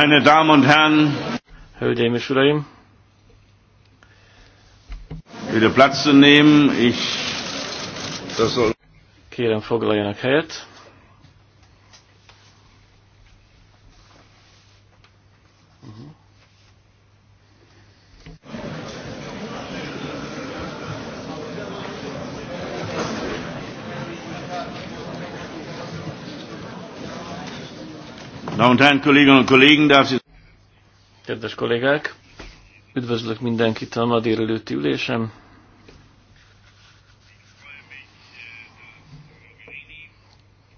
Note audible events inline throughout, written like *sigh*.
Meine Damen und Herren, Hölgyeim és Uraim, wieder Platz zu nehmen. Ich, das soll... Kérem foglaljanak helyet. Kedves kollégák, üdvözlök mindenkit a ma délelőtti ülésem.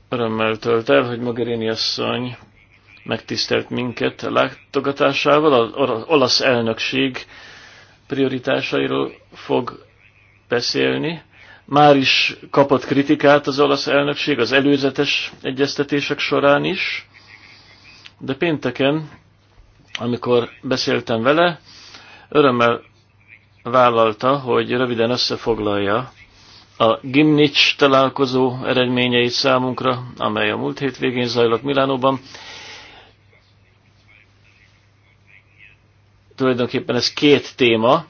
Örömmel tölt el, hogy Mogherini asszony megtisztelt minket a látogatásával, az olasz elnökség prioritásairól fog beszélni. Már is kapott kritikát az olasz elnökség az előzetes egyeztetések során is de pénteken, amikor beszéltem vele, örömmel vállalta, hogy röviden összefoglalja a Gimnics találkozó eredményeit számunkra, amely a múlt hétvégén zajlott Milánóban. Tulajdonképpen ez két téma,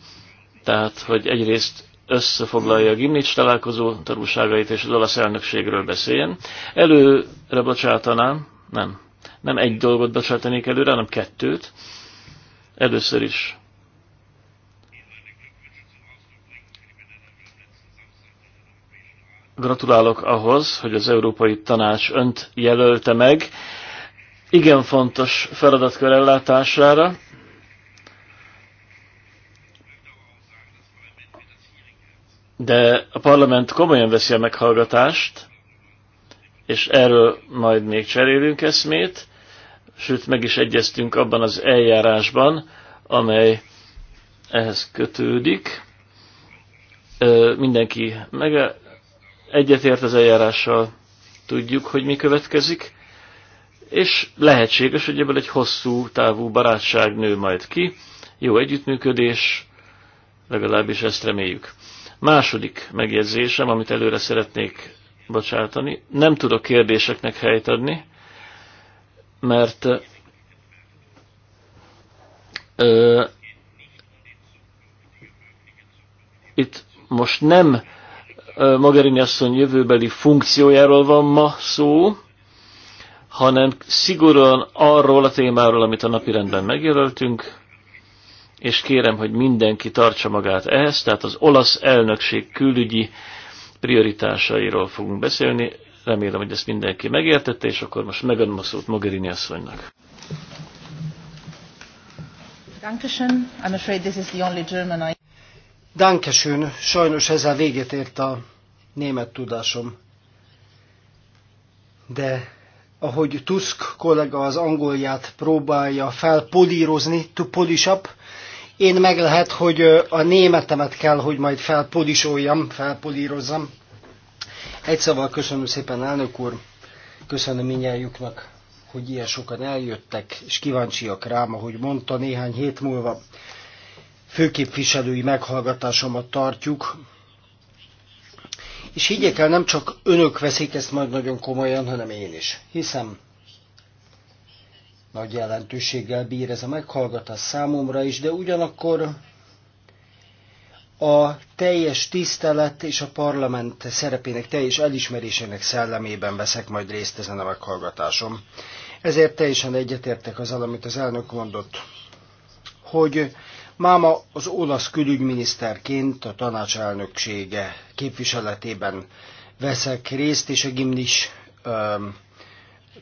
tehát hogy egyrészt összefoglalja a Gimnics találkozó tanulságait és az olasz elnökségről beszéljen. Előre bocsátanám, nem, nem egy dolgot bocsátanék előre, hanem kettőt. Először is gratulálok ahhoz, hogy az Európai Tanács önt jelölte meg. Igen fontos feladatkör ellátására. De a parlament komolyan veszi a meghallgatást, és erről majd még cserélünk eszmét, sőt meg is egyeztünk abban az eljárásban, amely ehhez kötődik. Mindenki meg egyetért az eljárással, tudjuk, hogy mi következik, és lehetséges, hogy ebből egy hosszú távú barátság nő majd ki, jó együttműködés, legalábbis ezt reméljük. Második megjegyzésem, amit előre szeretnék bocsátani. Nem tudok kérdéseknek helyt adni, mert ö, itt most nem ö, Magarini asszony jövőbeli funkciójáról van ma szó, hanem szigorúan arról a témáról, amit a napirendben megjelöltünk, és kérem, hogy mindenki tartsa magát ehhez, tehát az olasz elnökség külügyi prioritásairól fogunk beszélni. Remélem, hogy ezt mindenki megértette, és akkor most megadom a szót Mogherini asszonynak. Dankeschön. I'm afraid this is the only German I... Sajnos ezzel véget ért a német tudásom. De ahogy Tusk kollega az angolját próbálja felpolírozni, to polish up, én meg lehet, hogy a németemet kell, hogy majd felpodisoljam, felpolírozzam. Egy szóval köszönöm szépen, elnök úr. Köszönöm minnyájuknak, hogy ilyen sokan eljöttek, és kíváncsiak rám, ahogy mondta néhány hét múlva. Főképviselői meghallgatásomat tartjuk, és higgyék el, nem csak önök veszik ezt majd nagyon komolyan, hanem én is. Hiszem, nagy jelentőséggel bír ez a meghallgatás számomra is, de ugyanakkor a teljes tisztelet és a parlament szerepének teljes elismerésének szellemében veszek majd részt ezen a meghallgatásom. Ezért teljesen egyetértek azzal, amit az elnök mondott, hogy máma az olasz külügyminiszterként a tanács elnöksége képviseletében veszek részt, és a gimnis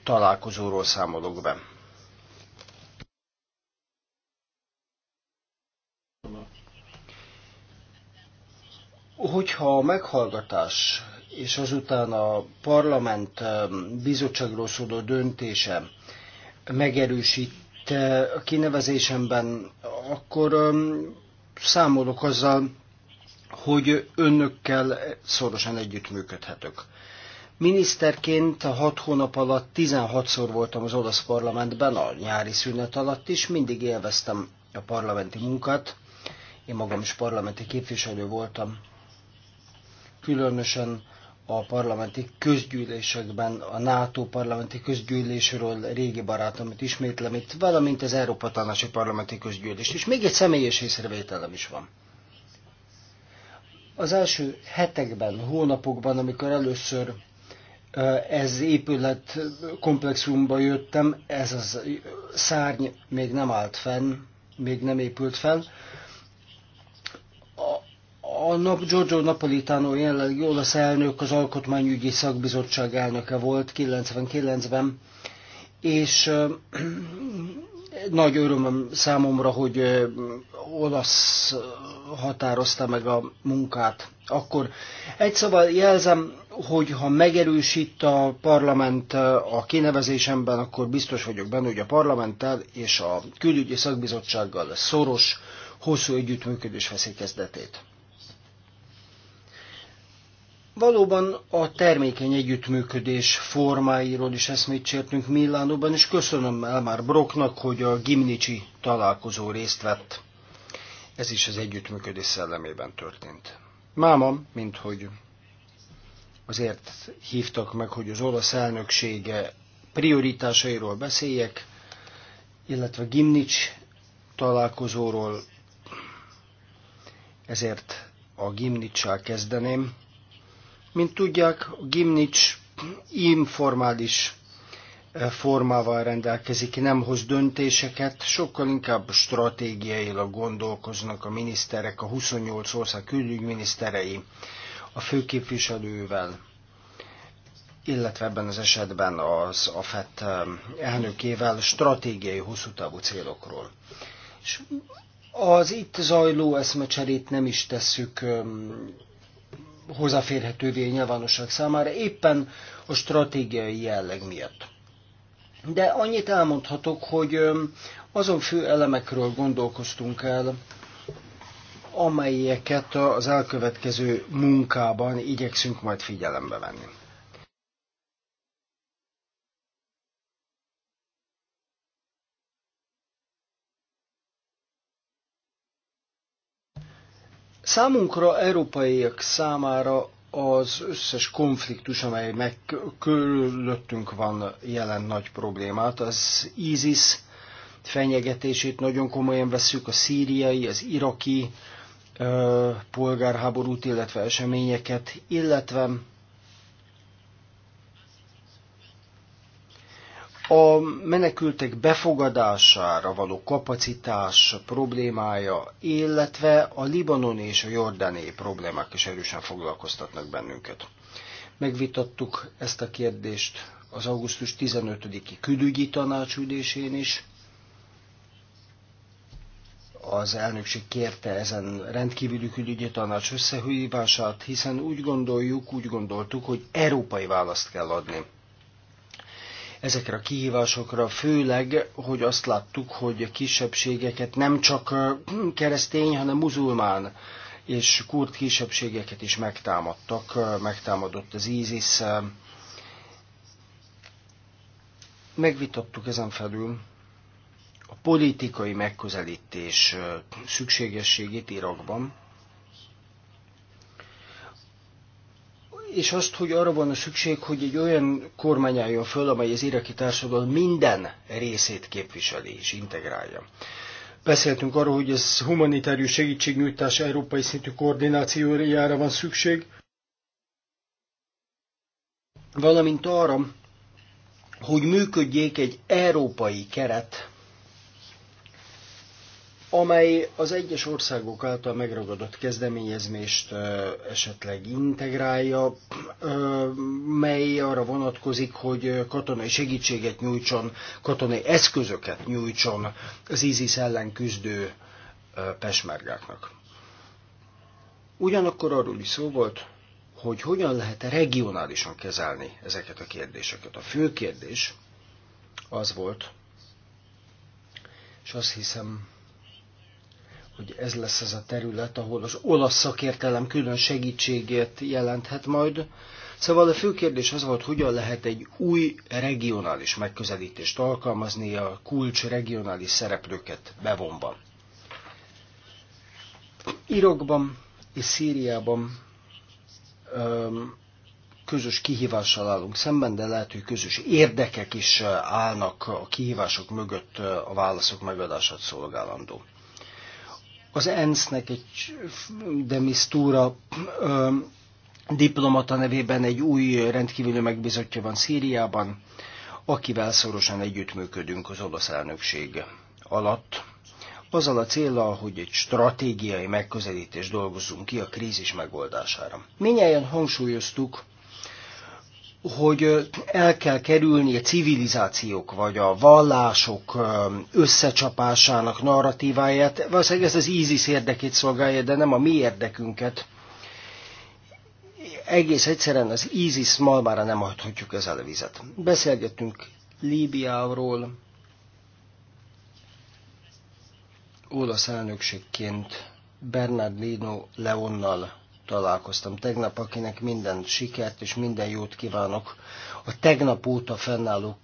találkozóról számolok be. Hogyha a meghallgatás és azután a parlament bizottságról szóló döntése megerősít a kinevezésemben, akkor számolok azzal, hogy önökkel szorosan együttműködhetök. Miniszterként a hat hónap alatt 16-szor voltam az olasz parlamentben, a nyári szünet alatt is, mindig élveztem a parlamenti munkát. Én magam is parlamenti képviselő voltam különösen a parlamenti közgyűlésekben, a NATO parlamenti közgyűlésről régi barátomat ismétlem itt, valamint az Európa Tanácsi Parlamenti közgyűlés, És még egy személyes észrevételem is van. Az első hetekben, hónapokban, amikor először ez épület komplexumba jöttem, ez az szárny még nem állt fenn, még nem épült fel, a nap Giorgio Napolitano jelenlegi olasz elnök az Alkotmányügyi Szakbizottság elnöke volt 99-ben, és *clears throat* nagy örömöm számomra, hogy olasz határozta meg a munkát. Akkor egy szóval jelzem, hogy ha megerősít a parlament a kinevezésemben, akkor biztos vagyok benne, hogy a parlamenttel és a külügyi szakbizottsággal szoros, hosszú együttműködés veszi kezdetét. Valóban a termékeny együttműködés formáiról is eszmét csértünk Milánóban, és köszönöm el már Broknak, hogy a Gimnicsi találkozó részt vett. Ez is az együttműködés szellemében történt. Máma, mint hogy azért hívtak meg, hogy az olasz elnöksége prioritásairól beszéljek, illetve Gimnics találkozóról, ezért a Gimnicsal kezdeném. Mint tudják, a Gimnics informális eh, formával rendelkezik, nem hoz döntéseket, sokkal inkább stratégiailag gondolkoznak a miniszterek, a 28 ország külügyminiszterei a főképviselővel, illetve ebben az esetben az AFET eh, elnökével stratégiai hosszú távú célokról. És az itt zajló eszmecserét nem is tesszük eh, hozzáférhetővé a nyilvánosság számára, éppen a stratégiai jelleg miatt. De annyit elmondhatok, hogy azon fő elemekről gondolkoztunk el, amelyeket az elkövetkező munkában igyekszünk majd figyelembe venni. Számunkra, európaiak számára az összes konfliktus, amely meg körülöttünk van, jelen nagy problémát. Az ISIS fenyegetését nagyon komolyan veszük, a szíriai, az iraki ö, polgárháborút, illetve eseményeket, illetve A menekültek befogadására való kapacitás problémája, illetve a libanoni és a jordáni problémák is erősen foglalkoztatnak bennünket. Megvitattuk ezt a kérdést az augusztus 15-i külügyi tanácsülésén is. Az elnökség kérte ezen rendkívüli külügyi tanács összehívását, hiszen úgy gondoljuk, úgy gondoltuk, hogy európai választ kell adni ezekre a kihívásokra, főleg, hogy azt láttuk, hogy a kisebbségeket nem csak keresztény, hanem muzulmán és kurd kisebbségeket is megtámadtak, megtámadott az ISIS. Megvitattuk ezen felül a politikai megközelítés szükségességét Irakban, és azt, hogy arra van a szükség, hogy egy olyan kormány álljon föl, amely az iraki társadalom minden részét képviseli és integrálja. Beszéltünk arról, hogy ez humanitárius segítségnyújtás európai szintű koordinációjára van szükség, valamint arra, hogy működjék egy európai keret, amely az egyes országok által megragadott kezdeményezést esetleg integrálja, mely arra vonatkozik, hogy katonai segítséget nyújtson, katonai eszközöket nyújtson az ISIS ellen küzdő pesmergáknak. Ugyanakkor arról is szó volt, hogy hogyan lehet regionálisan kezelni ezeket a kérdéseket. A fő kérdés az volt, és azt hiszem, hogy ez lesz az a terület, ahol az olasz szakértelem külön segítségét jelenthet majd. Szóval a fő kérdés az volt, hogyan lehet egy új regionális megközelítést alkalmazni a kulcs regionális szereplőket bevonva. Irokban és Szíriában öm, közös kihívással állunk szemben, de lehet, hogy közös érdekek is állnak a kihívások mögött a válaszok megadását szolgálandó az ENSZ-nek egy demisztúra diplomata nevében egy új rendkívüli megbizotja van Szíriában, akivel szorosan együttműködünk az olasz elnökség alatt, azzal a célral, hogy egy stratégiai megközelítést dolgozzunk ki a krízis megoldására. Minnyáján hangsúlyoztuk, hogy el kell kerülni a civilizációk vagy a vallások összecsapásának narratíváját. Valószínűleg ez az ISIS érdekét szolgálja, de nem a mi érdekünket. Egész egyszerűen az ISIS malmára nem adhatjuk ezzel a vizet. Beszélgettünk Líbiáról, olasz elnökségként Bernardino Leonnal találkoztam tegnap, akinek minden sikert és minden jót kívánok. A tegnap óta fennálló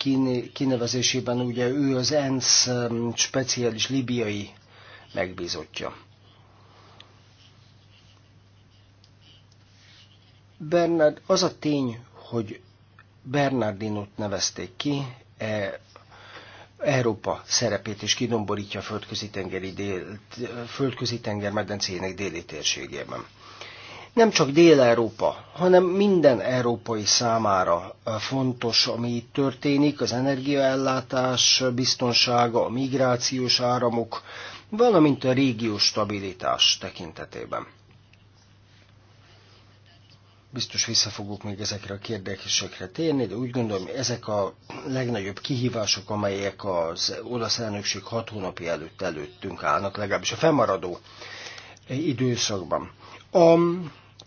kinevezésében ugye ő az ENSZ speciális libiai megbízottja. Bernard, az a tény, hogy Bernardinot nevezték ki, e, Európa szerepét is kidomborítja a földközi, tengeri dél, földközi tenger medencéjének déli térségében nem csak Dél-Európa, hanem minden európai számára eh, fontos, ami itt történik, az energiaellátás biztonsága, a migrációs áramok, valamint a régió stabilitás tekintetében. Biztos vissza fogok még ezekre a kérdésekre térni, de úgy gondolom, hogy ezek a legnagyobb kihívások, amelyek az olasz elnökség hat hónapi előtt előttünk állnak, legalábbis a fennmaradó időszakban. A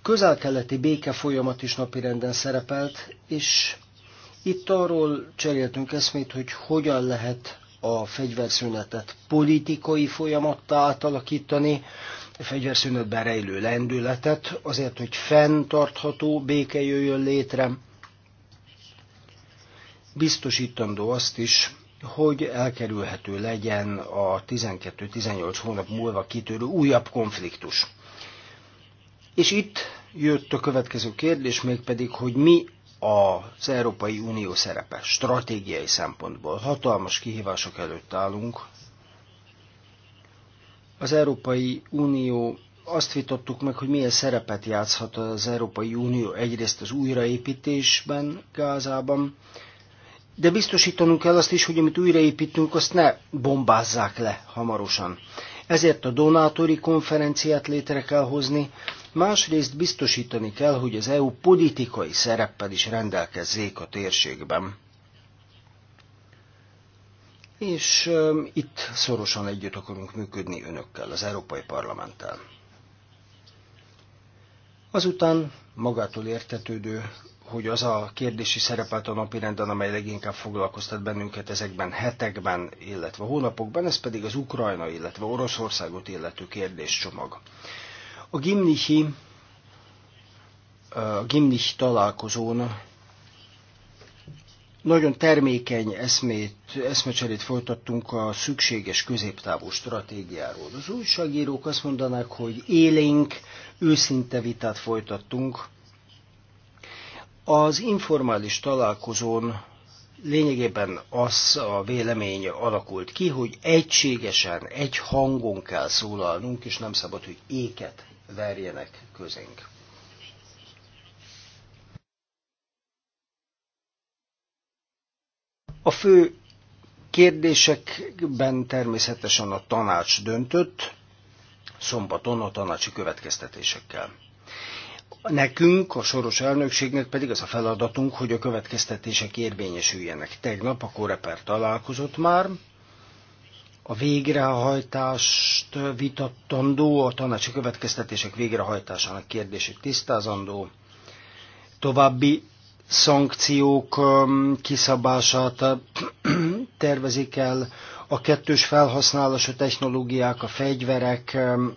közel-keleti béke folyamat is napirenden szerepelt, és itt arról cseréltünk eszmét, hogy hogyan lehet a fegyverszünetet politikai folyamattá átalakítani, a fegyverszünetben rejlő lendületet, azért, hogy fenntartható béke jöjjön létre. Biztosítandó azt is, hogy elkerülhető legyen a 12-18 hónap múlva kitörő újabb konfliktus. És itt jött a következő kérdés, mégpedig, hogy mi az Európai Unió szerepe stratégiai szempontból. Hatalmas kihívások előtt állunk. Az Európai Unió azt vitattuk meg, hogy milyen szerepet játszhat az Európai Unió egyrészt az újraépítésben Gázában, de biztosítanunk kell azt is, hogy amit újraépítünk, azt ne bombázzák le hamarosan. Ezért a donátori konferenciát létre kell hozni, másrészt biztosítani kell, hogy az EU politikai szereppel is rendelkezzék a térségben. És e, itt szorosan együtt akarunk működni önökkel, az Európai Parlamenttel. Azután magától értetődő, hogy az a kérdési szerepelt a renden, amely leginkább foglalkoztat bennünket ezekben hetekben, illetve hónapokban, ez pedig az Ukrajna, illetve Oroszországot illető kérdéscsomag. A gimnisi, a gimnis találkozón nagyon termékeny eszmét, eszmecserét folytattunk a szükséges középtávú stratégiáról. Az újságírók azt mondanák, hogy élénk, őszinte vitát folytattunk. Az informális találkozón lényegében az a vélemény alakult ki, hogy egységesen, egy hangon kell szólalnunk, és nem szabad, hogy éket verjenek közénk. A fő kérdésekben természetesen a tanács döntött, szombaton a tanácsi következtetésekkel. Nekünk, a soros elnökségnek pedig az a feladatunk, hogy a következtetések érvényesüljenek. Tegnap a Koreper találkozott már, a végrehajtást vitattandó, a tanácsi következtetések végrehajtásának kérdését tisztázandó, további szankciók um, kiszabását *clears throat* tervezik el, a kettős felhasználású technológiák, a fegyverek um,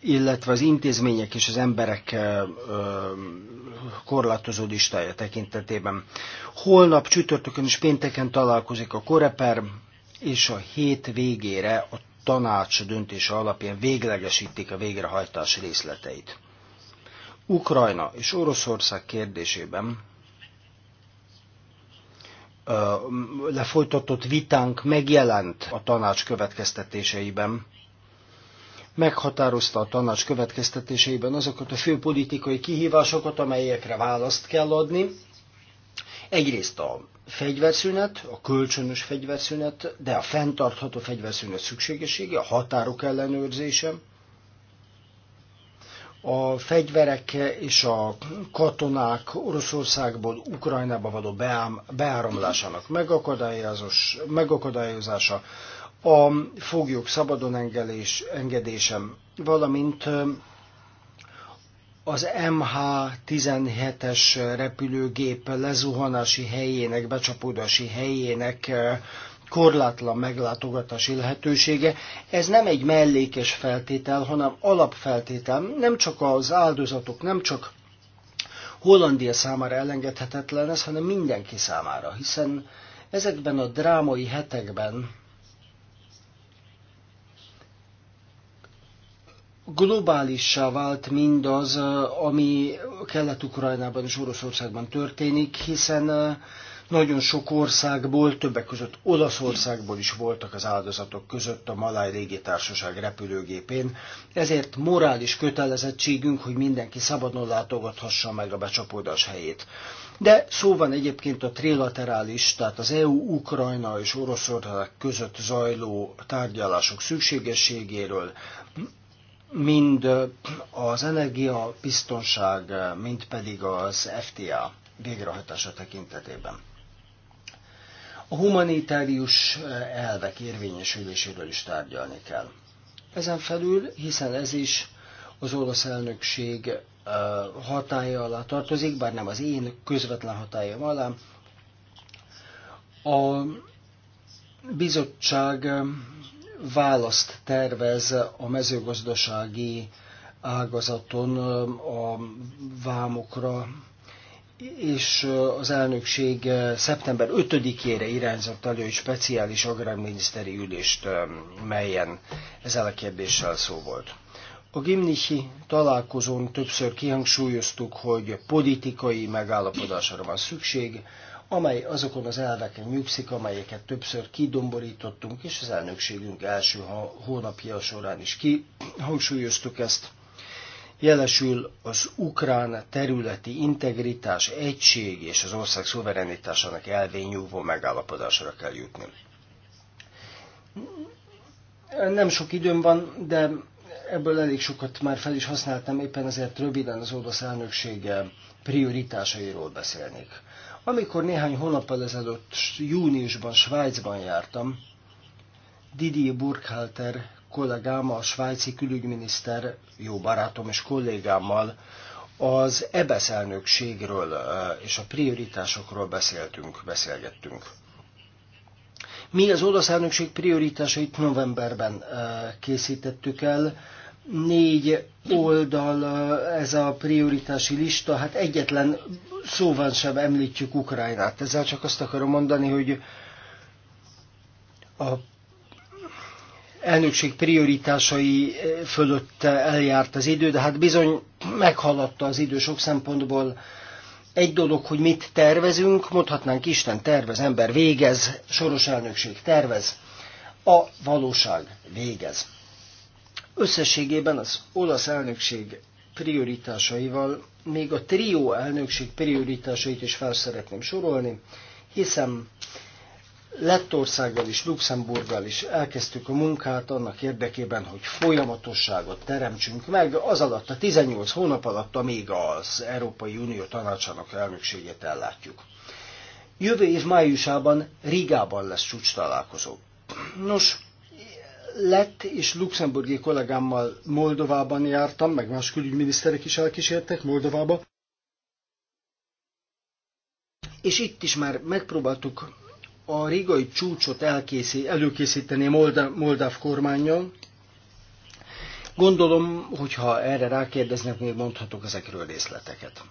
illetve az intézmények és az emberek korlátozó listája tekintetében. Holnap csütörtökön és pénteken találkozik a Koreper, és a hét végére a tanács döntése alapján véglegesítik a végrehajtás részleteit. Ukrajna és Oroszország kérdésében lefolytatott vitánk megjelent a tanács következtetéseiben, meghatározta a tanács következtetéseiben azokat a fő politikai kihívásokat, amelyekre választ kell adni. Egyrészt a fegyverszünet, a kölcsönös fegyverszünet, de a fenntartható fegyverszünet szükségessége, a határok ellenőrzése, a fegyverek és a katonák Oroszországból Ukrajnába való beáramlásának megakadályozása, a foglyok szabadon engelés, engedésem, valamint az MH17-es repülőgép lezuhanási helyének, becsapódási helyének korlátlan meglátogatási lehetősége. Ez nem egy mellékes feltétel, hanem alapfeltétel. Nem csak az áldozatok, nem csak Hollandia számára elengedhetetlen ez, hanem mindenki számára, hiszen ezekben a drámai hetekben globálissá vált mindaz, ami Kelet-Ukrajnában és Oroszországban történik, hiszen nagyon sok országból, többek között Olaszországból is voltak az áldozatok között a Maláj légitársaság repülőgépén, ezért morális kötelezettségünk, hogy mindenki szabadon látogathassa meg a becsapódás helyét. De szó van egyébként a trilaterális, tehát az EU, Ukrajna és Oroszország között zajló tárgyalások szükségességéről, mind az energiabiztonság, mind pedig az FTA végrehajtása tekintetében. A humanitárius elvek érvényesüléséről is tárgyalni kell. Ezen felül, hiszen ez is az orosz elnökség hatája alá tartozik, bár nem az én közvetlen hatályom alá, a bizottság választ tervez a mezőgazdasági ágazaton a vámokra, és az elnökség szeptember 5-ére irányzott elő egy speciális agrárminiszteri ülést, melyen ezzel a kérdéssel szó volt. A Gimnichi találkozón többször kihangsúlyoztuk, hogy politikai megállapodásra van szükség, amely azokon az elveken nyugszik, amelyeket többször kidomborítottunk, és az elnökségünk első hónapja során is kihangsúlyoztuk ezt. Jelesül az ukrán területi integritás, egység és az ország szuverenitásának elvén nyúlva megállapodásra kell jutni. Nem sok időm van, de ebből elég sokat már fel is használtam, éppen ezért röviden az orosz elnökség prioritásairól beszélnék. Amikor néhány hónappal ezelőtt júniusban Svájcban jártam, Didier Burkhalter kollégám, a svájci külügyminiszter, jó barátom és kollégámmal az EBESZ elnökségről és a prioritásokról beszéltünk, beszélgettünk. Mi az olasz elnökség prioritásait novemberben készítettük el, négy oldal ez a prioritási lista, hát egyetlen szóval sem említjük Ukrajnát. Ezzel csak azt akarom mondani, hogy a elnökség prioritásai fölött eljárt az idő, de hát bizony meghaladta az idő sok szempontból. Egy dolog, hogy mit tervezünk, mondhatnánk Isten tervez, ember végez, soros elnökség tervez, a valóság végez. Összességében az olasz elnökség prioritásaival még a trió elnökség prioritásait is fel szeretném sorolni, hiszen Lettországgal és Luxemburggal is elkezdtük a munkát annak érdekében, hogy folyamatosságot teremtsünk meg az alatt, a 18 hónap alatt, amíg az Európai Unió tanácsának elnökségét ellátjuk. Jövő év májusában Rigában lesz csúcs találkozó. Nos, lett és luxemburgi kollégámmal Moldovában jártam, meg más külügyminiszterek is elkísértek Moldovába. És itt is már megpróbáltuk a rigai csúcsot elkészí, előkészíteni Moldáv, Moldáv kormányjal. Gondolom, hogyha erre rákérdeznek, még mondhatok ezekről részleteket.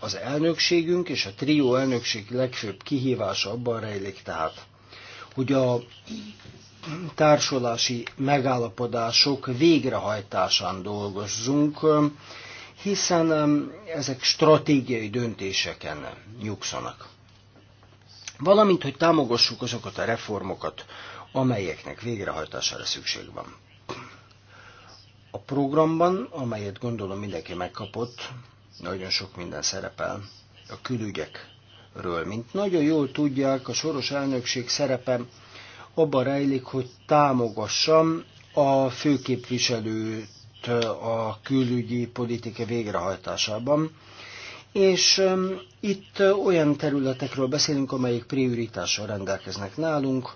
Az elnökségünk és a trió elnökség legfőbb kihívása abban rejlik tehát, hogy a társulási megállapodások végrehajtásán dolgozzunk, hiszen ezek stratégiai döntéseken nyugszanak. Valamint, hogy támogassuk azokat a reformokat, amelyeknek végrehajtására szükség van. A programban, amelyet gondolom mindenki megkapott, nagyon sok minden szerepel, a külügyekről, mint nagyon jól tudják, a soros elnökség szerepe abba rejlik, hogy támogassam a főképviselőt a külügyi politika végrehajtásában. És itt olyan területekről beszélünk, amelyik prioritással rendelkeznek nálunk.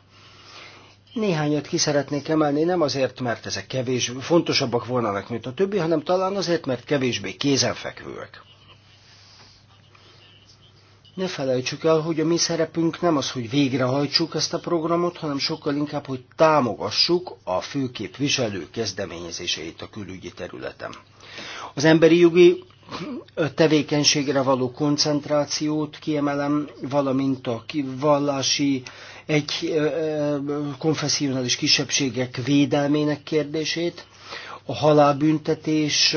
Néhányat ki szeretnék emelni, nem azért, mert ezek kevés, fontosabbak volnának, mint a többi, hanem talán azért, mert kevésbé kézenfekvőek ne felejtsük el, hogy a mi szerepünk nem az, hogy végrehajtsuk ezt a programot, hanem sokkal inkább, hogy támogassuk a főképviselő kezdeményezéseit a külügyi területen. Az emberi jogi tevékenységre való koncentrációt kiemelem, valamint a vallási egy konfessionális kisebbségek védelmének kérdését, a halálbüntetés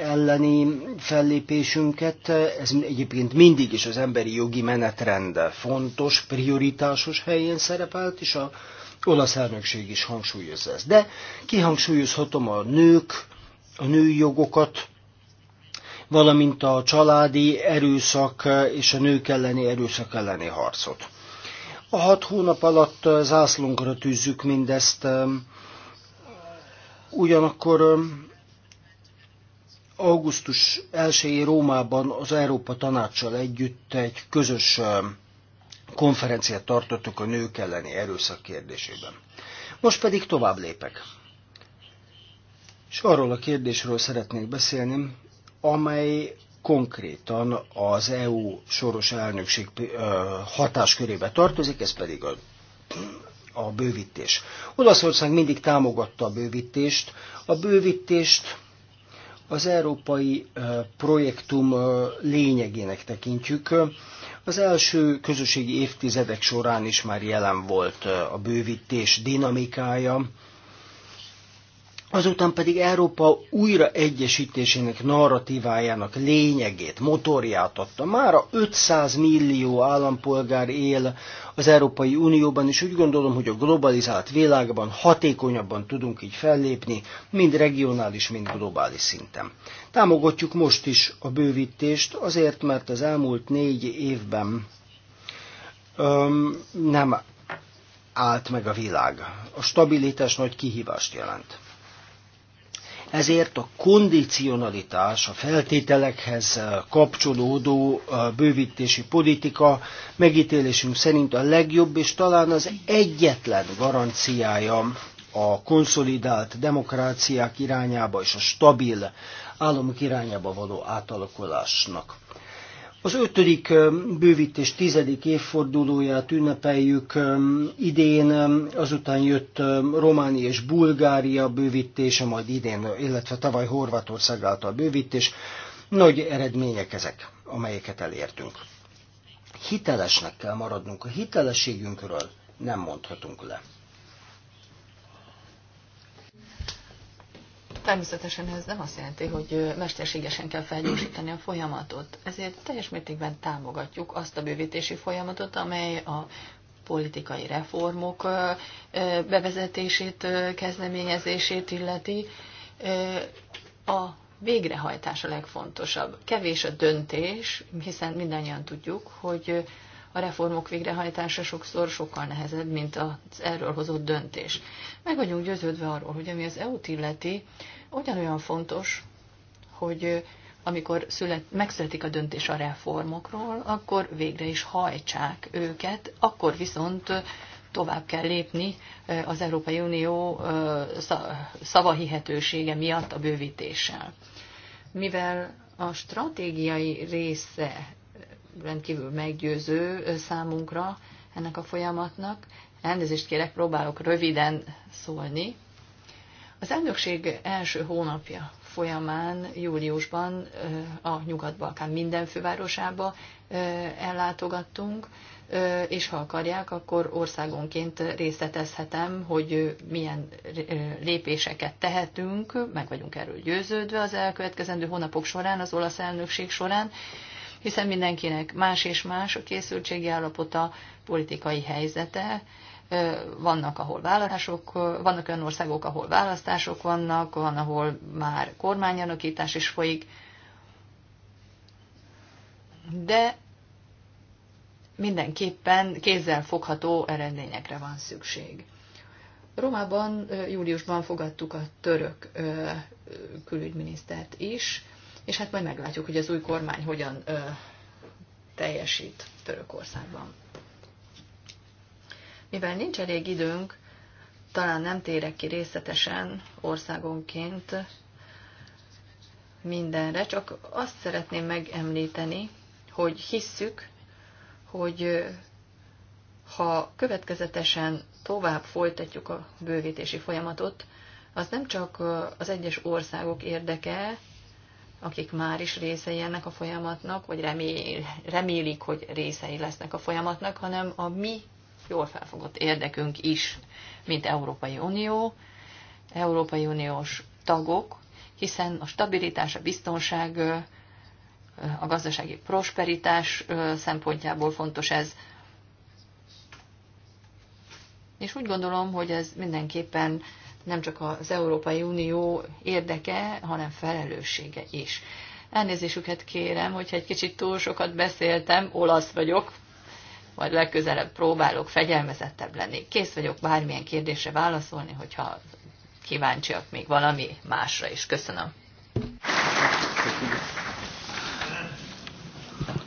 elleni fellépésünket. Ez egyébként mindig is az emberi jogi menetrend fontos, prioritásos helyén szerepelt, és a olasz elnökség is hangsúlyozza ezt. De kihangsúlyozhatom a nők, a női jogokat, valamint a családi erőszak és a nők elleni erőszak elleni harcot. A hat hónap alatt zászlónkra tűzzük mindezt, Ugyanakkor augusztus 1 Rómában az Európa Tanácssal együtt egy közös konferenciát tartottuk a nők elleni erőszak kérdésében. Most pedig tovább lépek. És arról a kérdésről szeretnék beszélni, amely konkrétan az EU soros elnökség hatáskörébe tartozik, ez pedig a a bővítés. Olaszország mindig támogatta a bővítést. A bővítést az európai projektum lényegének tekintjük. Az első közösségi évtizedek során is már jelen volt a bővítés dinamikája, azután pedig Európa újra egyesítésének narratívájának lényegét, motorját adta. a 500 millió állampolgár él az Európai Unióban, és úgy gondolom, hogy a globalizált világban hatékonyabban tudunk így fellépni, mind regionális, mind globális szinten. Támogatjuk most is a bővítést, azért, mert az elmúlt négy évben öm, nem állt meg a világ. A stabilitás nagy kihívást jelent ezért a kondicionalitás, a feltételekhez eh, kapcsolódó eh, bővítési politika megítélésünk szerint a legjobb és talán az egyetlen garanciája a konszolidált demokráciák irányába és a stabil államok irányába való átalakulásnak. Az ötödik bővítés tizedik évfordulóját ünnepeljük idén, azután jött Románia és Bulgária bővítése, majd idén, illetve tavaly Horvátország által bővítés. Nagy eredmények ezek, amelyeket elértünk. Hitelesnek kell maradnunk, a hitelességünkről nem mondhatunk le. Természetesen ez nem azt jelenti, hogy mesterségesen kell felgyorsítani a folyamatot. Ezért teljes mértékben támogatjuk azt a bővítési folyamatot, amely a politikai reformok bevezetését, kezdeményezését illeti. A végrehajtás a legfontosabb. Kevés a döntés, hiszen mindannyian tudjuk, hogy a reformok végrehajtása sokszor sokkal nehezebb, mint az erről hozott döntés. Meg vagyunk győződve arról, hogy ami az EU-t illeti, ugyanolyan fontos, hogy amikor szület, megszületik a döntés a reformokról, akkor végre is hajtsák őket, akkor viszont tovább kell lépni az Európai Unió szavahihetősége miatt a bővítéssel. Mivel a stratégiai része rendkívül meggyőző számunkra ennek a folyamatnak. Elnézést kérek, próbálok röviden szólni. Az elnökség első hónapja folyamán júliusban a Nyugat-Balkán minden fővárosába ellátogattunk, és ha akarják, akkor országonként részletezhetem, hogy milyen lépéseket tehetünk, meg vagyunk erről győződve az elkövetkezendő hónapok során, az olasz elnökség során, hiszen mindenkinek más és más a készültségi állapota, politikai helyzete, vannak, ahol választások, vannak olyan országok, ahol választások vannak, van, ahol már kormányanakítás is folyik, de mindenképpen kézzel fogható eredményekre van szükség. Romában júliusban fogadtuk a török külügyminisztert is, és hát majd meglátjuk, hogy az új kormány hogyan ö, teljesít Törökországban. Mivel nincs elég időnk, talán nem térek ki részletesen országonként mindenre, csak azt szeretném megemlíteni, hogy hisszük, hogy ha következetesen tovább folytatjuk a bővítési folyamatot, az nem csak az egyes országok érdeke, akik már is részei ennek a folyamatnak, vagy remél, remélik, hogy részei lesznek a folyamatnak, hanem a mi jól felfogott érdekünk is, mint Európai Unió, Európai Uniós tagok, hiszen a stabilitás, a biztonság, a gazdasági prosperitás szempontjából fontos ez. És úgy gondolom, hogy ez mindenképpen nem csak az Európai Unió érdeke, hanem felelőssége is. Elnézésüket kérem, hogyha egy kicsit túl sokat beszéltem, olasz vagyok, majd legközelebb próbálok fegyelmezettebb lenni. Kész vagyok bármilyen kérdésre válaszolni, hogyha kíváncsiak még valami másra is. Köszönöm.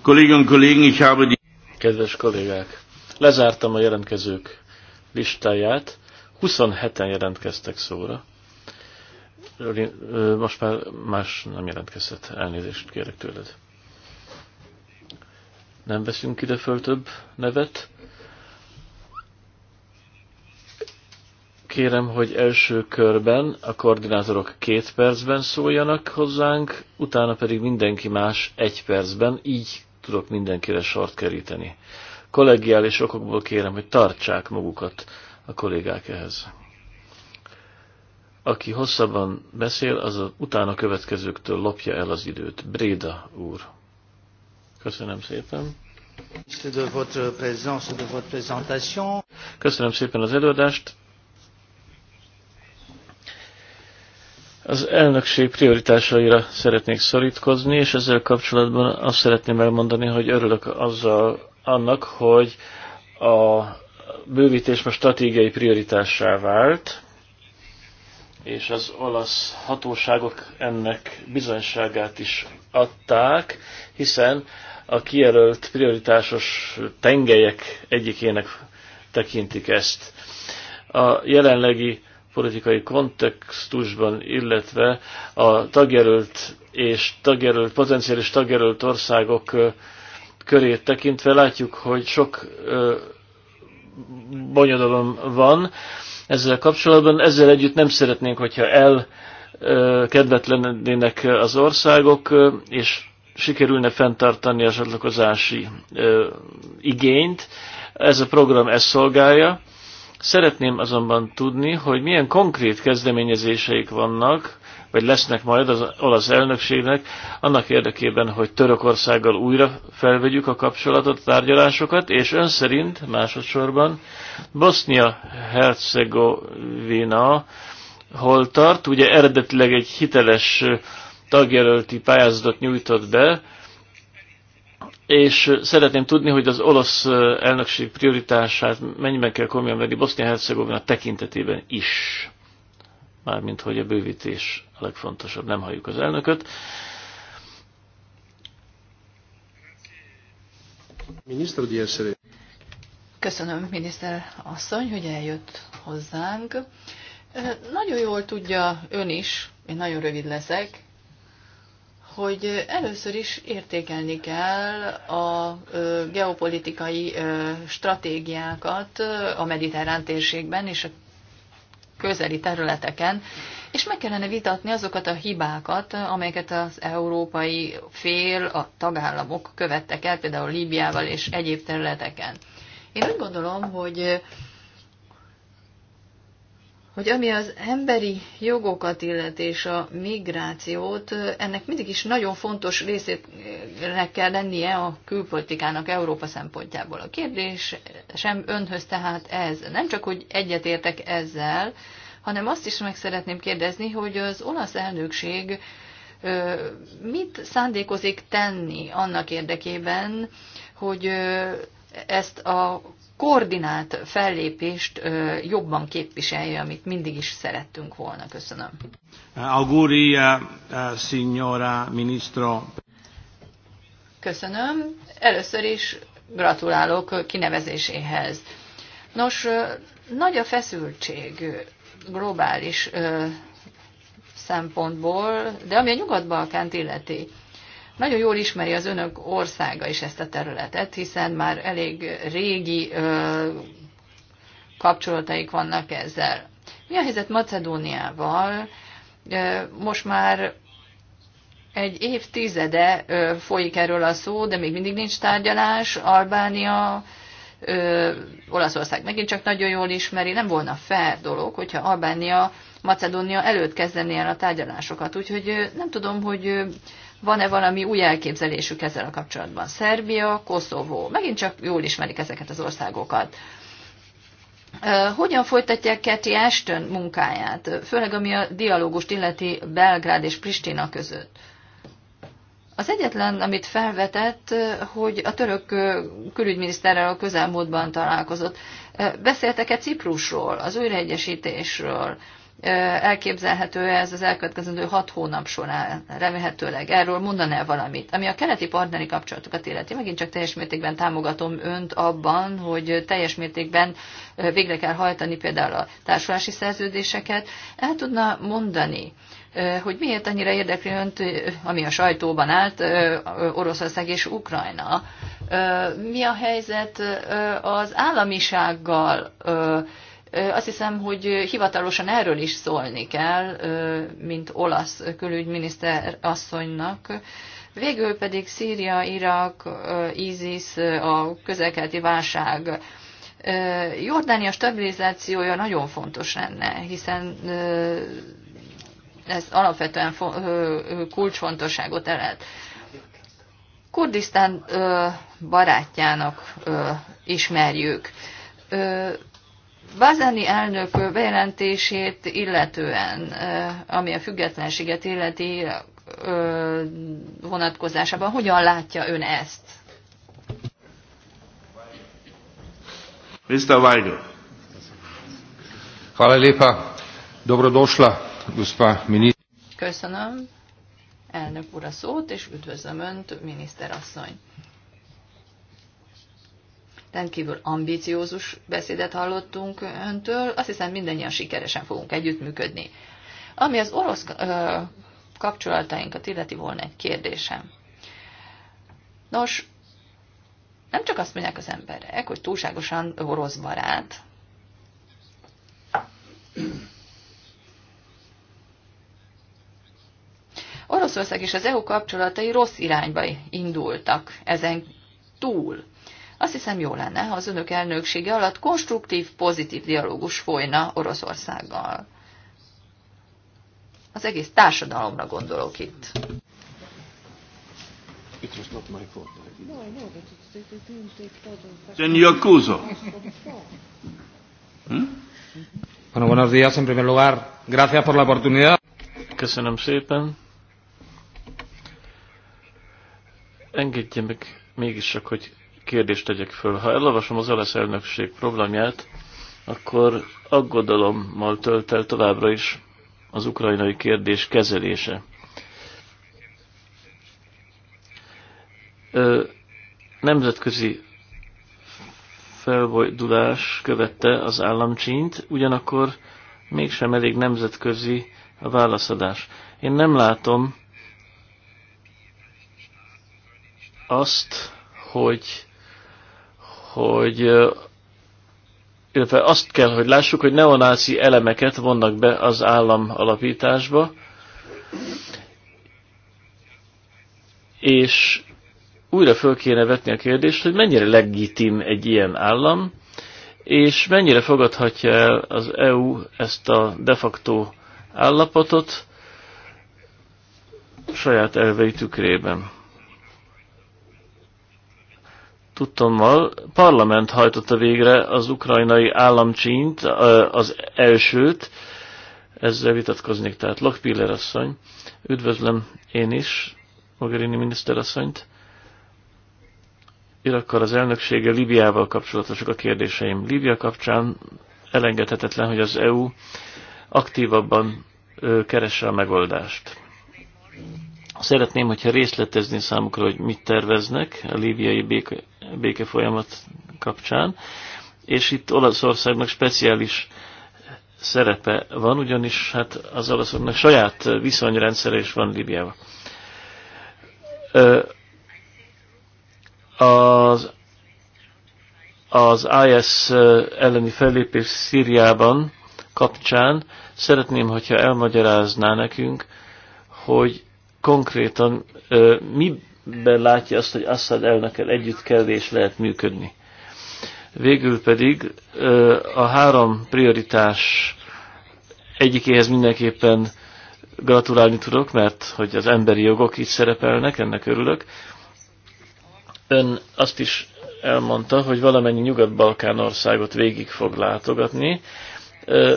Kollégium, kollégin, Kedves kollégák, lezártam a jelentkezők listáját. 27-en jelentkeztek szóra. Most már más nem jelentkezett. Elnézést kérek tőled. Nem veszünk ide föl több nevet. Kérem, hogy első körben a koordinátorok két percben szóljanak hozzánk, utána pedig mindenki más egy percben, így tudok mindenkire sort keríteni. Kollegiális okokból kérem, hogy tartsák magukat a kollégák ehhez. Aki hosszabban beszél, az a, utána következőktől lopja el az időt. Bréda úr. Köszönöm szépen. Köszönöm szépen az előadást. Az elnökség prioritásaira szeretnék szorítkozni, és ezzel kapcsolatban azt szeretném elmondani, hogy örülök azzal annak, hogy a bővítés most stratégiai prioritássá vált, és az olasz hatóságok ennek bizonyságát is adták, hiszen a kijelölt prioritásos tengelyek egyikének tekintik ezt. A jelenlegi politikai kontextusban, illetve a tagjelölt és tagjelölt, potenciális tagjelölt országok körét tekintve látjuk, hogy sok bonyodalom van ezzel kapcsolatban. Ezzel együtt nem szeretnénk, hogyha el kedvetlenének az országok, és sikerülne fenntartani a csatlakozási igényt. Ez a program ezt szolgálja. Szeretném azonban tudni, hogy milyen konkrét kezdeményezéseik vannak vagy lesznek majd az olasz elnökségnek, annak érdekében, hogy Törökországgal újra felvegyük a kapcsolatot, tárgyalásokat, és ön szerint másodszorban bosnia hercegovina hol tart, ugye eredetileg egy hiteles tagjelölti pályázatot nyújtott be, és szeretném tudni, hogy az olasz elnökség prioritását mennyiben kell komolyan venni Bosznia-Hercegovina tekintetében is, mármint hogy a bővítés a legfontosabb, nem halljuk az elnököt. Köszönöm, miniszter asszony, hogy eljött hozzánk. Nagyon jól tudja ön is, én nagyon rövid leszek, hogy először is értékelni kell a geopolitikai stratégiákat a mediterrán térségben és a közeli területeken, és meg kellene vitatni azokat a hibákat, amelyeket az európai fél, a tagállamok követtek el, például Líbiával és egyéb területeken. Én úgy gondolom, hogy hogy ami az emberi jogokat illet és a migrációt, ennek mindig is nagyon fontos részének kell lennie a külpolitikának Európa szempontjából. A kérdés sem önhöz tehát ez. Nem csak, hogy egyetértek ezzel, hanem azt is meg szeretném kérdezni, hogy az olasz elnökség mit szándékozik tenni annak érdekében, hogy ezt a koordinált fellépést jobban képviselje, amit mindig is szerettünk volna. Köszönöm. Auguria, eh, eh, signora ministro. Köszönöm. Először is gratulálok kinevezéséhez. Nos, nagy a feszültség globális ö, szempontból, de ami a Nyugat-Balkánt illeti. Nagyon jól ismeri az önök országa is ezt a területet, hiszen már elég régi ö, kapcsolataik vannak ezzel. Mi a helyzet Macedóniával? Most már egy évtizede folyik erről a szó, de még mindig nincs tárgyalás. Albánia ö, Olaszország megint csak nagyon jól ismeri, nem volna fair dolog, hogyha Albánia, Macedónia előtt kezdené el a tárgyalásokat. Úgyhogy nem tudom, hogy van-e valami új elképzelésük ezzel a kapcsolatban. Szerbia, Koszovó, megint csak jól ismerik ezeket az országokat. Hogyan folytatják Keti Ashton munkáját, főleg ami a dialógust illeti Belgrád és Pristina között? Az egyetlen, amit felvetett, hogy a török külügyminiszterrel a közelmúltban találkozott. Beszéltek-e Ciprusról, az újraegyesítésről, elképzelhető -e ez az elkövetkezendő hat hónap során remélhetőleg. Erről -e valamit. Ami a keleti partneri kapcsolatokat illeti, megint csak teljes mértékben támogatom önt abban, hogy teljes mértékben végre kell hajtani például a társulási szerződéseket. El tudna mondani, hogy miért annyira érdekli önt, ami a sajtóban állt, Oroszország és Ukrajna. Mi a helyzet az államisággal, azt hiszem, hogy hivatalosan erről is szólni kell, mint olasz külügyminiszter asszonynak. Végül pedig Szíria, Irak, ISIS, a közelkelti válság. Jordánia stabilizációja nagyon fontos lenne, hiszen ez alapvetően kulcsfontosságot elelt. Kurdisztán barátjának ismerjük Vazani elnök bejelentését illetően, ami a függetlenséget illeti vonatkozásában, hogyan látja ön ezt? Mr. Weigl. Hvala lepa. Dobrodošla, gospa miniszter. Köszönöm, elnök úr a szót, és üdvözlöm Önt, miniszterasszony rendkívül ambiciózus beszédet hallottunk öntől, azt hiszem mindannyian sikeresen fogunk együttműködni. Ami az orosz ö, kapcsolatainkat illeti volna egy kérdésem. Nos, nem csak azt mondják az emberek, hogy túlságosan orosz barát, Oroszország és az EU kapcsolatai rossz irányba indultak ezen túl. Azt hiszem jó lenne, ha az önök elnöksége alatt konstruktív, pozitív dialógus folyna Oroszországgal. Az egész társadalomra gondolok itt. It was not my fault. No, I know, but it's, they, they didn't take part of Then you accuse hmm? Bueno, buenos días. En primer lugar, gracias por la oportunidad. Köszönöm szépen. Engedje meg mégis csak, hogy kérdést tegyek föl. Ha elolvasom az olasz elnökség programját, akkor aggodalommal tölt el továbbra is az ukrajnai kérdés kezelése. Nemzetközi felbojdulás követte az államcsínyt, ugyanakkor mégsem elég nemzetközi a válaszadás. Én nem látom azt, hogy hogy illetve azt kell, hogy lássuk, hogy neonáci elemeket vonnak be az állam alapításba, és újra föl kéne vetni a kérdést, hogy mennyire legitim egy ilyen állam, és mennyire fogadhatja el az EU ezt a de facto állapotot saját elvei tükrében tudtommal parlament hajtotta végre az ukrajnai államcsínt, az elsőt, ezzel vitatkoznék, tehát Lockpiller asszony, üdvözlöm én is, Mogherini miniszterasszonyt. Irakkal az elnöksége Libiával kapcsolatosak a kérdéseim. Libia kapcsán elengedhetetlen, hogy az EU aktívabban keresse a megoldást. Szeretném, hogyha részletezni számukra, hogy mit terveznek a líbiai béke, béke folyamat kapcsán, és itt Olaszországnak speciális szerepe van, ugyanis hát az olaszoknak saját viszonyrendszere is van Líbiával. Az, az IS elleni fellépés Szíriában kapcsán szeretném, hogyha elmagyarázná nekünk, hogy konkrétan ö, miben látja azt, hogy Assad elnökkel együtt kell és lehet működni. Végül pedig ö, a három prioritás egyikéhez mindenképpen gratulálni tudok, mert hogy az emberi jogok itt szerepelnek, ennek örülök. Ön azt is elmondta, hogy valamennyi Nyugat-Balkán országot végig fog látogatni. Ö,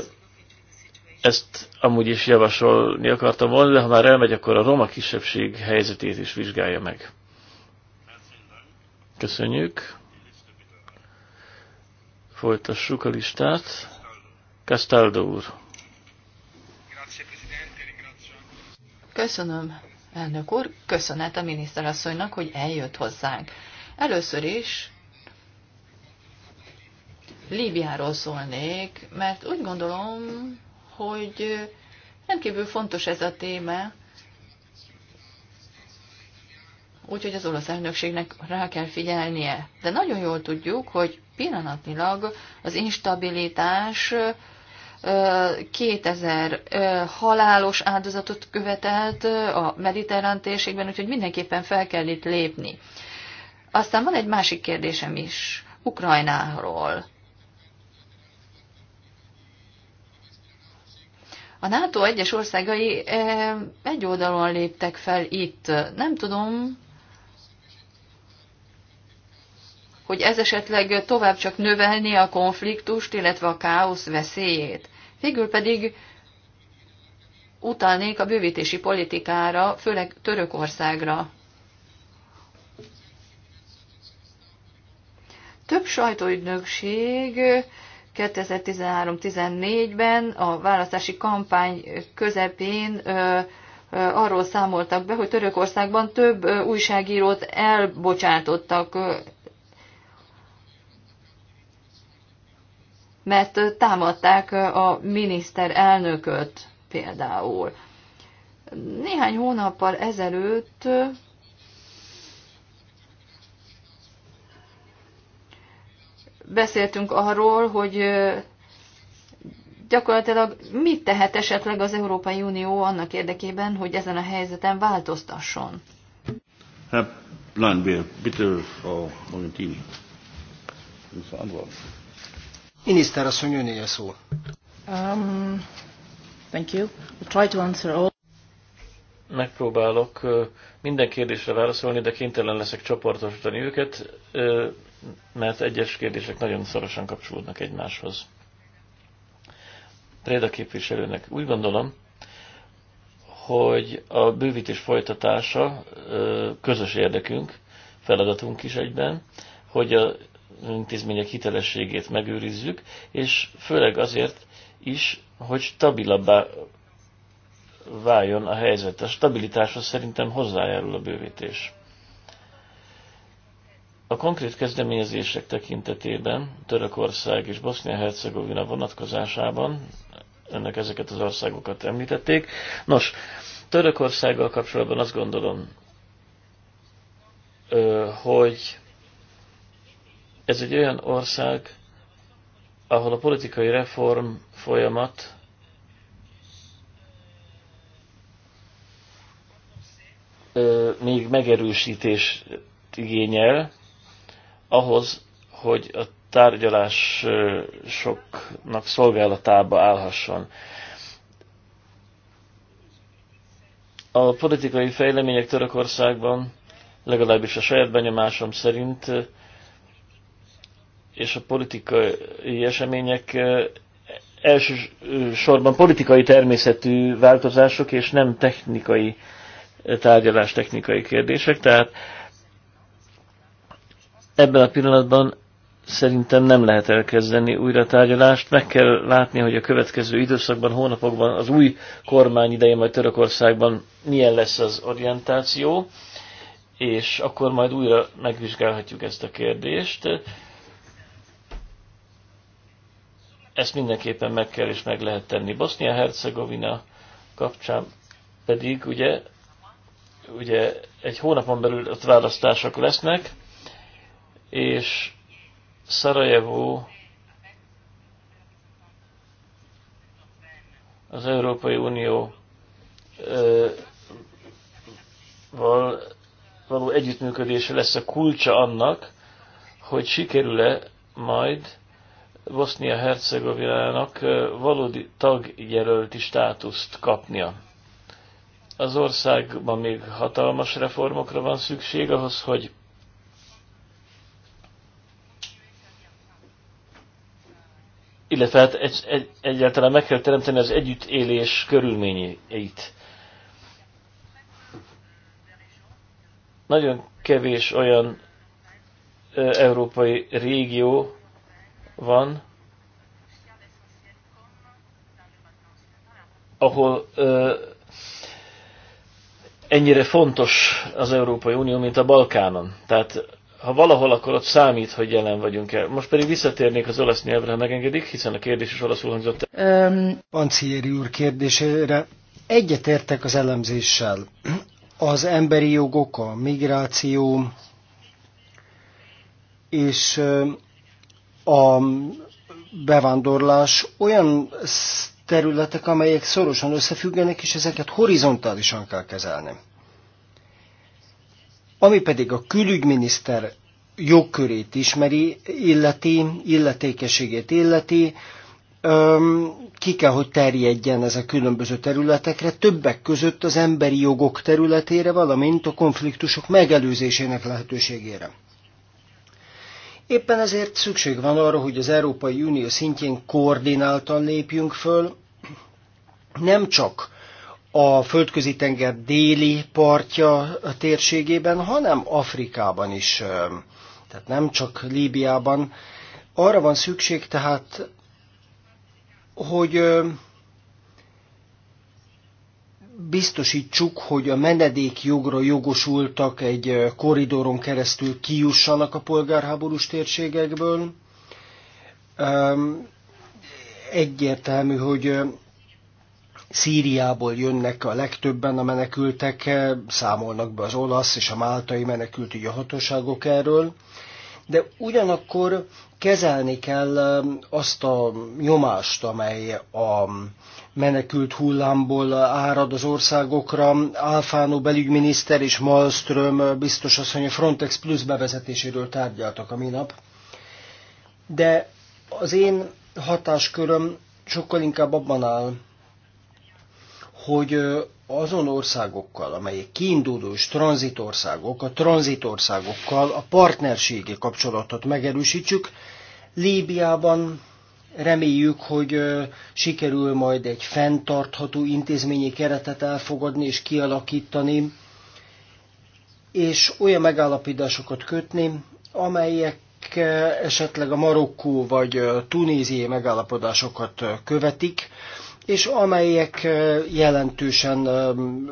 ezt amúgy is javasolni akartam volna, de ha már elmegy, akkor a roma kisebbség helyzetét is vizsgálja meg. Köszönjük. Folytassuk a listát. Castaldo úr. Köszönöm, elnök úr. Köszönet a miniszterasszonynak, hogy eljött hozzánk. Először is Líbiáról szólnék, mert úgy gondolom, hogy rendkívül fontos ez a téma, úgyhogy az olasz elnökségnek rá kell figyelnie. De nagyon jól tudjuk, hogy pillanatnyilag az instabilitás 2000 halálos áldozatot követelt a mediterrán térségben, úgyhogy mindenképpen fel kell itt lépni. Aztán van egy másik kérdésem is, Ukrajnáról. A NATO egyes országai egy oldalon léptek fel itt. Nem tudom, hogy ez esetleg tovább csak növelni a konfliktust, illetve a káosz veszélyét. Végül pedig utalnék a bővítési politikára, főleg Törökországra. Több sajtóügynökség 2013-14-ben a választási kampány közepén arról számoltak be, hogy Törökországban több újságírót elbocsátottak, mert támadták a miniszterelnököt például. Néhány hónappal ezelőtt beszéltünk arról, hogy gyakorlatilag mit tehet esetleg az Európai Unió annak érdekében, hogy ezen a helyzeten változtasson? Landwehr, bitte Frau Miniszter asszony, a szó. Um, thank you. I'll try to answer all. Megpróbálok minden kérdésre válaszolni, de kénytelen leszek csoportosítani őket mert egyes kérdések nagyon szorosan kapcsolódnak egymáshoz. Préda képviselőnek úgy gondolom, hogy a bővítés folytatása közös érdekünk, feladatunk is egyben, hogy a intézmények hitelességét megőrizzük, és főleg azért is, hogy stabilabbá váljon a helyzet. A stabilitáshoz szerintem hozzájárul a bővítés. A konkrét kezdeményezések tekintetében Törökország és Bosznia-Hercegovina vonatkozásában ennek ezeket az országokat említették. Nos, Törökországgal kapcsolatban azt gondolom, hogy ez egy olyan ország, ahol a politikai reform folyamat még megerősítést igényel, ahhoz, hogy a tárgyalásoknak szolgálatába állhasson. A politikai fejlemények Törökországban, legalábbis a saját benyomásom szerint, és a politikai események elsősorban politikai természetű változások, és nem technikai tárgyalás, technikai kérdések, tehát ebben a pillanatban szerintem nem lehet elkezdeni újra tárgyalást. Meg kell látni, hogy a következő időszakban, hónapokban az új kormány ideje majd Törökországban milyen lesz az orientáció, és akkor majd újra megvizsgálhatjuk ezt a kérdést. Ezt mindenképpen meg kell és meg lehet tenni. bosnia hercegovina kapcsán pedig ugye, ugye egy hónapon belül ott választások lesznek, és Szarajevó az Európai Unió val, való együttműködése lesz a kulcsa annak, hogy sikerül-e majd Bosznia-Hercegovinának valódi tagjelölti státuszt kapnia. Az országban még hatalmas reformokra van szükség ahhoz, hogy illetve hát egy, egy, egyáltalán meg kell teremteni az együttélés körülményeit. Nagyon kevés olyan ö, európai régió van, ahol ö, ennyire fontos az Európai Unió, mint a Balkánon. Tehát ha valahol, akkor ott számít, hogy jelen vagyunk el. Most pedig visszatérnék az olasz nyelvre, ha megengedik, hiszen a kérdés is olaszul hangzott. Um, Pancieri úr kérdésére egyetértek az elemzéssel. Az emberi jogok, a migráció és a bevándorlás olyan területek, amelyek szorosan összefüggenek, és ezeket horizontálisan kell kezelni. Ami pedig a külügyminiszter jogkörét ismeri, illeti, illetékeségét illeti, ki kell, hogy terjedjen ez a különböző területekre, többek között az emberi jogok területére, valamint a konfliktusok megelőzésének lehetőségére. Éppen ezért szükség van arra, hogy az Európai Unió szintjén koordináltan lépjünk föl, nem csak a földközi tenger déli partja térségében, hanem Afrikában is, tehát nem csak Líbiában. Arra van szükség tehát, hogy biztosítsuk, hogy a menedékjogra jogosultak egy koridoron keresztül kijussanak a polgárháborús térségekből. Egyértelmű, hogy Szíriából jönnek a legtöbben a menekültek, eh, számolnak be az olasz és a máltai menekültügyi hatóságok erről, de ugyanakkor kezelni kell eh, azt a nyomást, amely a menekült hullámból árad az országokra. Alfánó belügyminiszter és Malmström biztos hogy a Frontex Plus bevezetéséről tárgyaltak a minap. De az én hatásköröm sokkal inkább abban áll, hogy azon országokkal, amelyek kiinduló és tranzitországok, a tranzitországokkal a partnerségi kapcsolatot megerősítsük. Líbiában reméljük, hogy sikerül majd egy fenntartható intézményi keretet elfogadni és kialakítani, és olyan megállapításokat kötni, amelyek esetleg a Marokkó vagy Tunéziai megállapodásokat követik, és amelyek jelentősen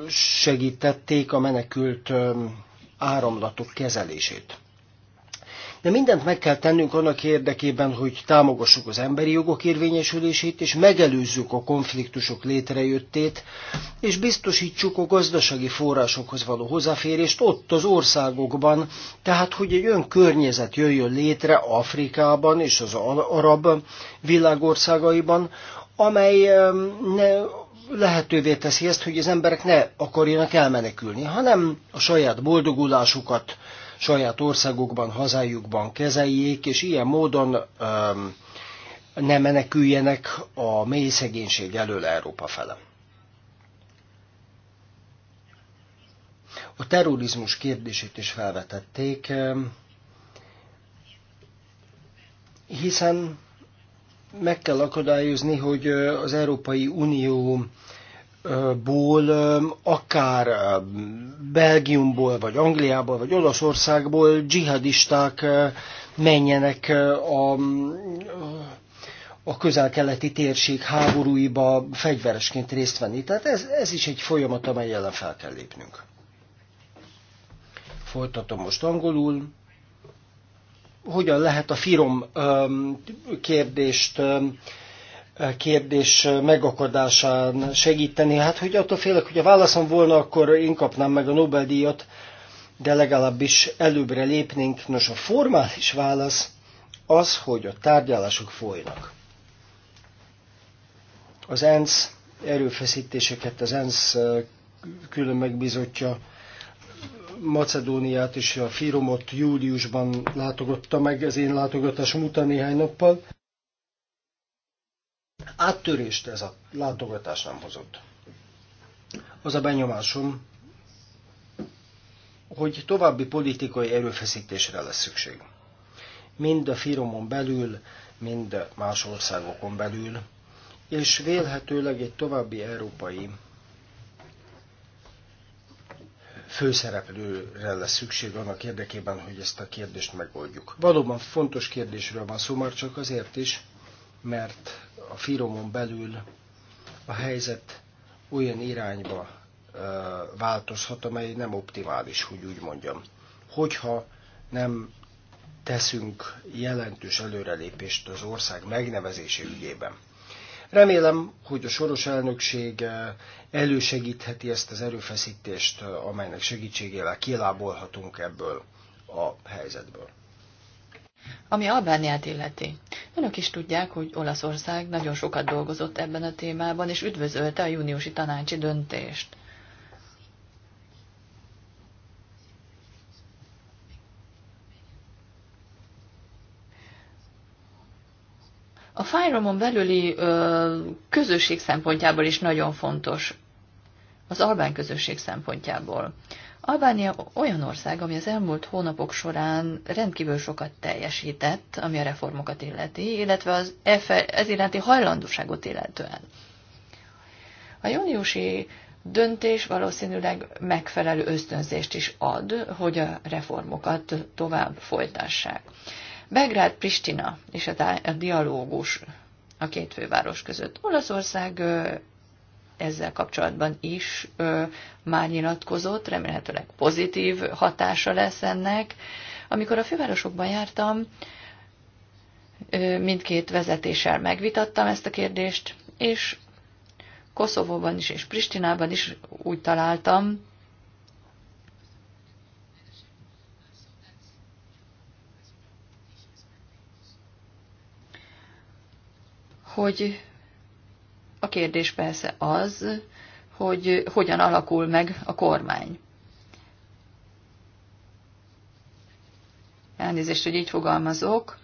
segítették a menekült áramlatok kezelését. De mindent meg kell tennünk annak érdekében, hogy támogassuk az emberi jogok érvényesülését, és megelőzzük a konfliktusok létrejöttét, és biztosítsuk a gazdasági forrásokhoz való hozzáférést ott az országokban, tehát hogy egy olyan környezet jöjjön létre Afrikában és az arab világországaiban, amely lehetővé teszi ezt, hogy az emberek ne akarjanak elmenekülni, hanem a saját boldogulásukat saját országokban, hazájukban kezeljék, és ilyen módon um, ne meneküljenek a mély szegénység elől Európa fele. A terrorizmus kérdését is felvetették, hiszen meg kell akadályozni, hogy az Európai Unió ból, akár Belgiumból, vagy Angliából, vagy Olaszországból dzsihadisták menjenek a, a közel-keleti térség háborúiba fegyveresként részt venni. Tehát ez, ez is egy folyamat, amely ellen fel kell lépnünk. Folytatom most angolul hogyan lehet a firom kérdést kérdés megakadásán segíteni. Hát, hogy attól félek, hogy a válaszom volna, akkor én kapnám meg a Nobel-díjat, de legalábbis előbbre lépnénk. Nos, a formális válasz az, hogy a tárgyalások folynak. Az ENSZ erőfeszítéseket, az ENSZ külön megbizotja Macedóniát és a Firomot júliusban látogatta meg az én látogatásom után néhány nappal. Áttörést ez a látogatás nem hozott. Az a benyomásom, hogy további politikai erőfeszítésre lesz szükség. Mind a Firomon belül, mind más országokon belül, és vélhetőleg egy további európai főszereplőre lesz szükség annak érdekében, hogy ezt a kérdést megoldjuk. Valóban fontos kérdésről van szó, már csak azért is, mert a firomon belül a helyzet olyan irányba változhat, amely nem optimális, hogy úgy mondjam. Hogyha nem teszünk jelentős előrelépést az ország megnevezése ügyében. Remélem, hogy a soros elnökség eh, elősegítheti ezt az erőfeszítést, eh, amelynek segítségével kilábolhatunk ebből a helyzetből. Ami Albániát illeti. Önök is tudják, hogy Olaszország nagyon sokat dolgozott ebben a témában, és üdvözölte a júniusi tanácsi döntést. a Firemon belüli ö, közösség szempontjából is nagyon fontos, az albán közösség szempontjából. Albánia olyan ország, ami az elmúlt hónapok során rendkívül sokat teljesített, ami a reformokat illeti, illetve az ez iránti hajlandóságot illetően. A júniusi döntés valószínűleg megfelelő ösztönzést is ad, hogy a reformokat tovább folytassák. Belgrád, Pristina és a, a dialógus a két főváros között. Olaszország ezzel kapcsolatban is már nyilatkozott, remélhetőleg pozitív hatása lesz ennek. Amikor a fővárosokban jártam, mindkét vezetéssel megvitattam ezt a kérdést, és Koszovóban is és Pristinában is úgy találtam, hogy a kérdés persze az, hogy hogyan alakul meg a kormány. Elnézést, hogy így fogalmazok,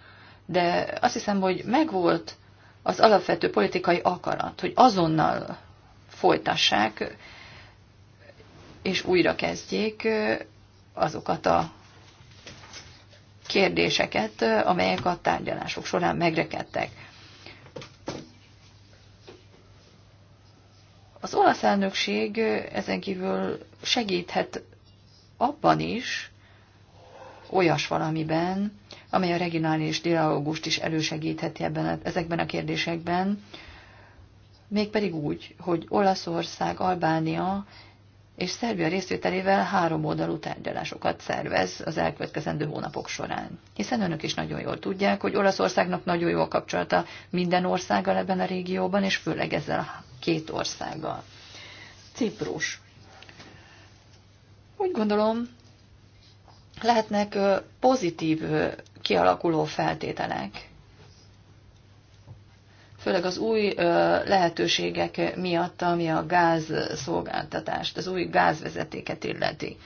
de azt hiszem, hogy megvolt az alapvető politikai akarat, hogy azonnal folytassák és újra kezdjék azokat a kérdéseket, amelyek a tárgyalások során megrekedtek. Az olasz elnökség ezen kívül segíthet abban is, olyas valamiben, amely a regionális dialógust is elősegítheti ebben, ezekben a kérdésekben, mégpedig úgy, hogy Olaszország, Albánia és Szerbia részvételével három oldalú tárgyalásokat szervez az elkövetkezendő hónapok során. Hiszen önök is nagyon jól tudják, hogy Olaszországnak nagyon jó a kapcsolata minden országgal ebben a régióban, és főleg ezzel a két országgal. Ciprus. Úgy gondolom, lehetnek pozitív kialakuló feltételek, főleg az új lehetőségek miatt, ami a gáz szolgáltatást, az új gázvezetéket illeti.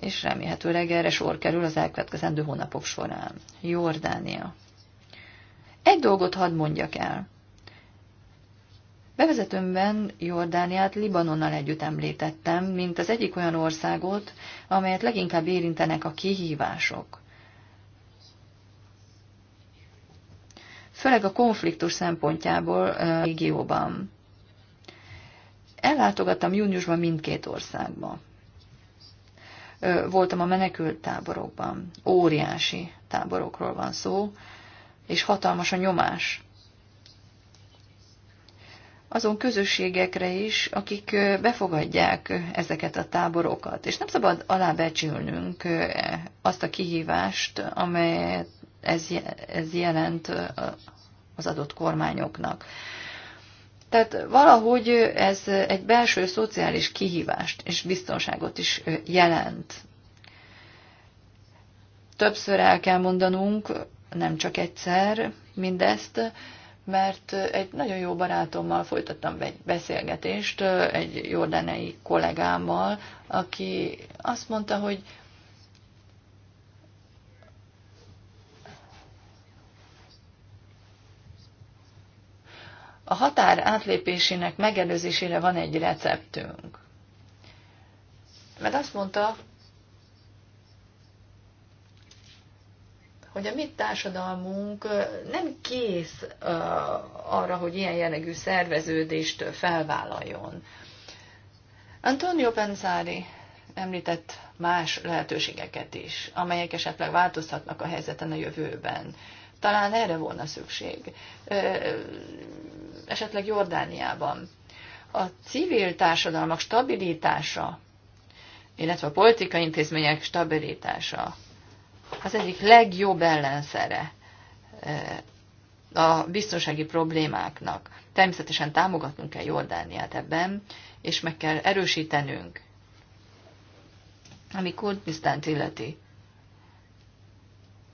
És remélhetőleg erre sor kerül az elkövetkezendő hónapok során. Jordánia. Egy dolgot hadd mondjak el. Bevezetőmben Jordániát Libanonnal együtt említettem, mint az egyik olyan országot, amelyet leginkább érintenek a kihívások. Főleg a konfliktus szempontjából a régióban. Ellátogattam júniusban mindkét országba. Voltam a menekült táborokban. Óriási táborokról van szó, és hatalmas a nyomás azon közösségekre is, akik befogadják ezeket a táborokat. És nem szabad alábecsülnünk azt a kihívást, amelyet ez, ez jelent az adott kormányoknak. Tehát valahogy ez egy belső szociális kihívást és biztonságot is jelent. Többször el kell mondanunk, nem csak egyszer mindezt, mert egy nagyon jó barátommal folytattam egy beszélgetést, egy jordániai kollégámmal, aki azt mondta, hogy a határ átlépésének megelőzésére van egy receptünk. Mert azt mondta, hogy a mi társadalmunk nem kész arra, hogy ilyen jellegű szerveződést felvállaljon. Antonio Penzari említett más lehetőségeket is, amelyek esetleg változhatnak a helyzeten a jövőben. Talán erre volna szükség. Esetleg Jordániában. A civil társadalmak stabilitása, illetve a politikai intézmények stabilitása az egyik legjobb ellenszere a biztonsági problémáknak. Természetesen támogatnunk kell Jordániát ebben, és meg kell erősítenünk, ami Kurdisztánt illeti.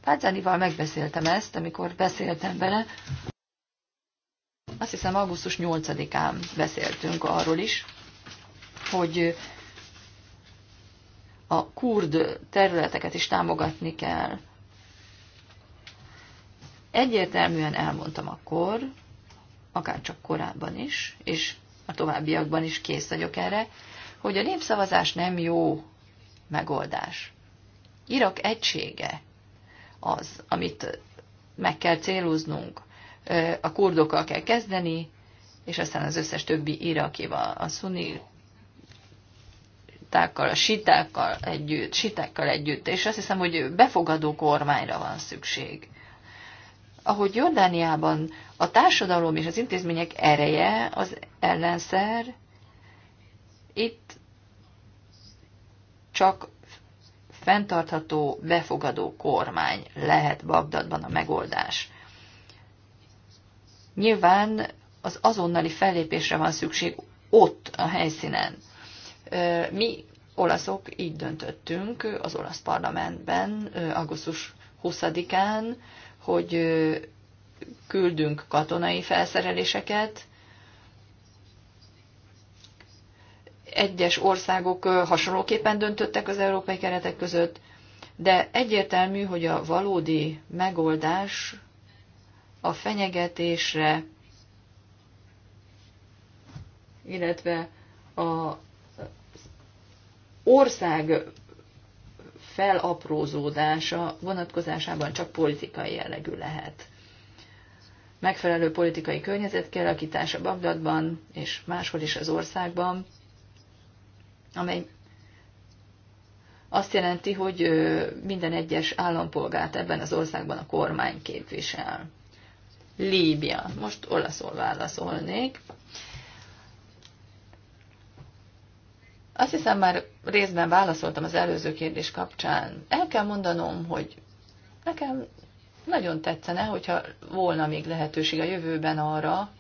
Pádzánival megbeszéltem ezt, amikor beszéltem vele. Azt hiszem augusztus 8-án beszéltünk arról is, hogy a kurd területeket is támogatni kell. Egyértelműen elmondtam akkor, akár csak korábban is, és a továbbiakban is kész vagyok erre, hogy a népszavazás nem jó megoldás. Irak egysége az, amit meg kell céloznunk. A kurdokkal kell kezdeni, és aztán az összes többi irakival, a szuni szunnitákkal, a sitákkal együtt, sitákkal együtt, és azt hiszem, hogy befogadó kormányra van szükség. Ahogy Jordániában a társadalom és az intézmények ereje az ellenszer, itt csak fenntartható, befogadó kormány lehet Bagdadban a megoldás. Nyilván az azonnali fellépésre van szükség ott, a helyszínen. Mi olaszok így döntöttünk az olasz parlamentben augusztus 20-án, hogy küldünk katonai felszereléseket, egyes országok hasonlóképpen döntöttek az európai keretek között, de egyértelmű, hogy a valódi megoldás a fenyegetésre, illetve a ország felaprózódása vonatkozásában csak politikai jellegű lehet. Megfelelő politikai környezet kialakítása Bagdadban és máshol is az országban, amely azt jelenti, hogy minden egyes állampolgárt ebben az országban a kormány képvisel. Líbia. Most olaszol válaszolnék. Azt hiszem már részben válaszoltam az előző kérdés kapcsán. El kell mondanom, hogy nekem nagyon tetszene, hogyha volna még lehetőség a jövőben arra,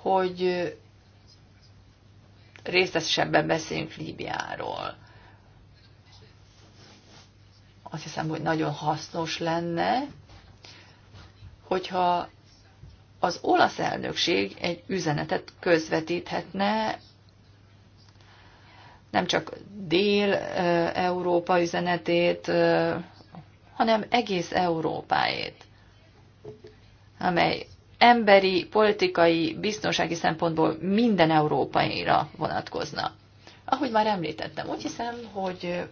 hogy részesebben beszéljünk Líbiáról. Azt hiszem, hogy nagyon hasznos lenne, hogyha az olasz elnökség egy üzenetet közvetíthetne, nem csak Dél-Európa üzenetét, hanem egész Európáét, amely emberi, politikai, biztonsági szempontból minden európaira vonatkozna. Ahogy már említettem, úgy hiszem, hogy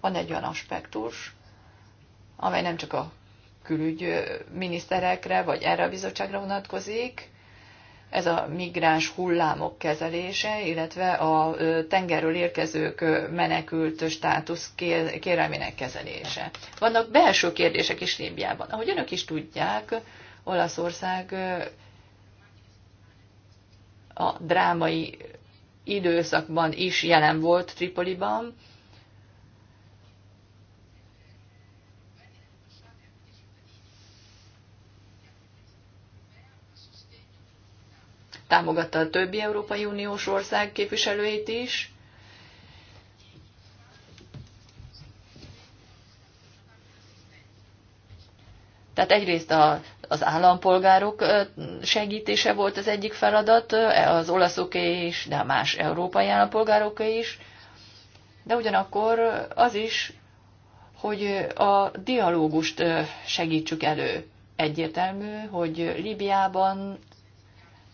van egy olyan aspektus, amely nem csak a külügyminiszterekre, vagy erre a bizottságra vonatkozik, ez a migráns hullámok kezelése, illetve a tengerről érkezők menekült státusz kérelmének kezelése. Vannak belső kérdések is Líbiában. Ahogy önök is tudják, Olaszország a drámai időszakban is jelen volt Tripoliban, támogatta a többi Európai Uniós ország képviselőit is. Tehát egyrészt a, az állampolgárok segítése volt az egyik feladat, az olaszoké is, de más európai állampolgároké is, de ugyanakkor az is, hogy a dialógust segítsük elő. Egyértelmű, hogy Líbiában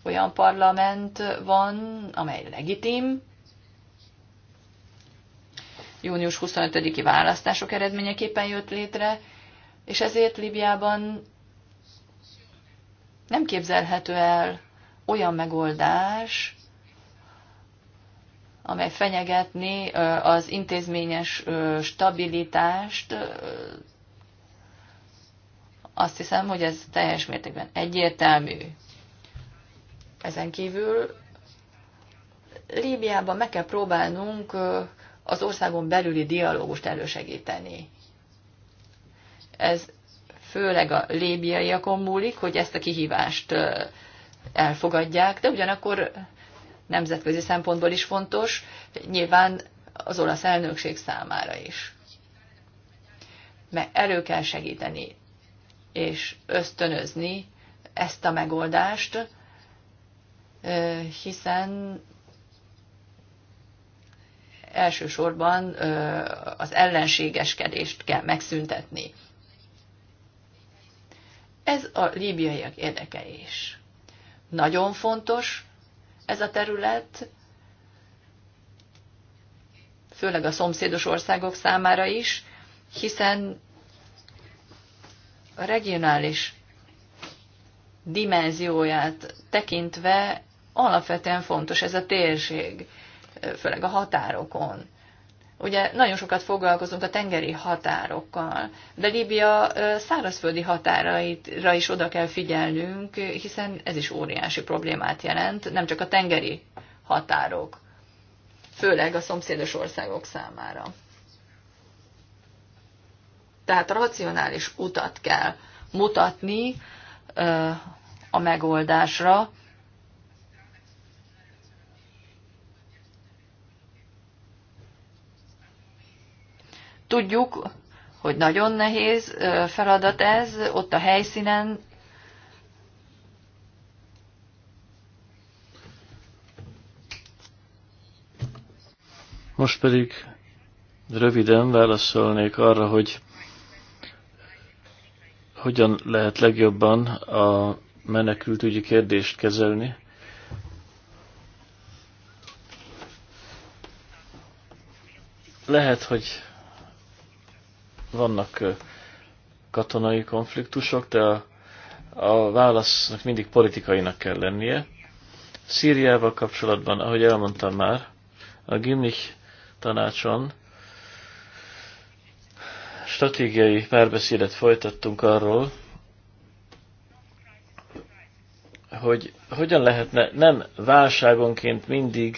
olyan parlament van, amely legitim, június 25-i választások eredményeképpen jött létre, és ezért Libiában nem képzelhető el olyan megoldás, amely fenyegetni az intézményes stabilitást. Azt hiszem, hogy ez teljes mértékben egyértelmű. Ezen kívül Líbiában meg kell próbálnunk az országon belüli dialógust elősegíteni. Ez főleg a líbiaiakon múlik, hogy ezt a kihívást elfogadják, de ugyanakkor nemzetközi szempontból is fontos, nyilván az olasz elnökség számára is. Mert elő kell segíteni és ösztönözni ezt a megoldást, hiszen elsősorban az ellenségeskedést kell megszüntetni. Ez a líbiaiak érdeke is. Nagyon fontos ez a terület, főleg a szomszédos országok számára is, hiszen a regionális dimenzióját tekintve alapvetően fontos ez a térség, főleg a határokon. Ugye nagyon sokat foglalkozunk a tengeri határokkal, de Líbia szárazföldi határaira is oda kell figyelnünk, hiszen ez is óriási problémát jelent, nem csak a tengeri határok, főleg a szomszédos országok számára. Tehát racionális utat kell mutatni a megoldásra, Tudjuk, hogy nagyon nehéz feladat ez, ott a helyszínen Most pedig röviden válaszolnék arra, hogy hogyan lehet legjobban a menekültügyi kérdést kezelni. Lehet, hogy vannak katonai konfliktusok, de a, a válasznak mindig politikainak kell lennie. Szíriával kapcsolatban, ahogy elmondtam már, a Gimnich tanácson stratégiai párbeszédet folytattunk arról, hogy hogyan lehetne nem válságonként mindig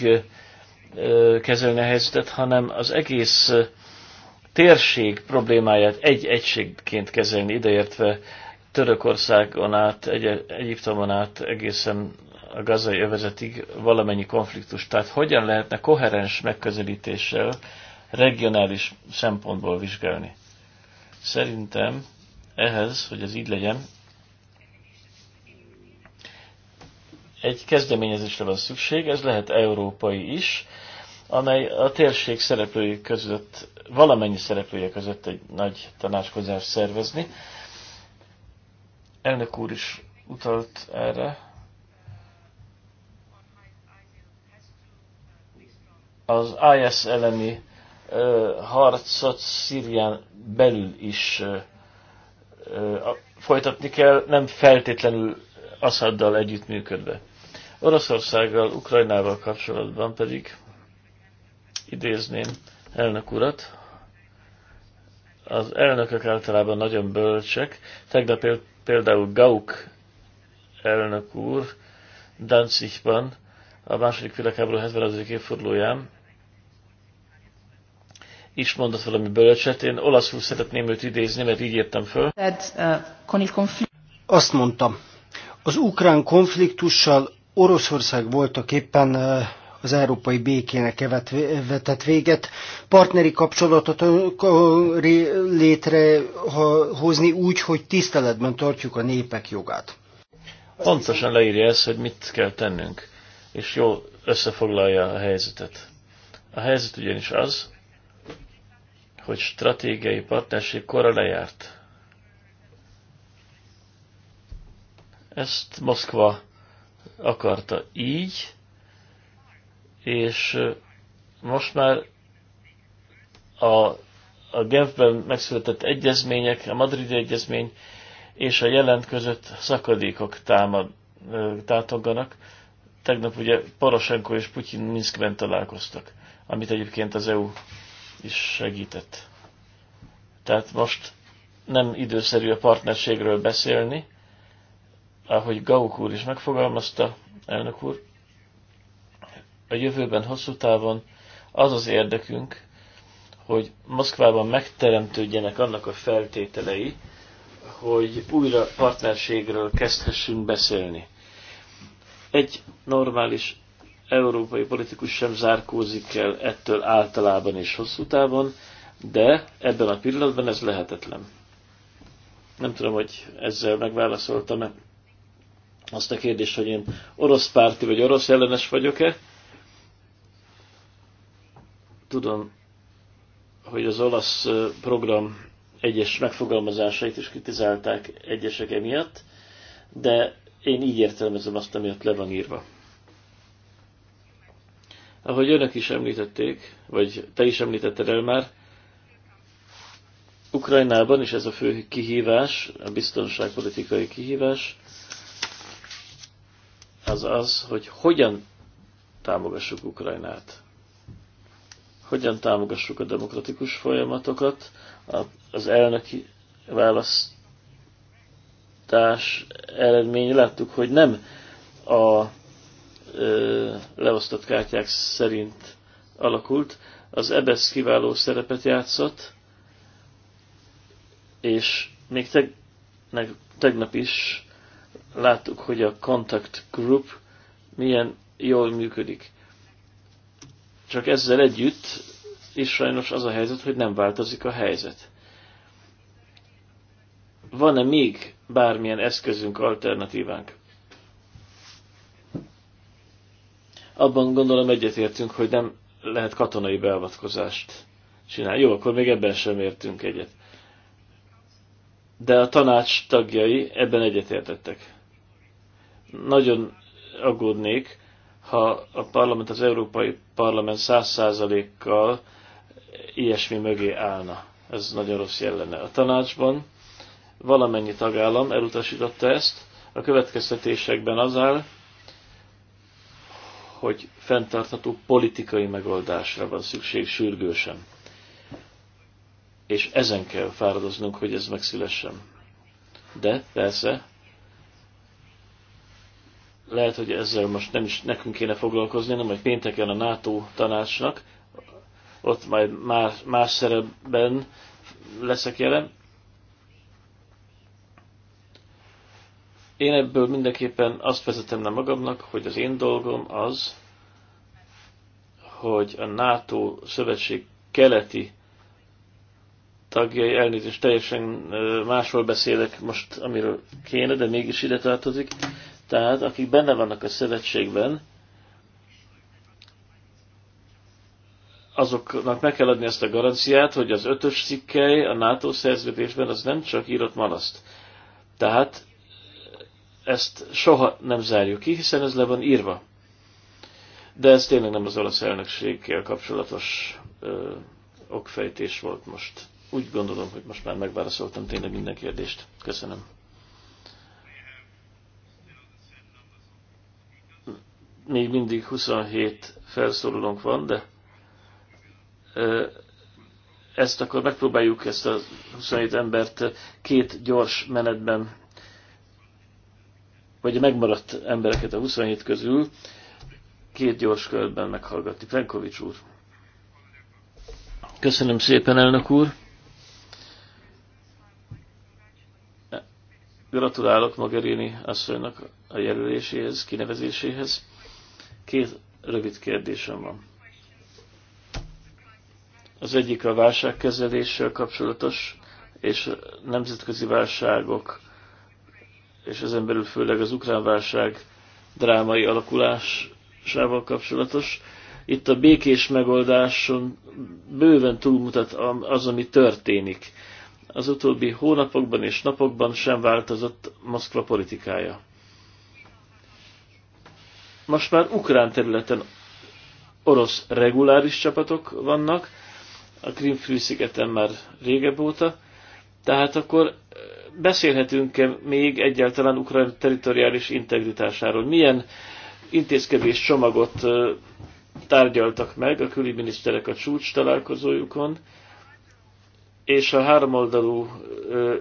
kezelni a helyzetet, hanem az egész térség problémáját egy egységként kezelni, ideértve Törökországon át, egy Egyiptomon át egészen a gazai övezetig valamennyi konfliktus. Tehát hogyan lehetne koherens megközelítéssel regionális szempontból vizsgálni? Szerintem ehhez, hogy ez így legyen, egy kezdeményezésre van szükség, ez lehet európai is, amely a térség szereplői között, valamennyi szereplője között egy nagy tanácskozást szervezni. Elnök úr is utalt erre. Az IS elleni ö, harcot Szírián belül is ö, ö, folytatni kell, nem feltétlenül Assaddal együttműködve. Oroszországgal, Ukrajnával kapcsolatban pedig idézném elnök urat. Az elnökök általában nagyon bölcsek. Tegnap például Gauk elnök úr Danzigban a második világháború 70. évfordulóján is mondott valami bölcset. Én olaszul szeretném őt idézni, mert így írtam föl. Uh, Azt mondtam, az ukrán konfliktussal Oroszország voltak éppen uh, az európai békének vetett véget, partneri kapcsolatot létrehozni úgy, hogy tiszteletben tartjuk a népek jogát. Pontosan leírja ezt, hogy mit kell tennünk, és jól összefoglalja a helyzetet. A helyzet ugyanis az, hogy stratégiai partnerség kora lejárt. Ezt Moszkva akarta így, és most már a, a Genfben megszületett egyezmények, a madridi egyezmény és a jelent között szakadékok támad, tátoganak. Tegnap ugye Poroshenko és Putyin Minskben találkoztak, amit egyébként az EU is segített. Tehát most nem időszerű a partnerségről beszélni, ahogy Gauk úr is megfogalmazta, elnök úr, a jövőben hosszú távon az az érdekünk, hogy Moszkvában megteremtődjenek annak a feltételei, hogy újra partnerségről kezdhessünk beszélni. Egy normális európai politikus sem zárkózik el ettől általában és hosszú távon, de ebben a pillanatban ez lehetetlen. Nem tudom, hogy ezzel megválaszoltam-e azt a kérdést, hogy én orosz párti vagy orosz ellenes vagyok-e. Tudom, hogy az olasz program egyes megfogalmazásait is kritizálták egyesek emiatt, de én így értelmezem azt, amiatt le van írva. Ahogy önök is említették, vagy te is említetted el már, Ukrajnában is ez a fő kihívás, a biztonságpolitikai kihívás, az az, hogy hogyan támogassuk Ukrajnát hogyan támogassuk a demokratikus folyamatokat, az elnöki választás eredmény láttuk, hogy nem a ö, leosztott kártyák szerint alakult. Az EBESZ kiváló szerepet játszott, és még teg, ne, tegnap is láttuk, hogy a Contact Group milyen jól működik. Csak ezzel együtt is sajnos az a helyzet, hogy nem változik a helyzet. Van-e még bármilyen eszközünk, alternatívánk? Abban gondolom egyetértünk, hogy nem lehet katonai beavatkozást csinálni. Jó, akkor még ebben sem értünk egyet. De a tanács tagjai ebben egyetértettek. Nagyon aggódnék, ha a parlament, az Európai Parlament száz százalékkal ilyesmi mögé állna. Ez nagyon rossz jellene. A tanácsban valamennyi tagállam elutasította ezt. A következtetésekben az áll, hogy fenntartható politikai megoldásra van szükség sürgősen. És ezen kell fáradoznunk, hogy ez megszülessen. De persze lehet, hogy ezzel most nem is nekünk kéne foglalkozni, hanem majd pénteken a NATO tanácsnak, ott majd más, más szerepben leszek jelen. Én ebből mindenképpen azt vezetem le magamnak, hogy az én dolgom az, hogy a NATO szövetség keleti tagjai, elnézést, teljesen másról beszélek most, amiről kéne, de mégis ide tartozik. Tehát akik benne vannak a szövetségben, azoknak meg kell adni ezt a garanciát, hogy az ötös cikkely a NATO szerződésben az nem csak írott malaszt. Tehát ezt soha nem zárjuk ki, hiszen ez le van írva. De ez tényleg nem az olasz elnökséggel kapcsolatos ö, okfejtés volt most. Úgy gondolom, hogy most már megválaszoltam tényleg minden kérdést. Köszönöm. még mindig 27 felszólalónk van, de ezt akkor megpróbáljuk ezt a 27 embert két gyors menetben, vagy a megmaradt embereket a 27 közül két gyors körben meghallgatni. Plenkovics úr. Köszönöm szépen, elnök úr. Gratulálok Magerini asszonynak a jelöléséhez, kinevezéséhez Két rövid kérdésem van. Az egyik a válságkezeléssel kapcsolatos, és nemzetközi válságok, és ezen belül főleg az ukrán válság drámai alakulásával kapcsolatos. Itt a békés megoldáson bőven túlmutat az, ami történik. Az utóbbi hónapokban és napokban sem változott Moszkva politikája. Most már ukrán területen orosz reguláris csapatok vannak, a Krimfrű szigeten már régebb óta, tehát akkor eh, beszélhetünk-e még egyáltalán ukrán teritoriális integritásáról? Milyen intézkedés csomagot eh, tárgyaltak meg a külügyminiszterek a csúcs találkozójukon, és a háromoldalú eh,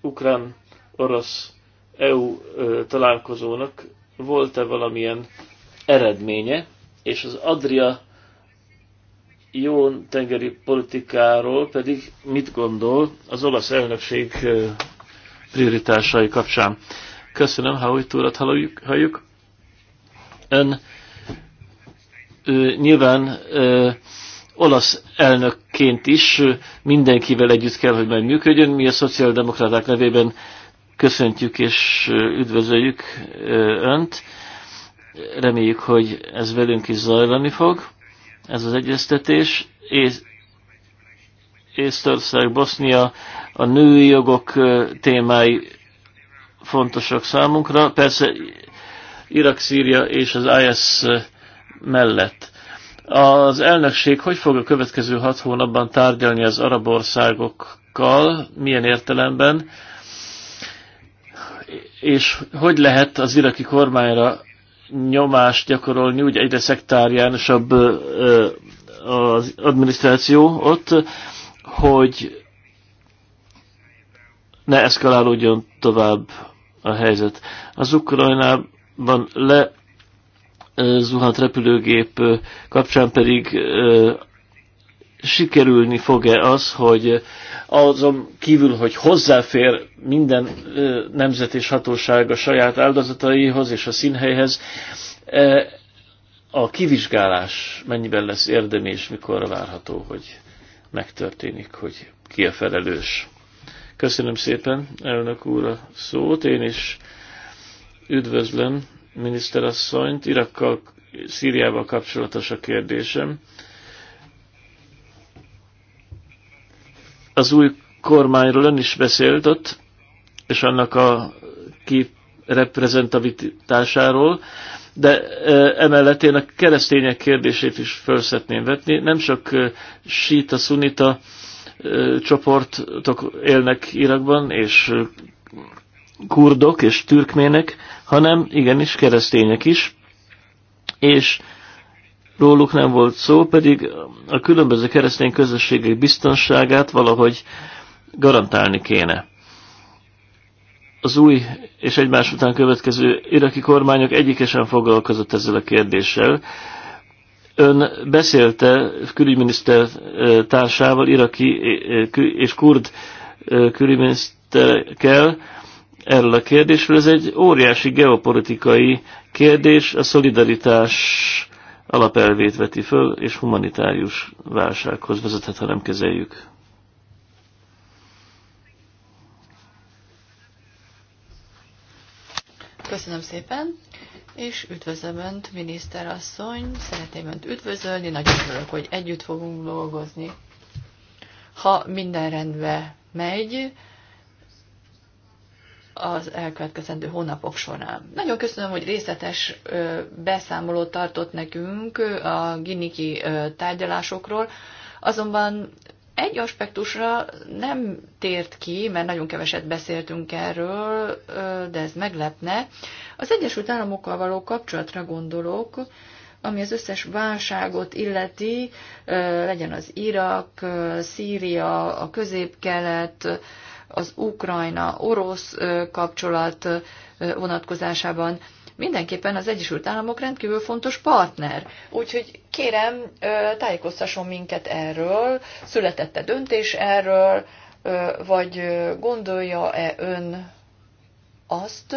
ukrán-orosz EU találkozónak volt-e valamilyen eredménye, és az Adria jó tengeri politikáról pedig mit gondol az olasz elnökség prioritásai kapcsán. Köszönöm, ha úgy túlat halljuk. Ön ő, nyilván ö, olasz elnökként is mindenkivel együtt kell, hogy megműködjön. Mi a szociáldemokraták nevében köszöntjük és üdvözöljük Önt. Reméljük, hogy ez velünk is zajlani fog, ez az egyeztetés. Ész Észtország, Bosznia, a női jogok témái fontosak számunkra. Persze Irak, Szíria és az IS mellett. Az elnökség hogy fog a következő hat hónapban tárgyalni az arab országokkal, milyen értelemben? és hogy lehet az iraki kormányra nyomást gyakorolni, úgy egyre szektáriánosabb az adminisztráció ott, hogy ne eszkalálódjon tovább a helyzet. Az Ukrajnában le zuhant repülőgép kapcsán pedig sikerülni fog-e az, hogy azon kívül, hogy hozzáfér minden nemzet és hatóság a saját áldozataihoz és a színhelyhez, a kivizsgálás mennyiben lesz érdemi, és mikor várható, hogy megtörténik, hogy ki a felelős. Köszönöm szépen, elnök úr, a szót. Én is üdvözlöm miniszterasszonyt. Irakkal, Szíriával kapcsolatos a kérdésem. Az új kormányról ön is beszélt ott, és annak a kireprezentavitásáról, de emellett én a keresztények kérdését is föl szeretném vetni. Nem csak síta, szunita csoportok élnek Irakban, és kurdok és türkmének, hanem igenis keresztények is, és róluk nem volt szó, pedig a különböző keresztény közösségek biztonságát valahogy garantálni kéne. Az új és egymás után következő iraki kormányok egyikesen foglalkozott ezzel a kérdéssel. Ön beszélte külügyminiszter társával, iraki és kurd külügyminiszterekkel erről a kérdésről. Ez egy óriási geopolitikai kérdés, a szolidaritás alapelvét veti föl, és humanitárius válsághoz vezethet, ha nem kezeljük. Köszönöm szépen, és üdvözlöm Önt, miniszterasszony. Szeretném Önt üdvözölni, nagyon örülök, hogy együtt fogunk dolgozni. Ha minden rendben megy, az elkövetkezendő hónapok során. Nagyon köszönöm, hogy részletes beszámolót tartott nekünk a giniki tárgyalásokról, azonban egy aspektusra nem tért ki, mert nagyon keveset beszéltünk erről, de ez meglepne. Az Egyesült Államokkal való kapcsolatra gondolok, ami az összes válságot illeti, legyen az Irak, Szíria, a közép-kelet, az Ukrajna-orosz kapcsolat vonatkozásában mindenképpen az Egyesült Államok rendkívül fontos partner. Úgyhogy kérem, tájékoztasson minket erről, születette döntés erről, vagy gondolja-e ön azt,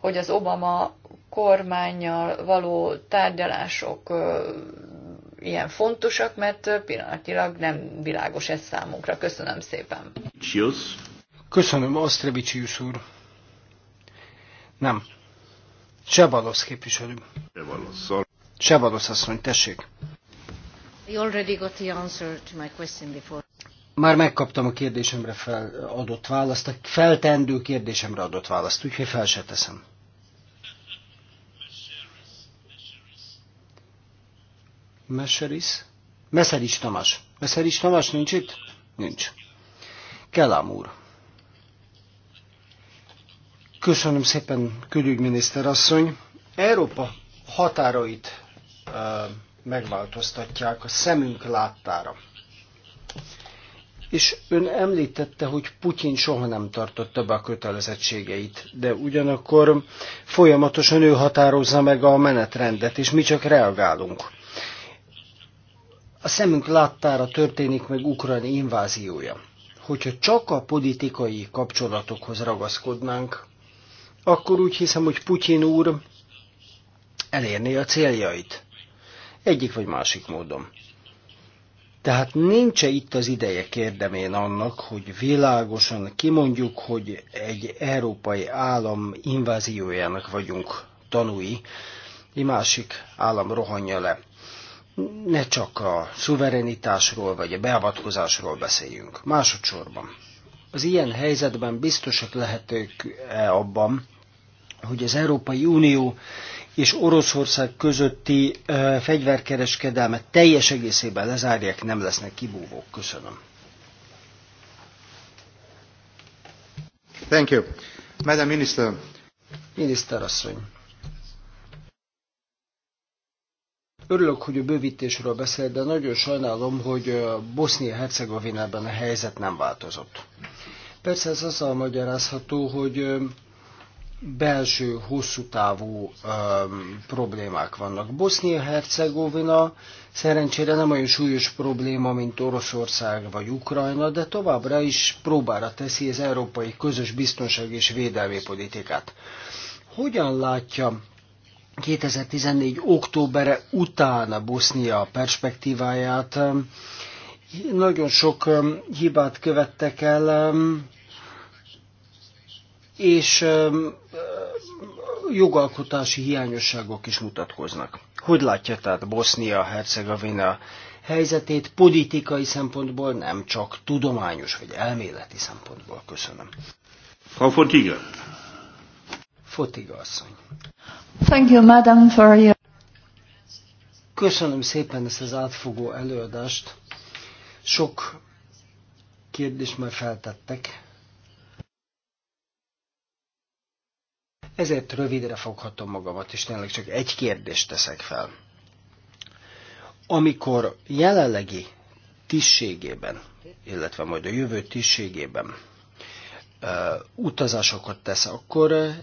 hogy az Obama kormányjal való tárgyalások ilyen fontosak, mert pillanatilag nem világos ez számunkra. Köszönöm szépen. Csiusz. Köszönöm, Asztrevicius úr. Nem. Csebalosz képviselő. Csebalosz. Csebalosz asszony, tessék. You already got the answer to my question before. Már megkaptam a kérdésemre fel adott választ, a feltendő kérdésemre adott választ, úgyhogy fel se teszem. Meseris? Meseris Tamás. Meseris Tamás nincs itt? Nincs. Kelám úr. Köszönöm szépen, külügyminiszter asszony. Európa határait uh, megváltoztatják a szemünk láttára. És ön említette, hogy Putyin soha nem tartotta be a kötelezettségeit, de ugyanakkor folyamatosan ő határozza meg a menetrendet, és mi csak reagálunk a szemünk láttára történik meg Ukrajna inváziója. Hogyha csak a politikai kapcsolatokhoz ragaszkodnánk, akkor úgy hiszem, hogy Putyin úr elérné a céljait. Egyik vagy másik módon. Tehát nincs -e itt az ideje kérdemén annak, hogy világosan kimondjuk, hogy egy európai állam inváziójának vagyunk tanúi, egy másik állam rohanja le ne csak a szuverenitásról vagy a beavatkozásról beszéljünk. Másodszorban, az ilyen helyzetben biztosak lehetők -e abban, hogy az Európai Unió és Oroszország közötti ö, fegyverkereskedelmet teljes egészében lezárják, nem lesznek kibúvók. Köszönöm. Thank you. Madam Minister. Miniszter asszony. Örülök, hogy a bővítésről beszél, de nagyon sajnálom, hogy Bosznia-Hercegovinában a helyzet nem változott. Persze ez azzal magyarázható, hogy belső, hosszú távú um, problémák vannak. Bosznia-Hercegovina szerencsére nem olyan súlyos probléma, mint Oroszország vagy Ukrajna, de továbbra is próbára teszi az európai közös biztonság és védelmi politikát. Hogyan látja 2014. októbere után a Bosznia perspektíváját. Nagyon sok um, hibát követtek el, um, és um, uh, jogalkotási hiányosságok is mutatkoznak. Hogy látja tehát Bosznia-Hercegovina helyzetét politikai szempontból, nem csak tudományos vagy elméleti szempontból? Köszönöm. Frau Fotiga. Fotiga asszony. Thank you, madam, for your... Köszönöm szépen ezt az átfogó előadást. Sok kérdést már feltettek. Ezért rövidre foghatom magamat, és tényleg csak egy kérdést teszek fel. Amikor jelenlegi tisztségében, illetve majd a jövő tisztségében uh, utazásokat tesz, akkor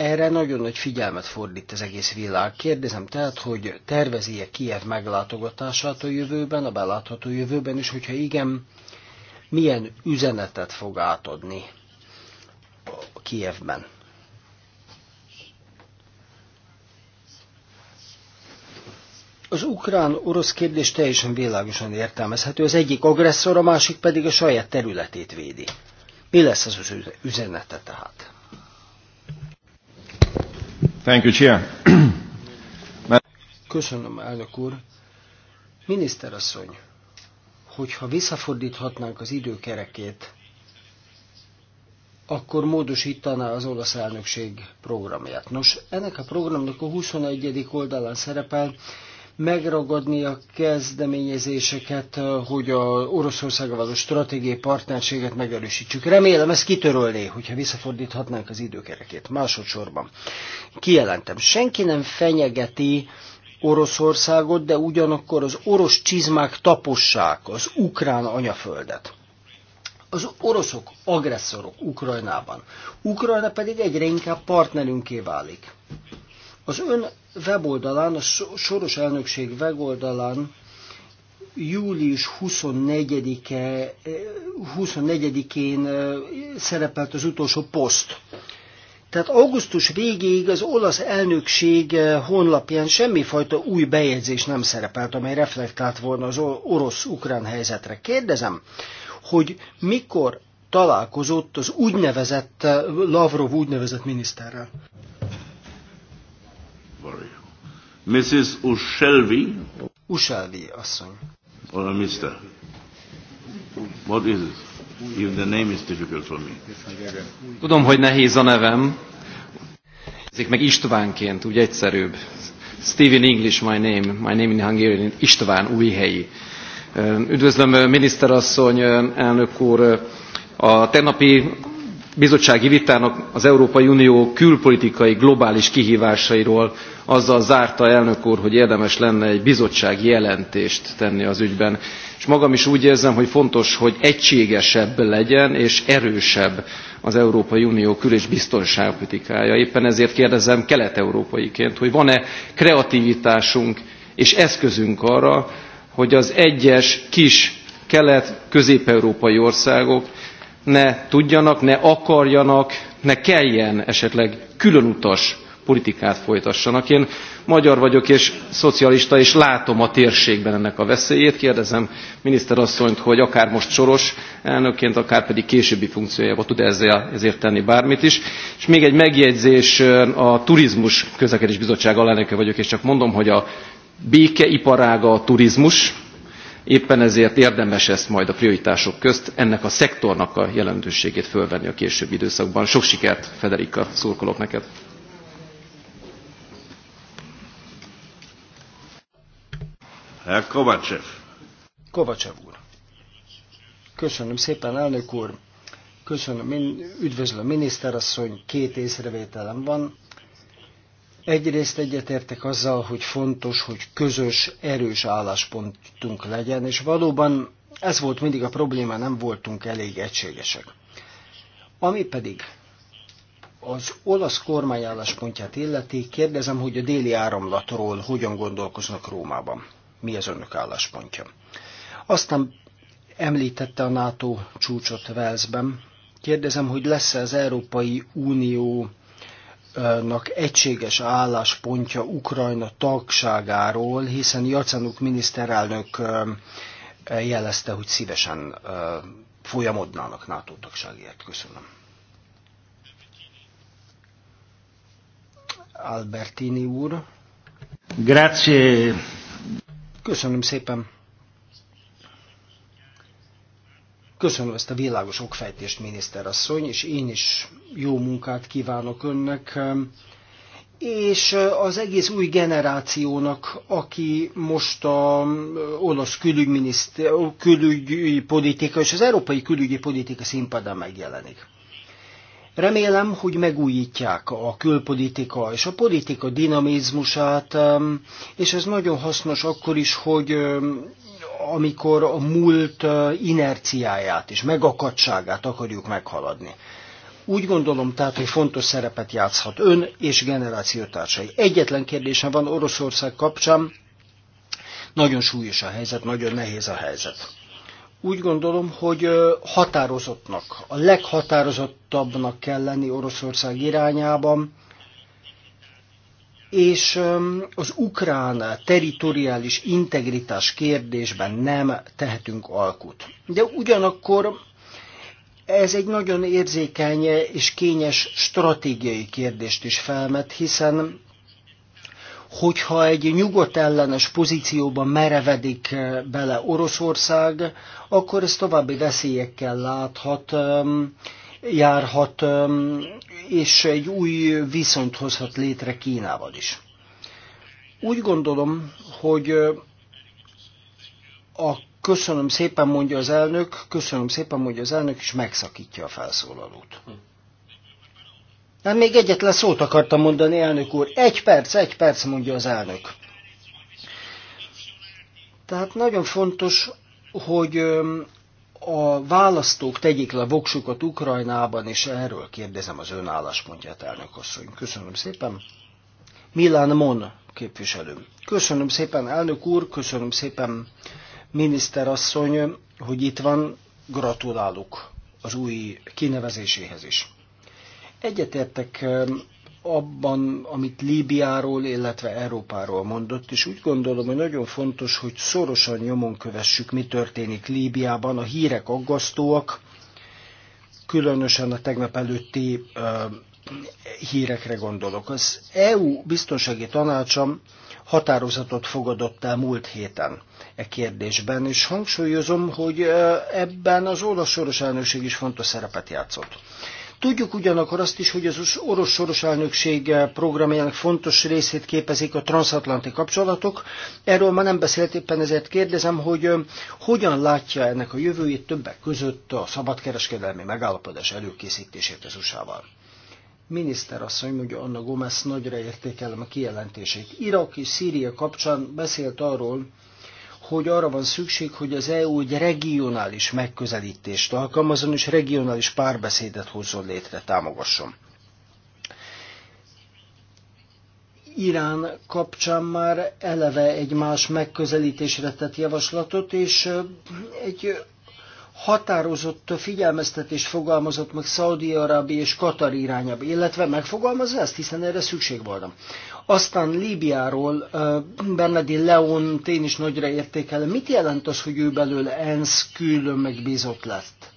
erre nagyon nagy figyelmet fordít az egész világ. Kérdezem tehát, hogy tervezi-e Kiev meglátogatását a jövőben, a belátható jövőben, és hogyha igen, milyen üzenetet fog átadni Kievben? Az ukrán-orosz kérdés teljesen világosan értelmezhető, az egyik agresszor, a másik pedig a saját területét védi. Mi lesz az üzenete tehát? Thank you, Chair. Köszönöm, elnök úr. Miniszterasszony, hogyha visszafordíthatnánk az időkerekét, akkor módosítaná az olasz elnökség programját. Nos, ennek a programnak a 21. oldalán szerepel megragadni a kezdeményezéseket, hogy a Oroszországgal való stratégiai partnerséget megerősítsük. Remélem, ez kitörölné, hogyha visszafordíthatnánk az időkerekét. Másodszorban kijelentem, senki nem fenyegeti Oroszországot, de ugyanakkor az orosz csizmák tapossák az ukrán anyaföldet. Az oroszok agresszorok Ukrajnában. Ukrajna pedig egyre inkább partnerünké válik. Az ön weboldalán, a soros elnökség weboldalán július 24-e, 24-én eh, eh, szerepelt az utolsó poszt. Tehát augusztus végéig az olasz elnökség eh, honlapján semmifajta új bejegyzés nem szerepelt, amely reflektált volna az orosz-ukrán helyzetre. Kérdezem, hogy mikor találkozott az úgynevezett Lavrov úgynevezett miniszterrel? Mrs. Ushelvi. Ushelvi asszony. Or a Mr. What is it? If the name is difficult for me. Tudom, hogy nehéz a nevem. Ezek meg Istvánként, úgy egyszerűbb. Steven English my name, my name in Hungarian, István helyi. Üdvözlöm miniszterasszony, elnök úr. A tegnapi bizottsági vitának az európai unió külpolitikai globális kihvásairól azzal zárta elnök úr hogy érdemes lenne egy bizottsági jelentést tenni az ügyben és magam is úgy érzem hogy fontos hogy egységesebb legyen és erősebb az európai unió kül és biztonságpolitikája. éppen ezért kérdezem kelet európaiként hogy van e kreativitásunk és eszközünk arra hogy az egyes kis kelet közép európai országok ne tudjanak, ne akarjanak, ne kelljen esetleg különutas politikát folytassanak. Én magyar vagyok és szocialista, és látom a térségben ennek a veszélyét. Kérdezem miniszterasszonyt, hogy akár most soros elnökként, akár pedig későbbi funkciójában tud ezzel, ezért tenni bármit is. És még egy megjegyzés, a Turizmus Közlekedés Bizottság alelnöke vagyok, és csak mondom, hogy a békeiparága a turizmus, éppen ezért érdemes ezt majd a prioritások közt ennek a szektornak a jelentőségét fölvenni a későbbi időszakban. Sok sikert, Federica, szurkolok neked! Herr Kovacsev. Kovacsev úr. Köszönöm szépen, elnök úr. Köszönöm, üdvözlöm miniszterasszony, két észrevételem van. Egyrészt egyetértek azzal, hogy fontos, hogy közös, erős álláspontunk legyen, és valóban ez volt mindig a probléma, nem voltunk elég egységesek. Ami pedig az olasz kormány álláspontját illeti, kérdezem, hogy a déli áramlatról hogyan gondolkoznak Rómában. Mi az önök álláspontja? Aztán említette a NATO csúcsot Velszben. Kérdezem, hogy lesz-e az Európai Unió nak egységes álláspontja Ukrajna tagságáról, hiszen Jacenuk miniszterelnök jelezte, hogy szívesen folyamodnának NATO tagságért. Köszönöm. Albertini úr. Grazie. Köszönöm szépen. Köszönöm ezt a világos okfejtést, miniszterasszony, és én is jó munkát kívánok önnek, és az egész új generációnak, aki most a olasz külügyi politika és az európai külügyi politika színpadán megjelenik. Remélem, hogy megújítják a külpolitika és a politika dinamizmusát, és ez nagyon hasznos akkor is, hogy amikor a múlt inerciáját és megakadságát akarjuk meghaladni. Úgy gondolom tehát, hogy fontos szerepet játszhat ön és generációtársai. Egyetlen kérdésem van Oroszország kapcsán, nagyon súlyos a helyzet, nagyon nehéz a helyzet. Úgy gondolom, hogy határozottnak, a leghatározottabbnak kell lenni Oroszország irányában, és az ukrán teritoriális integritás kérdésben nem tehetünk alkut. De ugyanakkor ez egy nagyon érzékeny és kényes stratégiai kérdést is felmet, hiszen hogyha egy nyugat ellenes pozícióba merevedik bele Oroszország, akkor ez további veszélyekkel láthat, járhat és egy új viszont hozhat létre Kínával is. Úgy gondolom, hogy a köszönöm szépen mondja az elnök, köszönöm szépen mondja az elnök, és megszakítja a felszólalót. Nem, hát még egyetlen szót akartam mondani, elnök úr. Egy perc, egy perc, mondja az elnök. Tehát nagyon fontos, hogy a választók tegyék le voksukat Ukrajnában, és erről kérdezem az ön álláspontját, elnök asszony. Köszönöm szépen. Milán Mon képviselő. Köszönöm szépen, elnök úr, köszönöm szépen, miniszter asszony hogy itt van. Gratulálok az új kinevezéséhez is. Egyetértek abban, amit Líbiáról, illetve Európáról mondott, és úgy gondolom, hogy nagyon fontos, hogy szorosan nyomon kövessük, mi történik Líbiában. A hírek aggasztóak, különösen a tegnap előtti uh, hírekre gondolok. Az EU biztonsági tanácsam határozatot fogadott el múlt héten e kérdésben, és hangsúlyozom, hogy ebben az olasz soros elnökség is fontos szerepet játszott. Tudjuk ugyanakkor azt is, hogy az orosz soros elnökség programjának fontos részét képezik a transatlanti kapcsolatok. Erről ma nem beszélt éppen, ezért kérdezem, hogy hogyan látja ennek a jövőjét többek között a szabadkereskedelmi megállapodás előkészítését az USA-val. Miniszter asszony, mondja Anna Gomez, nagyra értékelem a kijelentését. Irak és Szíria kapcsán beszélt arról, hogy arra van szükség, hogy az EU egy regionális megközelítést alkalmazon, és regionális párbeszédet hozzon létre, támogasson. Irán kapcsán már eleve egy más megközelítésre tett javaslatot, és egy határozott figyelmeztetést fogalmazott meg Szaudi-Arábia és Katar irányába, illetve megfogalmazza ezt, hiszen erre szükség volna. Aztán Líbiáról Bernadine Leon én is nagyra értékelem. Mit jelent az, hogy ő belőle ENSZ külön megbízott lett?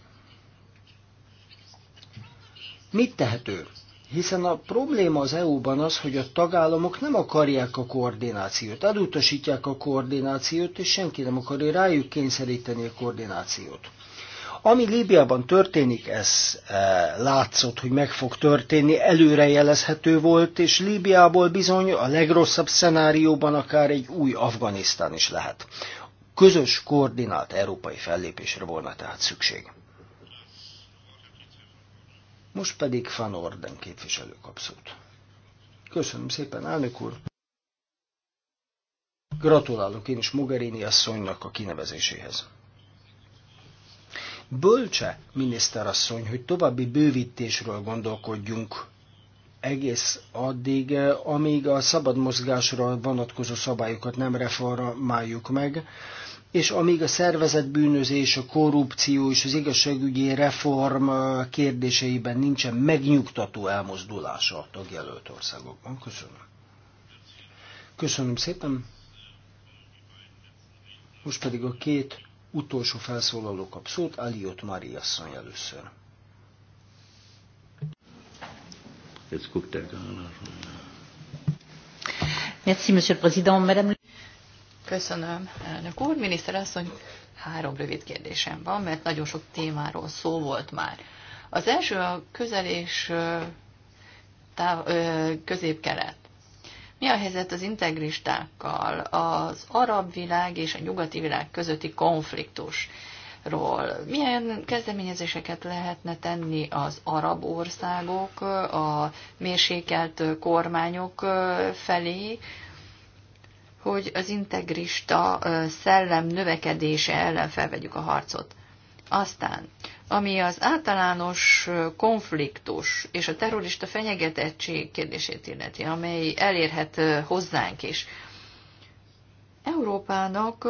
Mit tehető? Hiszen a probléma az EU-ban az, hogy a tagállamok nem akarják a koordinációt, elutasítják a koordinációt, és senki nem akarja rájuk kényszeríteni a koordinációt. Ami Líbiában történik, ez eh, látszott, hogy meg fog történni, előrejelezhető volt, és Líbiából bizony a legrosszabb szenárióban akár egy új Afganisztán is lehet. Közös koordinált európai fellépésre volna tehát szükség. Most pedig Van Orden képviselő kapszót. Köszönöm szépen, elnök úr! Gratulálok én is Mogherini asszonynak a kinevezéséhez. Bölcse, miniszterasszony, hogy további bővítésről gondolkodjunk egész addig, amíg a szabad mozgásra vonatkozó szabályokat nem reformáljuk meg, és amíg a szervezetbűnözés, a korrupció és az igazságügyi reform kérdéseiben nincsen megnyugtató elmozdulása a tagjelölt országokban. Köszönöm. Köszönöm szépen. Most pedig a két utolsó felszólaló kap szót, Aliot Mari asszony először. Er Merci, Monsieur le Président. Madame... Köszönöm, elnök úr. Miniszter asszony, három rövid kérdésem van, mert nagyon sok témáról szó volt már. Az első a közel és közép-kelet. Mi a helyzet az integristákkal, az arab világ és a nyugati világ közötti konfliktusról? Milyen kezdeményezéseket lehetne tenni az arab országok, a mérsékelt kormányok felé, hogy az integrista szellem növekedése ellen felvegyük a harcot? Aztán, ami az általános konfliktus és a terrorista fenyegetettség kérdését illeti, amely elérhet hozzánk is. Európának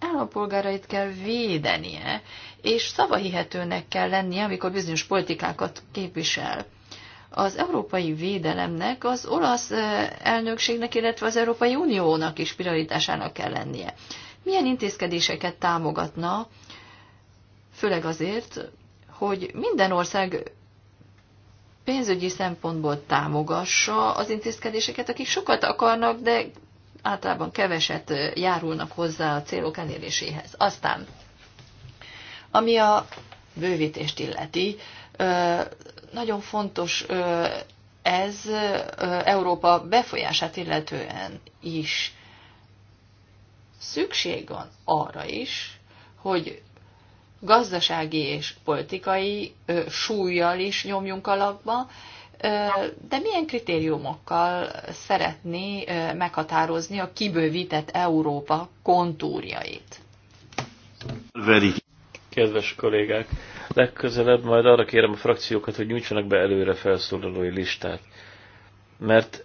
állampolgárait kell védenie, és szavahihetőnek kell lennie, amikor bizonyos politikákat képvisel. Az európai védelemnek az olasz elnökségnek, illetve az Európai Uniónak is prioritásának kell lennie. Milyen intézkedéseket támogatna főleg azért, hogy minden ország pénzügyi szempontból támogassa az intézkedéseket, akik sokat akarnak, de általában keveset járulnak hozzá a célok eléréséhez. Aztán, ami a bővítést illeti, nagyon fontos ez Európa befolyását illetően is. Szükség van arra is, hogy gazdasági és politikai súlyjal is nyomjunk alapba, de milyen kritériumokkal szeretné meghatározni a kibővített Európa kontúrjait? Veri. Kedves kollégák, legközelebb majd arra kérem a frakciókat, hogy nyújtsanak be előre felszólalói listát. Mert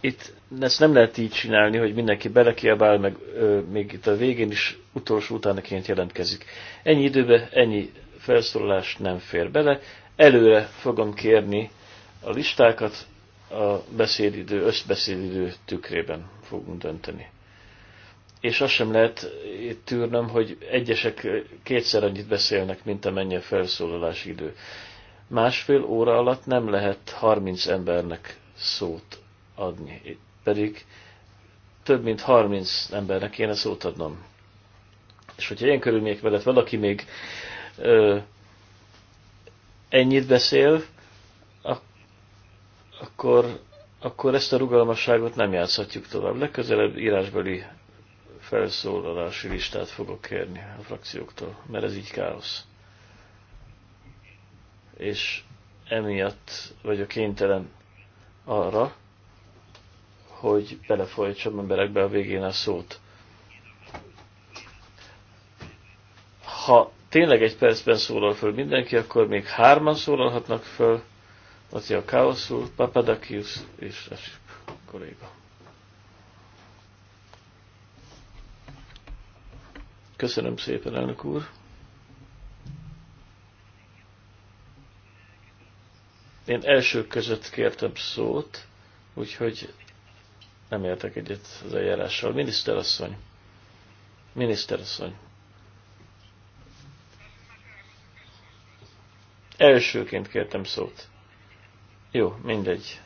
itt ezt nem lehet így csinálni, hogy mindenki belekiabál, meg ö, még itt a végén is utolsó utánaként jelentkezik. Ennyi időbe, ennyi felszólalás nem fér bele. Előre fogom kérni a listákat, a beszédidő, összbeszédidő tükrében fogunk dönteni. És azt sem lehet itt tűrnöm, hogy egyesek kétszer annyit beszélnek, mint amennyi a felszólalási idő. Másfél óra alatt nem lehet 30 embernek szót adni pedig több mint 30 embernek kéne szót adnom. És hogyha ilyen körülmények mellett valaki még ö, ennyit beszél, ak akkor, akkor ezt a rugalmasságot nem játszhatjuk tovább. Legközelebb írásbeli felszólalási listát fogok kérni a frakcióktól, mert ez így káosz. És emiatt vagyok kénytelen arra, hogy belefolytsam emberekbe a végén a szót. Ha tényleg egy percben szólal föl mindenki, akkor még hárman szólalhatnak föl, Laci a Papadakius és Rasip kolléga. Köszönöm szépen, elnök úr! Én elsők között kértem szót, úgyhogy nem értek egyet az eljárással. Miniszterasszony. Miniszterasszony. Elsőként kértem szót. Jó, mindegy.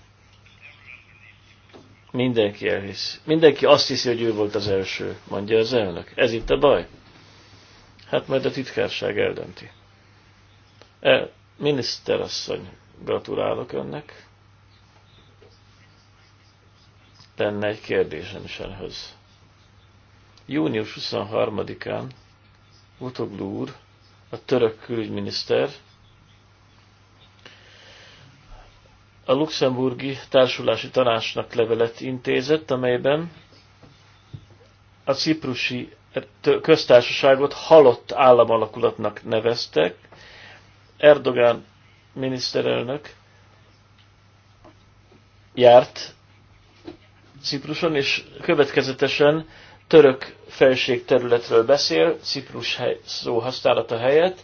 Mindenki elhisz. Mindenki azt hiszi, hogy ő volt az első, mondja az elnök. Ez itt a baj? Hát majd a titkárság eldönti. E, miniszterasszony, gratulálok önnek lenne egy kérdésem is elhöz. Június 23-án Utoglu úr, a török külügyminiszter, a luxemburgi társulási tanácsnak levelet intézett, amelyben a ciprusi köztársaságot halott államalakulatnak neveztek. Erdogán miniszterelnök járt Cipruson, és következetesen török felség területről beszél, Ciprus hely, szó használata helyett,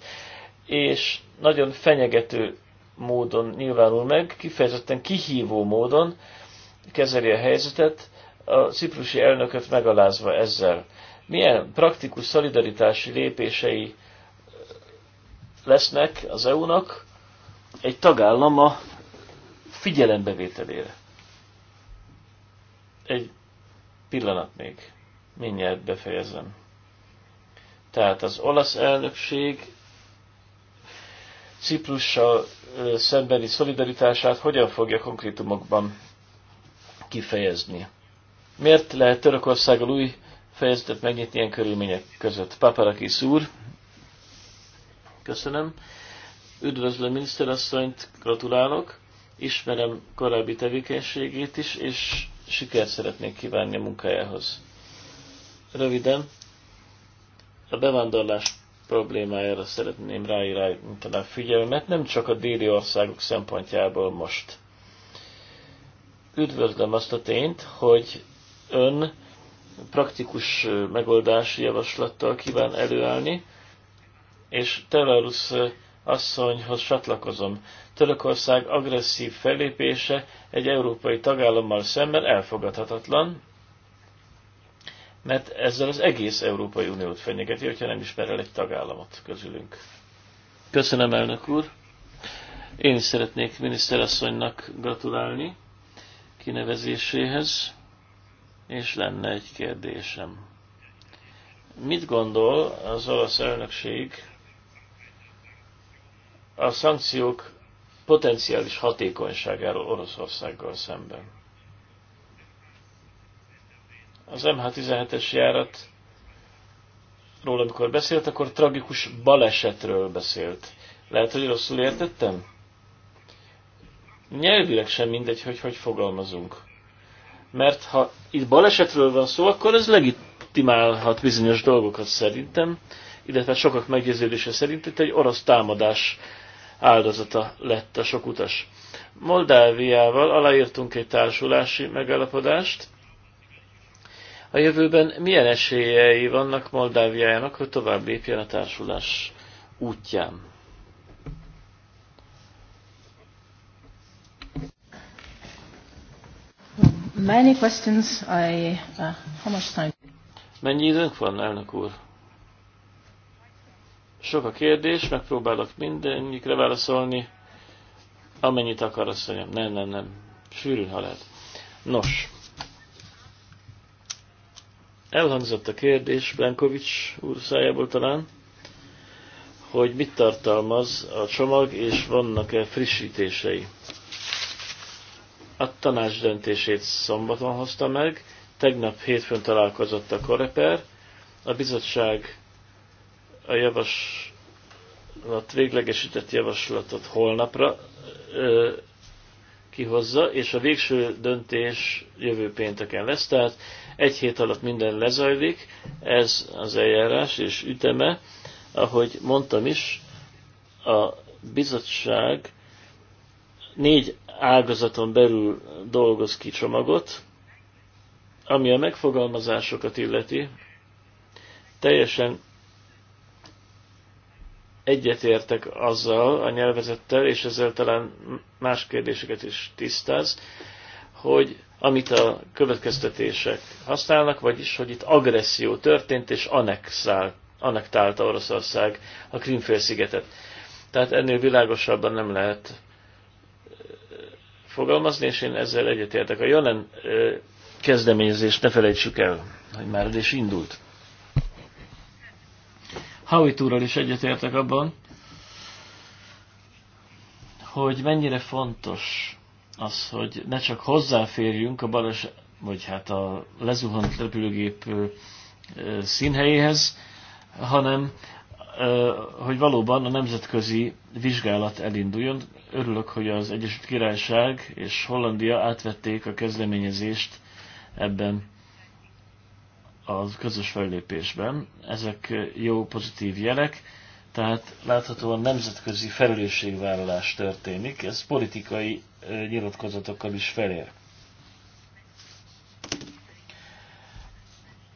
és nagyon fenyegető módon nyilvánul meg, kifejezetten kihívó módon kezeli a helyzetet, a ciprusi elnököt megalázva ezzel. Milyen praktikus szolidaritási lépései lesznek az EU-nak egy tagállama figyelembevételére? egy pillanat még, mindjárt befejezem. Tehát az olasz elnökség Ciprussal szembeni szolidaritását hogyan fogja konkrétumokban kifejezni? Miért lehet Törökországgal új fejezetet megnyitni ilyen körülmények között? Paparakis úr, köszönöm. Üdvözlöm miniszterasszonyt, gratulálok. Ismerem korábbi tevékenységét is, és sikert szeretnék kívánni a munkájához. Röviden, a bevándorlás problémájára szeretném ráirányítani a figyelmet, nem csak a déli országok szempontjából most. Üdvözlöm azt a tényt, hogy ön praktikus megoldási javaslattal kíván előállni, és Telarus asszonyhoz csatlakozom. Törökország agresszív fellépése egy európai tagállammal szemben elfogadhatatlan, mert ezzel az egész Európai Uniót fenyegeti, hogyha nem ismer el egy tagállamot közülünk. Köszönöm, elnök úr! Én is szeretnék miniszterasszonynak gratulálni kinevezéséhez, és lenne egy kérdésem. Mit gondol az olasz elnökség a szankciók potenciális hatékonyságáról Oroszországgal szemben. Az MH17-es járat róla, amikor beszélt, akkor tragikus balesetről beszélt. Lehet, hogy rosszul értettem? Nyelvileg sem mindegy, hogy hogy fogalmazunk. Mert ha itt balesetről van szó, akkor ez legitimálhat bizonyos dolgokat szerintem, illetve sokak meggyőződése szerint itt egy orosz támadás áldozata lett a sok utas. Moldáviával aláírtunk egy társulási megállapodást. A jövőben milyen esélyei vannak Moldáviájának, hogy tovább lépjen a társulás útján? Many questions. I, uh, how much time? Mennyi időnk van, elnök úr? Sok a kérdés, megpróbálok mindennyikre válaszolni. Amennyit akar, mondjam. Nem, nem, nem. Sűrűn, ha lehet. Nos. Elhangzott a kérdés Blankovics úr szájából talán, hogy mit tartalmaz a csomag, és vannak-e frissítései. A tanács döntését szombaton hozta meg, tegnap hétfőn találkozott a Koreper, a bizottság a javaslat, véglegesített javaslatot holnapra ö, kihozza, és a végső döntés jövő pénteken lesz, tehát egy hét alatt minden lezajlik, ez az eljárás és üteme. Ahogy mondtam is, a bizottság négy ágazaton belül dolgoz ki csomagot, ami a megfogalmazásokat illeti, teljesen egyetértek azzal a nyelvezettel, és ezzel talán más kérdéseket is tisztáz, hogy amit a következtetések használnak, vagyis, hogy itt agresszió történt, és anexál, anektálta Oroszország a Krimfélszigetet. Tehát ennél világosabban nem lehet fogalmazni, és én ezzel egyetértek. A jelen kezdeményezést ne felejtsük el, hogy már is indult. Howie úrral is egyetértek abban, hogy mennyire fontos az, hogy ne csak hozzáférjünk a balas, vagy hát a lezuhant repülőgép színhelyéhez, hanem hogy valóban a nemzetközi vizsgálat elinduljon. Örülök, hogy az Egyesült Királyság és Hollandia átvették a kezdeményezést ebben az közös fellépésben. Ezek jó, pozitív jelek, tehát láthatóan nemzetközi felelősségvállalás történik, ez politikai nyilatkozatokkal is felér.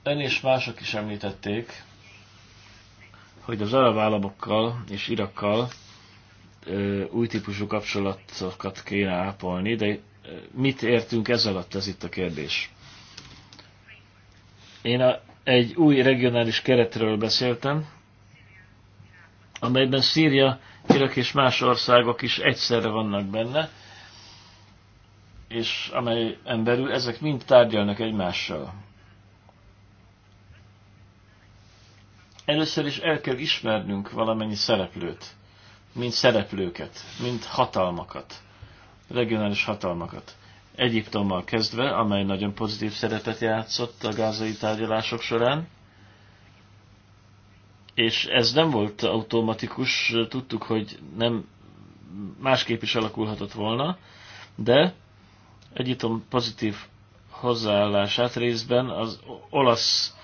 Ön és mások is említették, hogy az arab államokkal és Irakkal ö, új típusú kapcsolatokat kéne ápolni, de mit értünk ez alatt, ez itt a kérdés. Én a, egy új regionális keretről beszéltem, amelyben Szíria, Irak és más országok is egyszerre vannak benne, és amely emberül ezek mind tárgyalnak egymással. Először is el kell ismernünk valamennyi szereplőt, mint szereplőket, mint hatalmakat, regionális hatalmakat. Egyiptommal kezdve, amely nagyon pozitív szerepet játszott a gázai tárgyalások során, és ez nem volt automatikus, tudtuk, hogy nem másképp is alakulhatott volna, de Egyiptom pozitív hozzáállását részben az olasz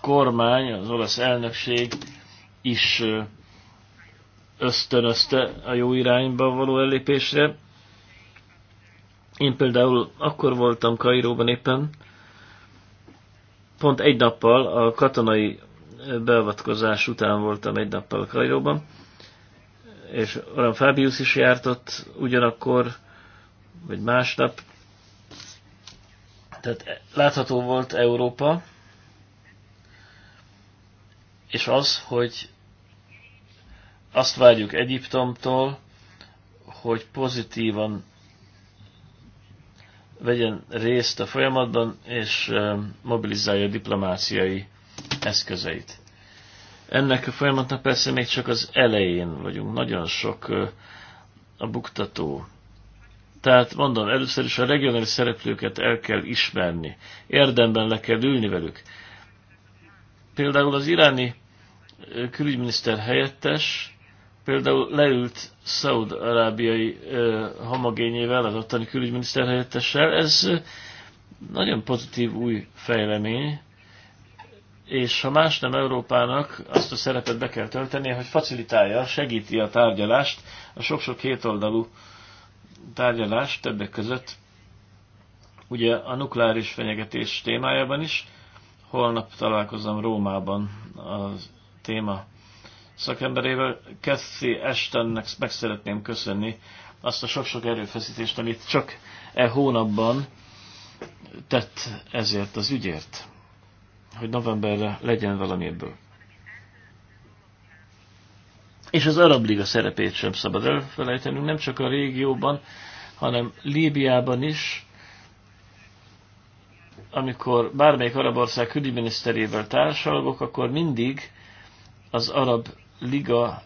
kormány, az olasz elnökség is ösztönözte a jó irányba való ellépésre, én például akkor voltam Kairóban éppen, pont egy nappal a katonai beavatkozás után voltam egy nappal a Kairóban, és olyan Fábius is járt ott ugyanakkor, vagy másnap. Tehát látható volt Európa, és az, hogy azt várjuk Egyiptomtól, hogy pozitívan vegyen részt a folyamatban, és mobilizálja a diplomáciai eszközeit. Ennek a folyamatnak persze még csak az elején vagyunk, nagyon sok a buktató. Tehát mondom, először is a regionális szereplőket el kell ismerni, érdemben le kell ülni velük. Például az iráni külügyminiszter helyettes például leült Szaud-arábiai hamagényével, az ottani külügyminiszter helyettessel. Ez nagyon pozitív új fejlemény, és ha más nem Európának azt a szerepet be kell tölteni, hogy facilitálja, segíti a tárgyalást, a sok-sok kétoldalú tárgyalást többek között, ugye a nukleáris fenyegetés témájában is, holnap találkozom Rómában a téma szakemberével, Kessi Estennek meg szeretném köszönni azt a sok-sok erőfeszítést, amit csak e hónapban tett ezért az ügyért, hogy novemberre legyen valami ebből. És az Arab Liga szerepét sem szabad elfelejtenünk, nem csak a régióban, hanem Líbiában is, amikor bármelyik arab ország külügyminiszterével társalgok, akkor mindig az arab Liga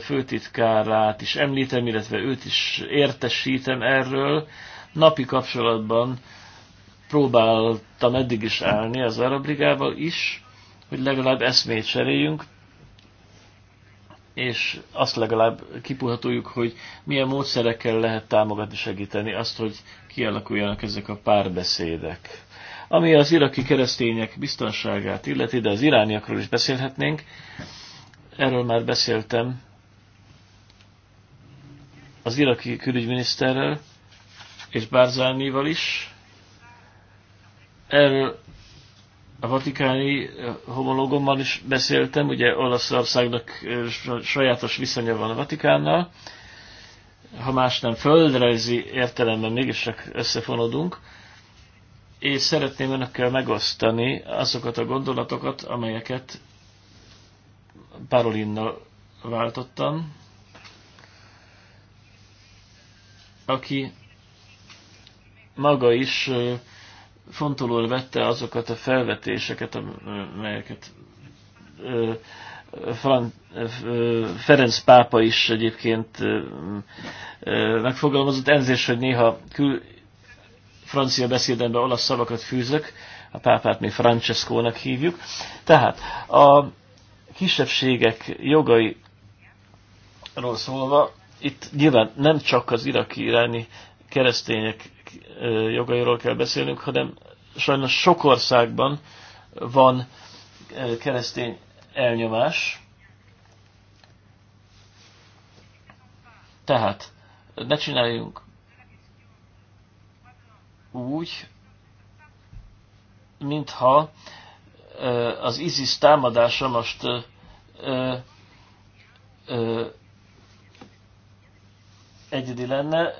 főtitkárát is említem, illetve őt is értesítem erről. Napi kapcsolatban próbáltam eddig is állni az Arab Ligával is, hogy legalább eszmét cseréljünk, és azt legalább kipuhatoljuk, hogy milyen módszerekkel lehet támogatni, segíteni azt, hogy kialakuljanak ezek a párbeszédek. Ami az iraki keresztények biztonságát illeti, de az irániakról is beszélhetnénk, erről már beszéltem az iraki külügyminiszterrel és Bárzánival is. Erről a vatikáni eh, homologommal is beszéltem, ugye Olaszországnak eh, sajátos viszonya van a Vatikánnal, ha más nem földrajzi értelemben mégis csak összefonodunk, és szeretném önökkel megosztani azokat a gondolatokat, amelyeket Parolinnal váltottam, aki maga is fontolul vette azokat a felvetéseket, amelyeket Ferenc pápa is egyébként megfogalmazott. Enzés, hogy néha kül francia beszédemben olasz szavakat fűzök, a pápát mi Francesco-nak hívjuk. Tehát a kisebbségek jogairól szólva, itt nyilván nem csak az iraki iráni keresztények jogairól kell beszélnünk, hanem sajnos sok országban van keresztény elnyomás. Tehát ne csináljunk úgy, mintha az ISIS támadása most egyedi lenne.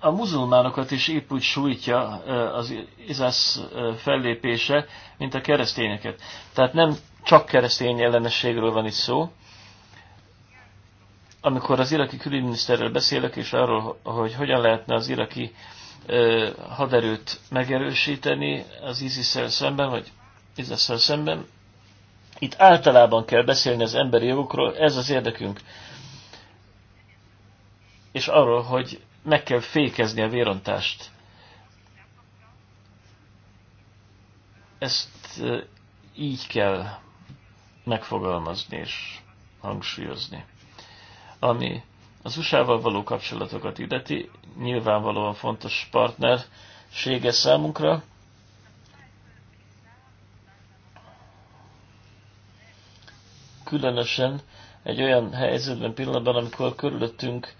A muzulmánokat is épp úgy sújtja az ISIS fellépése, mint a keresztényeket. Tehát nem csak keresztény ellenességről van itt szó. Amikor az iraki külügyminiszterrel beszélek, és arról, hogy hogyan lehetne az iraki haderőt megerősíteni az isis szemben, vagy ezzel szemben. Itt általában kell beszélni az emberi jogokról, ez az érdekünk. És arról, hogy meg kell fékezni a vérontást. Ezt így kell megfogalmazni és hangsúlyozni. Ami az USA-val való kapcsolatokat illeti, nyilvánvalóan fontos partnersége számunkra, különösen egy olyan helyzetben, pillanatban, amikor körülöttünk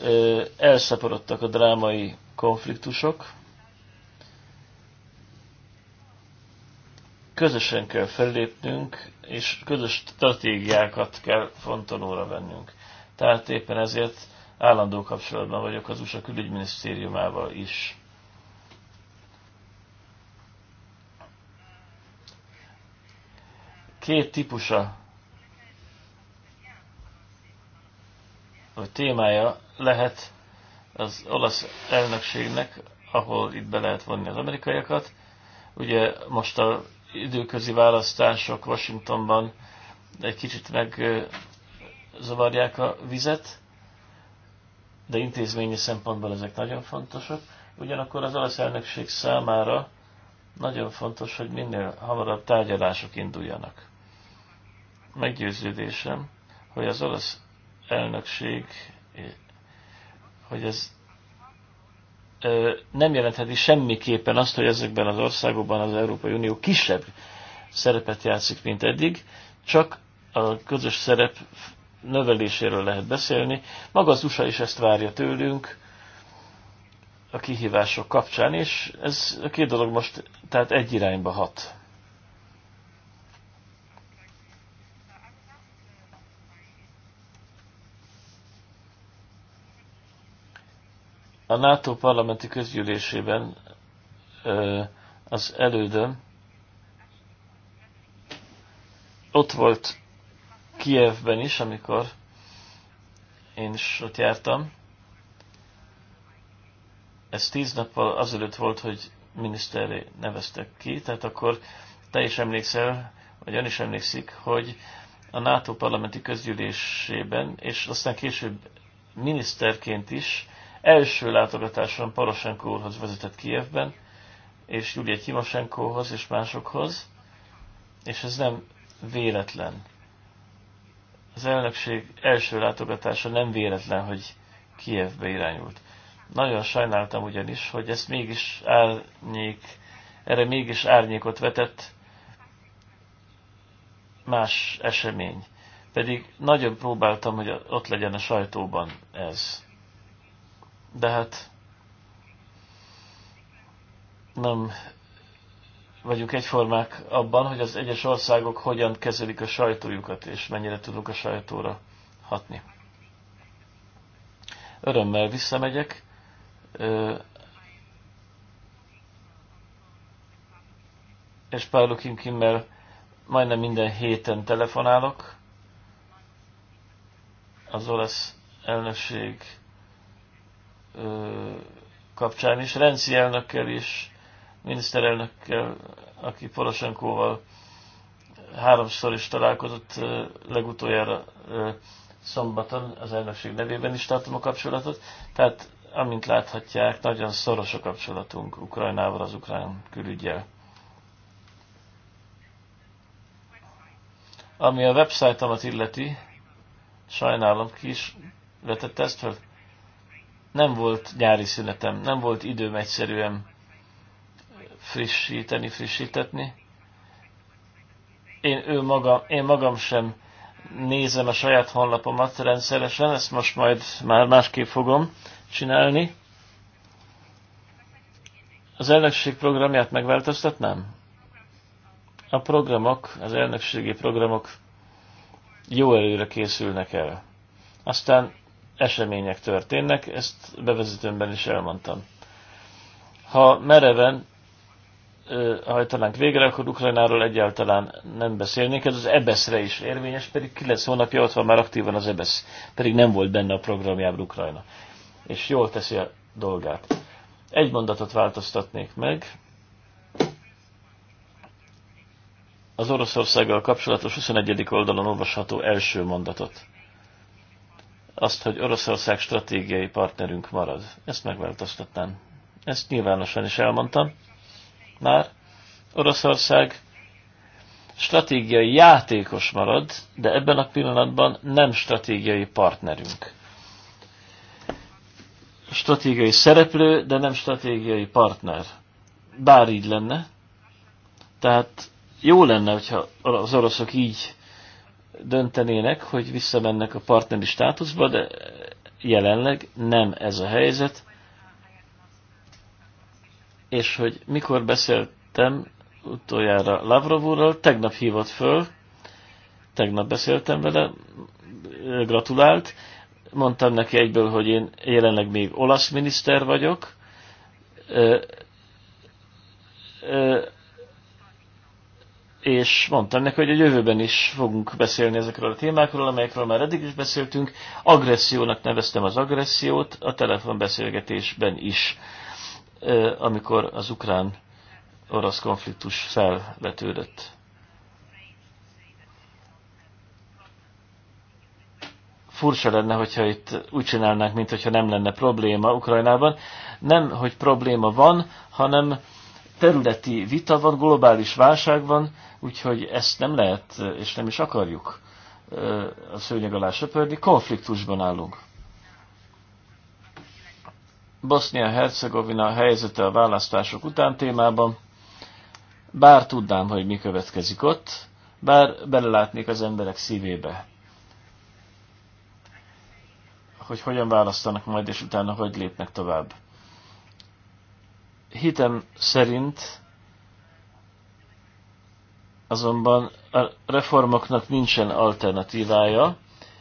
ö, elszaporodtak a drámai konfliktusok. Közösen kell fellépnünk, és közös stratégiákat kell fontolóra vennünk. Tehát éppen ezért állandó kapcsolatban vagyok az USA külügyminisztériumával is. Két típusa hogy témája lehet az olasz elnökségnek, ahol itt be lehet vonni az amerikaiakat. Ugye most a időközi választások Washingtonban egy kicsit megzavarják a vizet, de intézményi szempontból ezek nagyon fontosak. Ugyanakkor az olasz elnökség számára nagyon fontos, hogy minél hamarabb tárgyalások induljanak. Meggyőződésem, hogy az olasz elnökség, hogy ez nem jelentheti semmiképpen azt, hogy ezekben az országokban az Európai Unió kisebb szerepet játszik, mint eddig, csak a közös szerep növeléséről lehet beszélni. Maga az USA is ezt várja tőlünk a kihívások kapcsán, és ez a két dolog most tehát egy irányba hat. A NATO parlamenti közgyűlésében az elődöm ott volt Kievben is, amikor én is ott jártam. Ez tíz nappal azelőtt volt, hogy miniszterré neveztek ki, tehát akkor te is emlékszel, vagy ön is emlékszik, hogy a NATO parlamenti közgyűlésében, és aztán később miniszterként is első látogatáson Poroshenko úrhoz vezetett Kijevben, és Julia Timosenkóhoz és másokhoz, és ez nem véletlen. Az elnökség első látogatása nem véletlen, hogy Kijevbe irányult. Nagyon sajnáltam ugyanis, hogy ezt mégis árnyék, erre mégis árnyékot vetett más esemény. Pedig nagyon próbáltam, hogy ott legyen a sajtóban ez de hát nem vagyunk egyformák abban, hogy az egyes országok hogyan kezelik a sajtójukat, és mennyire tudunk a sajtóra hatni. Örömmel visszamegyek. És Pálo Kimmel majdnem minden héten telefonálok. Az olasz elnökség kapcsán is, Renci elnökkel is, miniszterelnökkel, aki Poroshenkoval háromszor is találkozott, legutoljára szombaton az elnökség nevében is tartom a kapcsolatot. Tehát, amint láthatják, nagyon szoros a kapcsolatunk Ukrajnával, az ukrán külügyel. Ami a websájtomat illeti, sajnálom, ki is vetett ezt fel. Nem volt nyári szünetem, nem volt időm egyszerűen frissíteni, frissítetni. Én, ő magam, én magam sem nézem a saját honlapomat rendszeresen, ezt most majd már másképp fogom csinálni. Az elnökség programját megváltoztatnám? A programok, az elnökségi programok jó előre készülnek el. Aztán események történnek, ezt bevezetőmben is elmondtam. Ha mereven hajtanánk végre, akkor Ukrajnáról egyáltalán nem beszélnék. Ez az EBESZ-re is érvényes, pedig 9 hónapja ott van már aktívan az EBESZ, pedig nem volt benne a programjában Ukrajna. És jól teszi a dolgát. Egy mondatot változtatnék meg. Az Oroszországgal kapcsolatos 21. oldalon olvasható első mondatot azt, hogy Oroszország stratégiai partnerünk marad. Ezt megváltoztatnám. Ezt nyilvánosan is elmondtam. Már Oroszország stratégiai játékos marad, de ebben a pillanatban nem stratégiai partnerünk. Stratégiai szereplő, de nem stratégiai partner. Bár így lenne. Tehát jó lenne, hogyha az oroszok így döntenének, hogy visszamennek a partneri státuszba, de jelenleg nem ez a helyzet. És hogy mikor beszéltem utoljára Lavrov úrral, tegnap hívott föl, tegnap beszéltem vele, gratulált, mondtam neki egyből, hogy én jelenleg még olasz miniszter vagyok, és mondtam neki, hogy a jövőben is fogunk beszélni ezekről a témákról, amelyekről már eddig is beszéltünk. Agressziónak neveztem az agressziót a telefonbeszélgetésben is, amikor az ukrán-orosz konfliktus felvetődött. Furcsa lenne, hogyha itt úgy csinálnánk, mintha nem lenne probléma Ukrajnában. Nem, hogy probléma van, hanem területi vita van, globális válság van, úgyhogy ezt nem lehet, és nem is akarjuk a szőnyeg alá söpörni, konfliktusban állunk. bosnia hercegovina helyzete a választások után témában, bár tudnám, hogy mi következik ott, bár belelátnék az emberek szívébe, hogy hogyan választanak majd, és utána hogy lépnek tovább. Hitem szerint azonban a reformoknak nincsen alternatívája,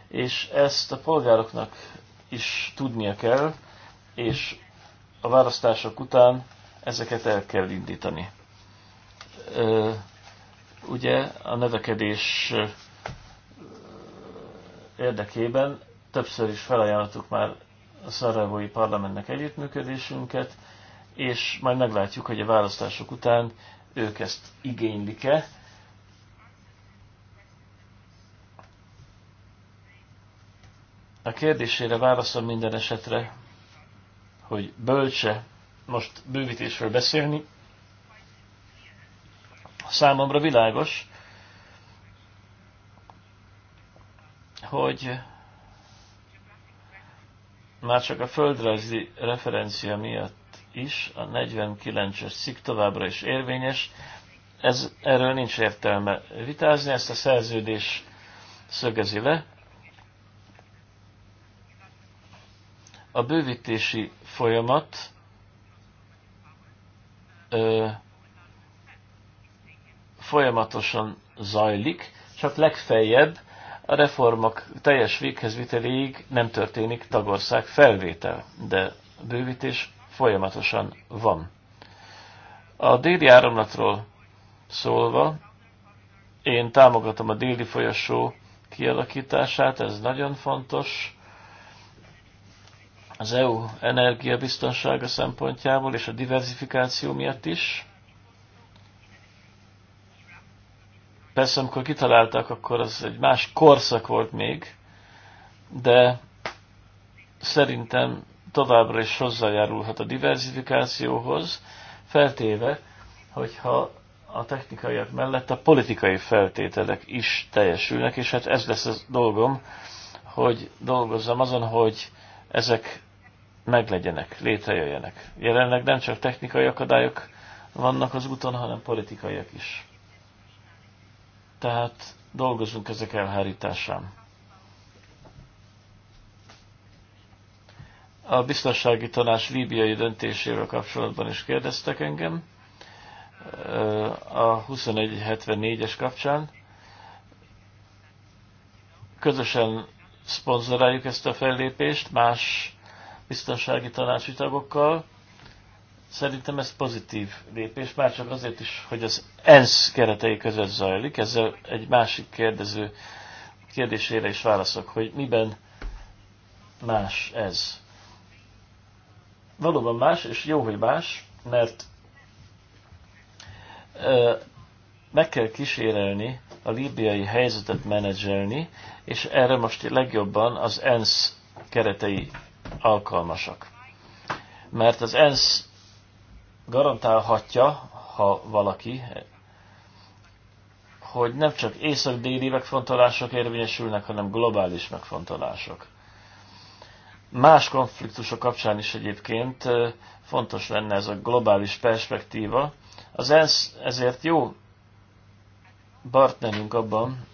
és ezt a polgároknak is tudnia kell, és a választások után ezeket el kell indítani. Ugye a növekedés érdekében többször is felajánlottuk már a szarajevói parlamentnek együttműködésünket, és majd meglátjuk, hogy a választások után ők ezt igénylik-e. A kérdésére válaszol minden esetre, hogy bölcse most bővítésről beszélni. Számomra világos, hogy már csak a földrajzi referencia miatt is, a 49-es cikk továbbra is érvényes. Ez, erről nincs értelme vitázni, ezt a szerződés szögezi le. A bővítési folyamat ö, folyamatosan zajlik, csak legfeljebb a reformok teljes véghezviteléig nem történik tagország felvétel, de bővítés folyamatosan van. A déli áramlatról szólva, én támogatom a déli folyosó kialakítását, ez nagyon fontos az EU energiabiztonsága szempontjából és a diversifikáció miatt is. Persze, amikor kitaláltak, akkor az egy más korszak volt még, de szerintem továbbra is hozzájárulhat a diversifikációhoz, feltéve, hogyha a technikaiak mellett a politikai feltételek is teljesülnek, és hát ez lesz a dolgom, hogy dolgozzam azon, hogy ezek meglegyenek, létrejöjjenek. Jelenleg nem csak technikai akadályok vannak az úton, hanem politikaiak is. Tehát dolgozunk ezek elhárításán. A biztonsági tanács líbiai döntésével kapcsolatban is kérdeztek engem eh, a 2174-es kapcsán. Közösen szponzoráljuk ezt a fellépést más biztonsági tanácsi tagokkal. Szerintem ez pozitív lépés, már csak azért is, hogy az ENSZ keretei között zajlik. Ezzel egy másik kérdező kérdésére is válaszok, hogy miben más ez valóban más, és jó, hogy más, mert meg kell kísérelni a líbiai helyzetet menedzselni, és erre most legjobban az ENSZ keretei alkalmasak. Mert az ENSZ garantálhatja, ha valaki, hogy nem csak észak-déli megfontolások érvényesülnek, hanem globális megfontolások. Más konfliktusok kapcsán is egyébként fontos lenne ez a globális perspektíva. Az ENSZ ezért jó partnerünk abban,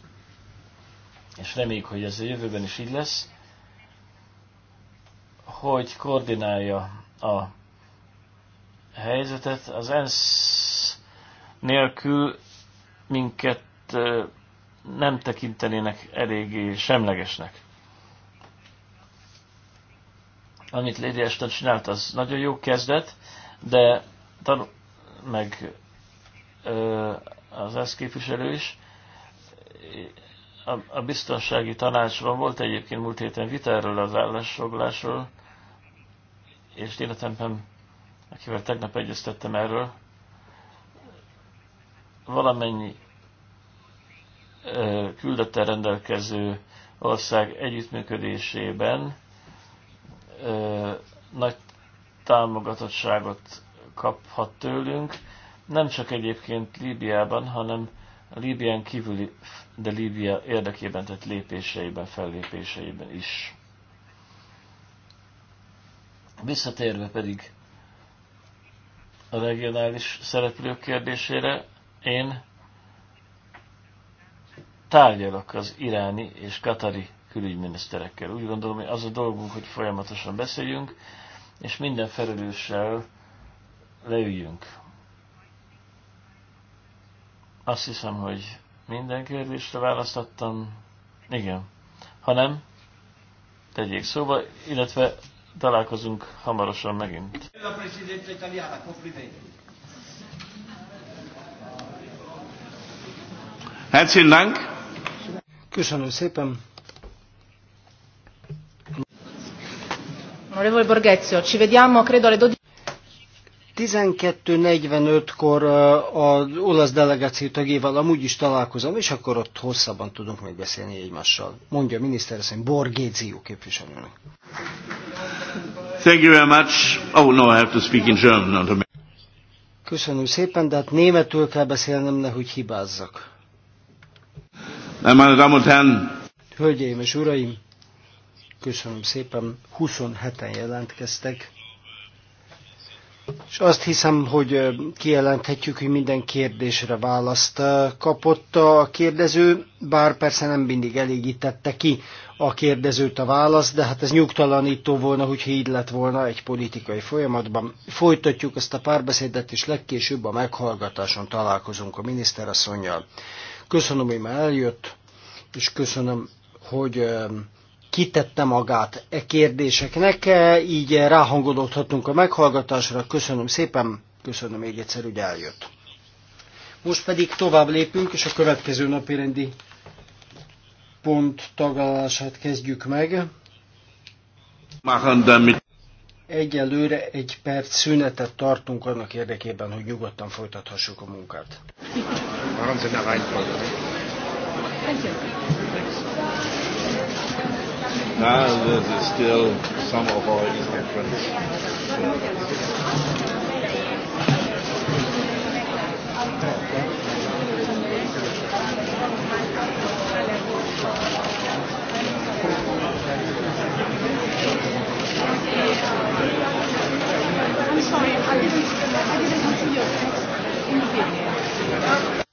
és reméljük, hogy ez a jövőben is így lesz, hogy koordinálja a helyzetet. Az ENSZ nélkül minket nem tekintenének eléggé semlegesnek. amit Lady Ashton csinált, az nagyon jó kezdet, de tanul, meg ö, az ESZ képviselő is, a, a biztonsági tanácsban volt egyébként múlt héten vita erről az állásfoglásról, és életemben, akivel tegnap egyeztettem erről, valamennyi küldettel rendelkező ország együttműködésében ö, nagy támogatottságot kaphat tőlünk, nem csak egyébként Líbiában, hanem a Líbián kívüli, de Líbia érdekében tett lépéseiben, fellépéseiben is. Visszatérve pedig a regionális szereplők kérdésére, én tárgyalok az iráni és katari külügyminiszterekkel. Úgy gondolom, hogy az a dolgunk, hogy folyamatosan beszéljünk, és minden felelőssel leüljünk. Azt hiszem, hogy minden kérdésre választottam. Igen. Ha nem, tegyék szóba, illetve találkozunk hamarosan megint. Herzlichen Dank! Köszönöm szépen! Onorevole Borghezio, ci vediamo credo alle 12. 12.45-kor az olasz delegáció tagjával amúgy is találkozom, és akkor ott hosszabban tudunk még beszélni egymással. Mondja a miniszter szerint Borgézió képviselőnek. Thank you very much. Oh no, I have to speak in German. Not Köszönöm szépen, de hát németül kell beszélnem, nehogy hibázzak. Meine Damen und Hölgyeim és uraim! Köszönöm szépen. 27-en jelentkeztek. És azt hiszem, hogy kijelenthetjük, hogy minden kérdésre választ kapott a kérdező, bár persze nem mindig elégítette ki a kérdezőt a választ, de hát ez nyugtalanító volna, hogyha így lett volna egy politikai folyamatban. Folytatjuk ezt a párbeszédet, és legkésőbb a meghallgatáson találkozunk a miniszterasszonynal. Köszönöm, hogy már eljött, és köszönöm, hogy kitette magát e kérdéseknek, e, így ráhangolódhatunk a meghallgatásra. Köszönöm szépen, köszönöm még egyszer, hogy eljött. Most pedig tovább lépünk, és a következő napi rendi pont tagállását kezdjük meg. Egyelőre egy perc szünetet tartunk annak érdekében, hogy nyugodtan folytathassuk a munkát. Warum sind Now this is still some of our Eastern friends. I'm sorry, I didn't, I didn't see your text in the beginning.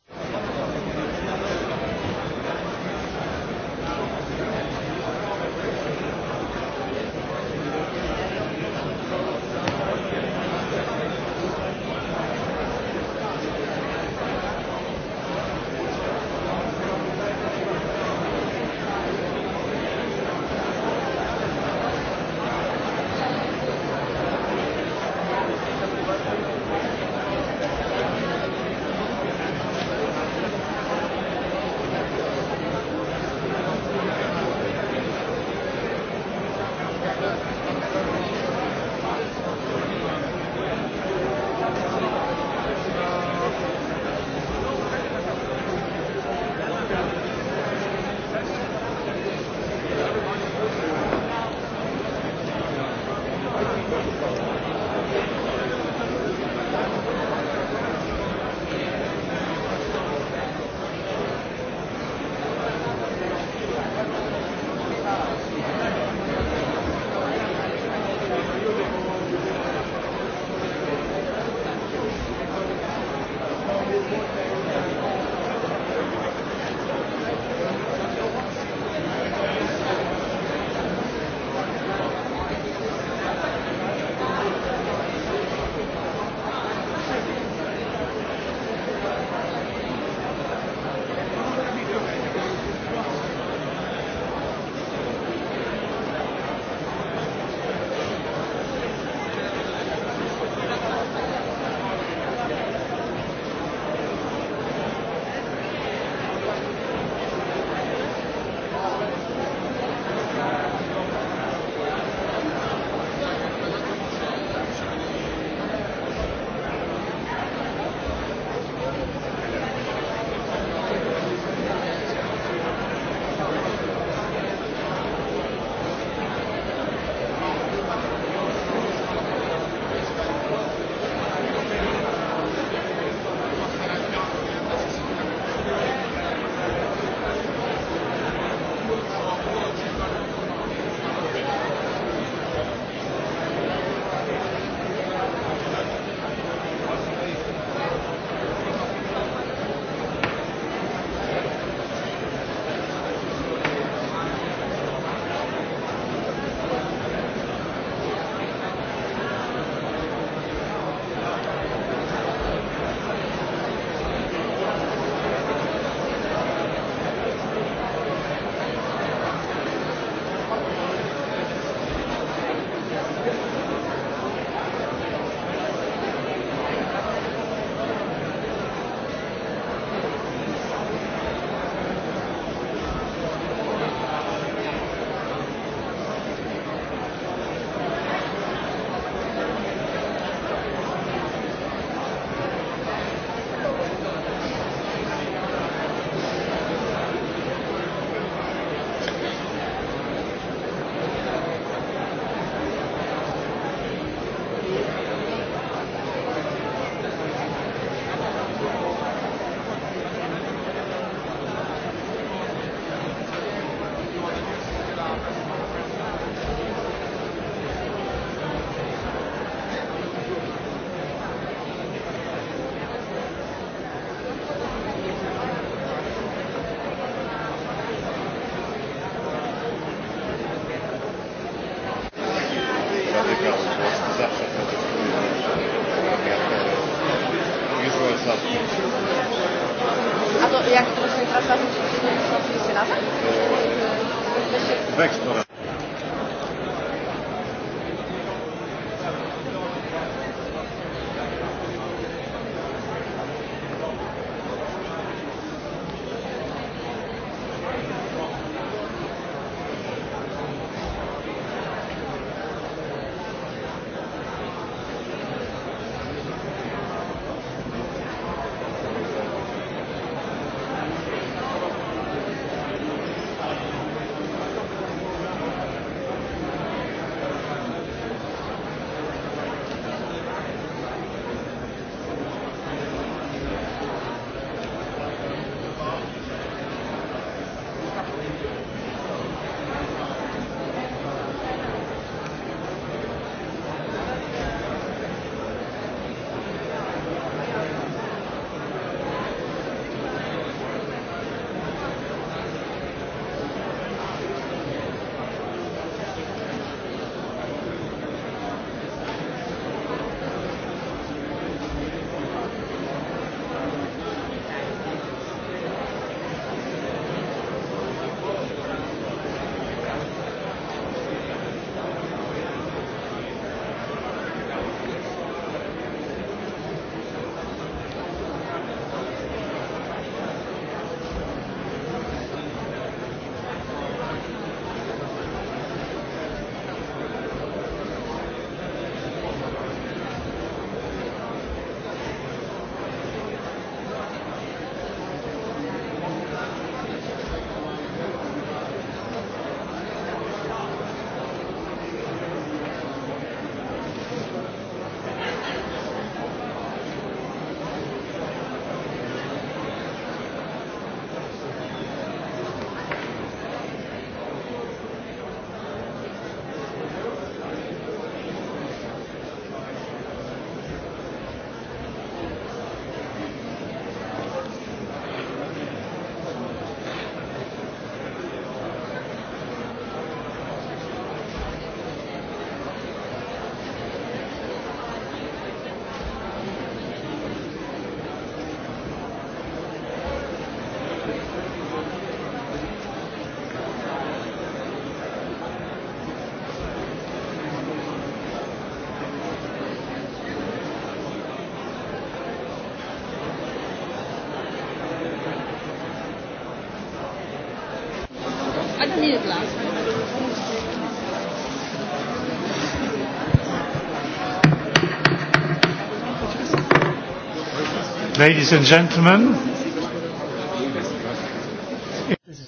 Ladies and gentlemen.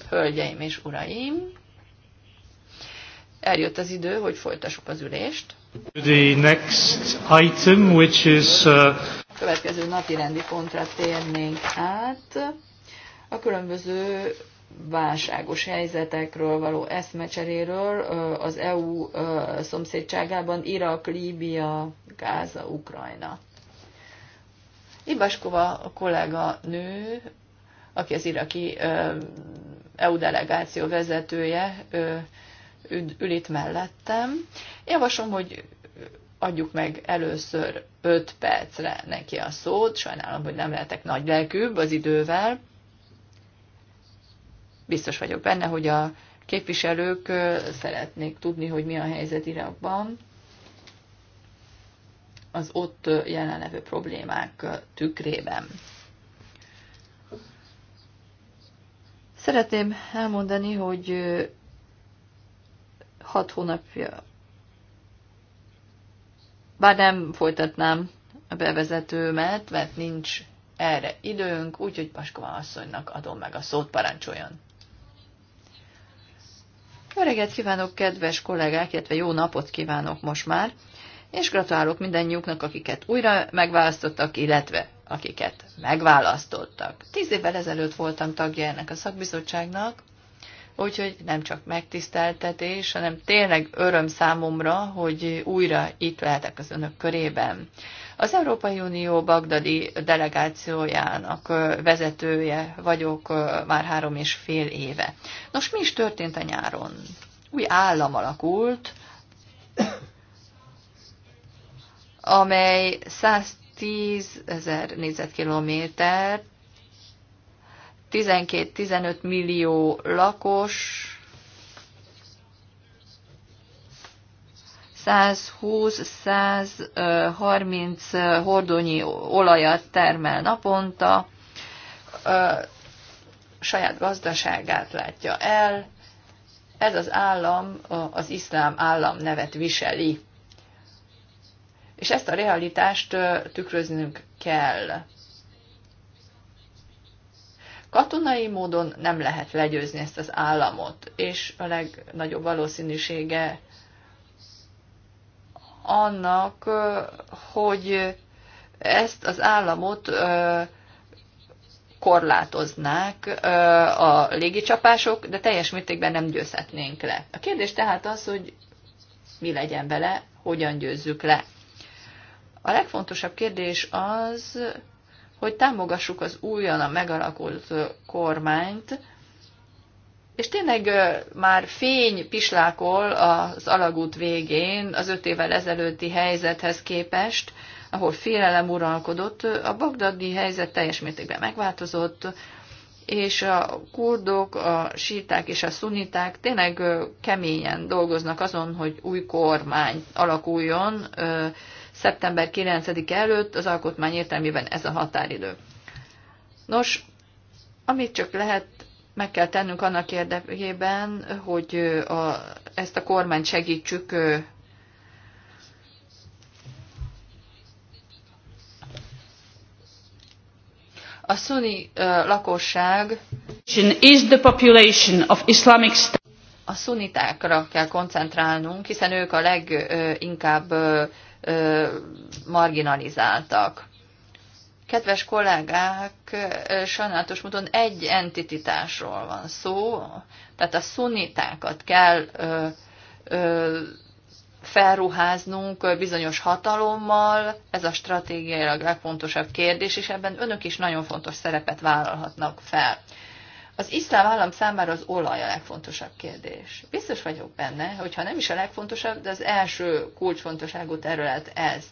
Hölgyeim és uraim, eljött az idő, hogy folytassuk az ülést. The next item, which is, uh... A következő napi rendi pontra térnénk át. A különböző válságos helyzetekről való eszmecseréről uh, az EU uh, szomszédságában Irak, Líbia, Gáza, Ukrajna Ibaskova a kollega nő, aki az iraki EU delegáció vezetője, ül itt mellettem. Javaslom, hogy adjuk meg először 5 percre neki a szót. Sajnálom, hogy nem lehetek nagy lelkűbb az idővel. Biztos vagyok benne, hogy a képviselők szeretnék tudni, hogy mi a helyzet Irakban az ott jelenlevő problémák tükrében. Szeretném elmondani, hogy hat hónapja, bár nem folytatnám a bevezetőmet, mert nincs erre időnk, úgyhogy Paskova asszonynak adom meg a szót, parancsoljon. Öreget kívánok, kedves kollégák, illetve jó napot kívánok most már és gratulálok mindannyiuknak, akiket újra megválasztottak, illetve akiket megválasztottak. Tíz évvel ezelőtt voltam tagja ennek a szakbizottságnak, úgyhogy nem csak megtiszteltetés, hanem tényleg öröm számomra, hogy újra itt lehetek az önök körében. Az Európai Unió Bagdadi delegációjának vezetője vagyok már három és fél éve. Nos, mi is történt a nyáron? Új állam alakult, amely 110 ezer négyzetkilométer, 12-15 millió lakos, 120-130 hordonyi olajat termel naponta, saját gazdaságát látja el. Ez az állam az iszlám állam nevet viseli és ezt a realitást tükröznünk kell. Katonai módon nem lehet legyőzni ezt az államot, és a legnagyobb valószínűsége annak, hogy ezt az államot korlátoznák a légicsapások, de teljes mértékben nem győzhetnénk le. A kérdés tehát az, hogy mi legyen vele, hogyan győzzük le. A legfontosabb kérdés az, hogy támogassuk az újon a megalakult kormányt, és tényleg már fény pislákol az alagút végén az öt évvel ezelőtti helyzethez képest, ahol félelem uralkodott, a bagdadi helyzet teljes mértékben megváltozott, és a kurdok, a síták és a szuniták tényleg keményen dolgoznak azon, hogy új kormány alakuljon szeptember 9 előtt, az alkotmány értelmében ez a határidő. Nos, amit csak lehet, meg kell tennünk annak érdekében, hogy a, ezt a kormányt segítsük A szuni uh, lakosság is the population of Islamic State. a szunitákra kell koncentrálnunk, hiszen ők a leginkább uh, marginalizáltak. Kedves kollégák, sajnálatos módon egy entititásról van szó, tehát a szunitákat kell ö, ö, felruháznunk bizonyos hatalommal, ez a stratégiailag legfontosabb kérdés, és ebben önök is nagyon fontos szerepet vállalhatnak fel. Az iszlám állam számára az olaj a legfontosabb kérdés. Biztos vagyok benne, hogyha nem is a legfontosabb, de az első kulcsfontosságú terület ez.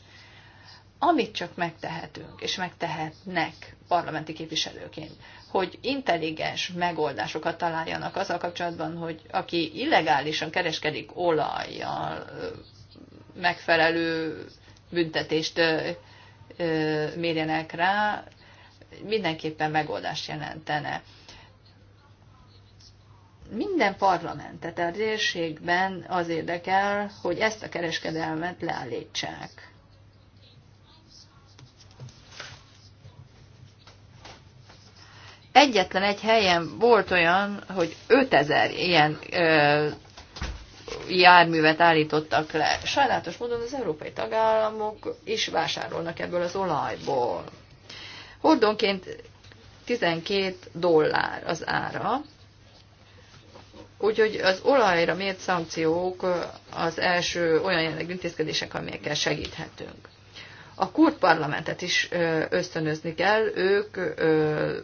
Amit csak megtehetünk, és megtehetnek parlamenti képviselőként, hogy intelligens megoldásokat találjanak azzal kapcsolatban, hogy aki illegálisan kereskedik olajjal, megfelelő büntetést mérjenek rá, mindenképpen megoldást jelentene minden parlamentet a térségben az érdekel, hogy ezt a kereskedelmet leállítsák. Egyetlen egy helyen volt olyan, hogy 5000 ilyen ö, járművet állítottak le. Sajnálatos módon az európai tagállamok is vásárolnak ebből az olajból. Hordonként 12 dollár az ára, Úgyhogy az olajra miért szankciók az első olyan jellegű intézkedések, amelyekkel segíthetünk. A kurd parlamentet is ösztönözni kell, ők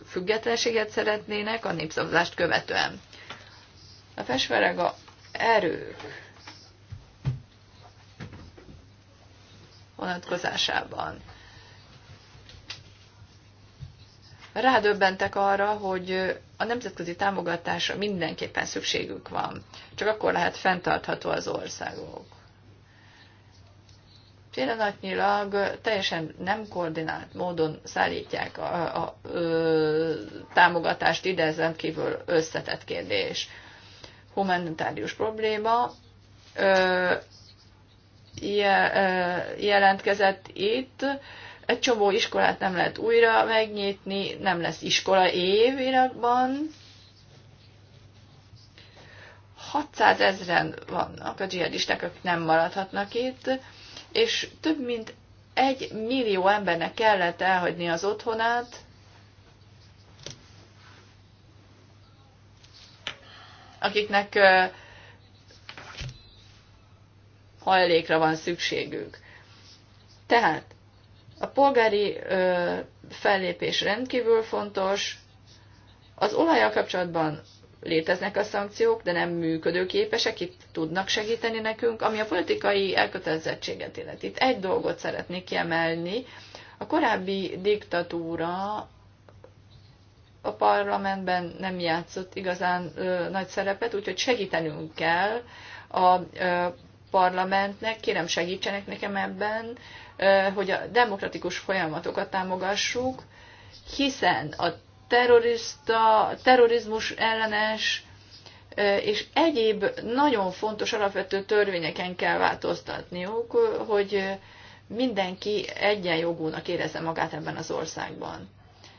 függetlenséget szeretnének a népszavazást követően. A fesverega erő vonatkozásában. rádöbbentek arra, hogy a nemzetközi támogatásra mindenképpen szükségük van. Csak akkor lehet fenntartható az országok. Pillanatnyilag teljesen nem koordinált módon szállítják a, a, a támogatást ide, ezen kívül összetett kérdés. Humanitárius probléma ö, je, ö, jelentkezett itt, egy csomó iskolát nem lehet újra megnyitni, nem lesz iskola év Irakban. 600 ezeren vannak a dzsihadisták, akik nem maradhatnak itt, és több mint egy millió embernek kellett elhagyni az otthonát, akiknek hajlékra van szükségük. Tehát a polgári ö, fellépés rendkívül fontos. Az olajjal kapcsolatban léteznek a szankciók, de nem működőképesek, itt tudnak segíteni nekünk, ami a politikai elkötelezettséget illeti. Itt egy dolgot szeretnék kiemelni. A korábbi diktatúra a parlamentben nem játszott igazán ö, nagy szerepet, úgyhogy segítenünk kell a ö, parlamentnek, kérem segítsenek nekem ebben, hogy a demokratikus folyamatokat támogassuk, hiszen a terrorista, terrorizmus ellenes és egyéb nagyon fontos alapvető törvényeken kell változtatniuk, hogy mindenki egyenjogúnak érezze magát ebben az országban.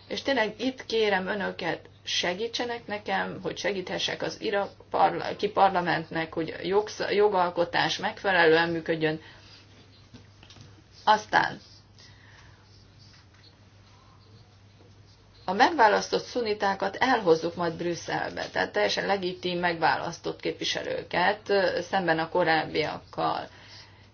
És tényleg itt kérem önöket, segítsenek nekem, hogy segíthessek az iraki parlamentnek, hogy jogsz, jogalkotás megfelelően működjön, aztán a megválasztott szunitákat elhozzuk majd Brüsszelbe, tehát teljesen legitim megválasztott képviselőket szemben a korábbiakkal.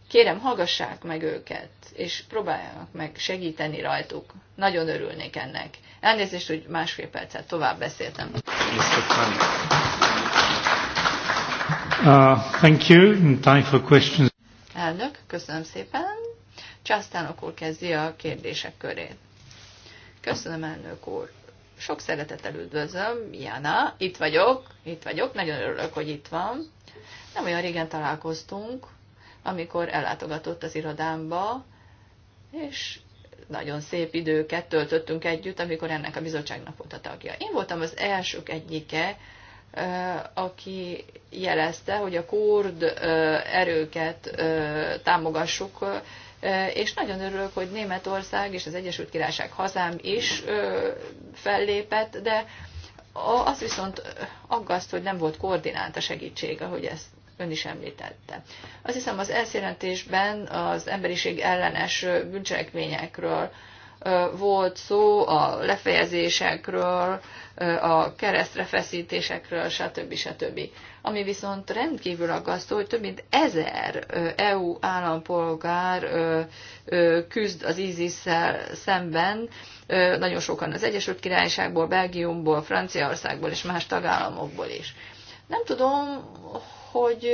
Kérem, hallgassák meg őket, és próbáljanak meg segíteni rajtuk. Nagyon örülnék ennek. Elnézést, hogy másfél percet tovább beszéltem. Uh, thank you. Time for questions. Elnök, köszönöm szépen. Császtánok úr kezdi a kérdések körét. Köszönöm, elnök úr. Sok szeretettel üdvözlöm, Jana, itt vagyok, itt vagyok, nagyon örülök, hogy itt van. Nem olyan régen találkoztunk, amikor ellátogatott az irodámba, és nagyon szép időket töltöttünk együtt, amikor ennek a bizottságnak volt a tagja. Én voltam az elsők egyike, aki jelezte, hogy a kurd erőket támogassuk és nagyon örülök, hogy Németország és az Egyesült Királyság hazám is fellépett, de az viszont aggaszt, hogy nem volt koordinált a segítség, ahogy ezt ön is említette. Azt hiszem az elszélentésben az emberiség ellenes bűncselekményekről volt szó, a lefejezésekről, a keresztre feszítésekről, stb. stb. Ami viszont rendkívül aggasztó, hogy több mint ezer EU állampolgár küzd az isis szemben, nagyon sokan az Egyesült Királyságból, Belgiumból, Franciaországból és más tagállamokból is. Nem tudom, hogy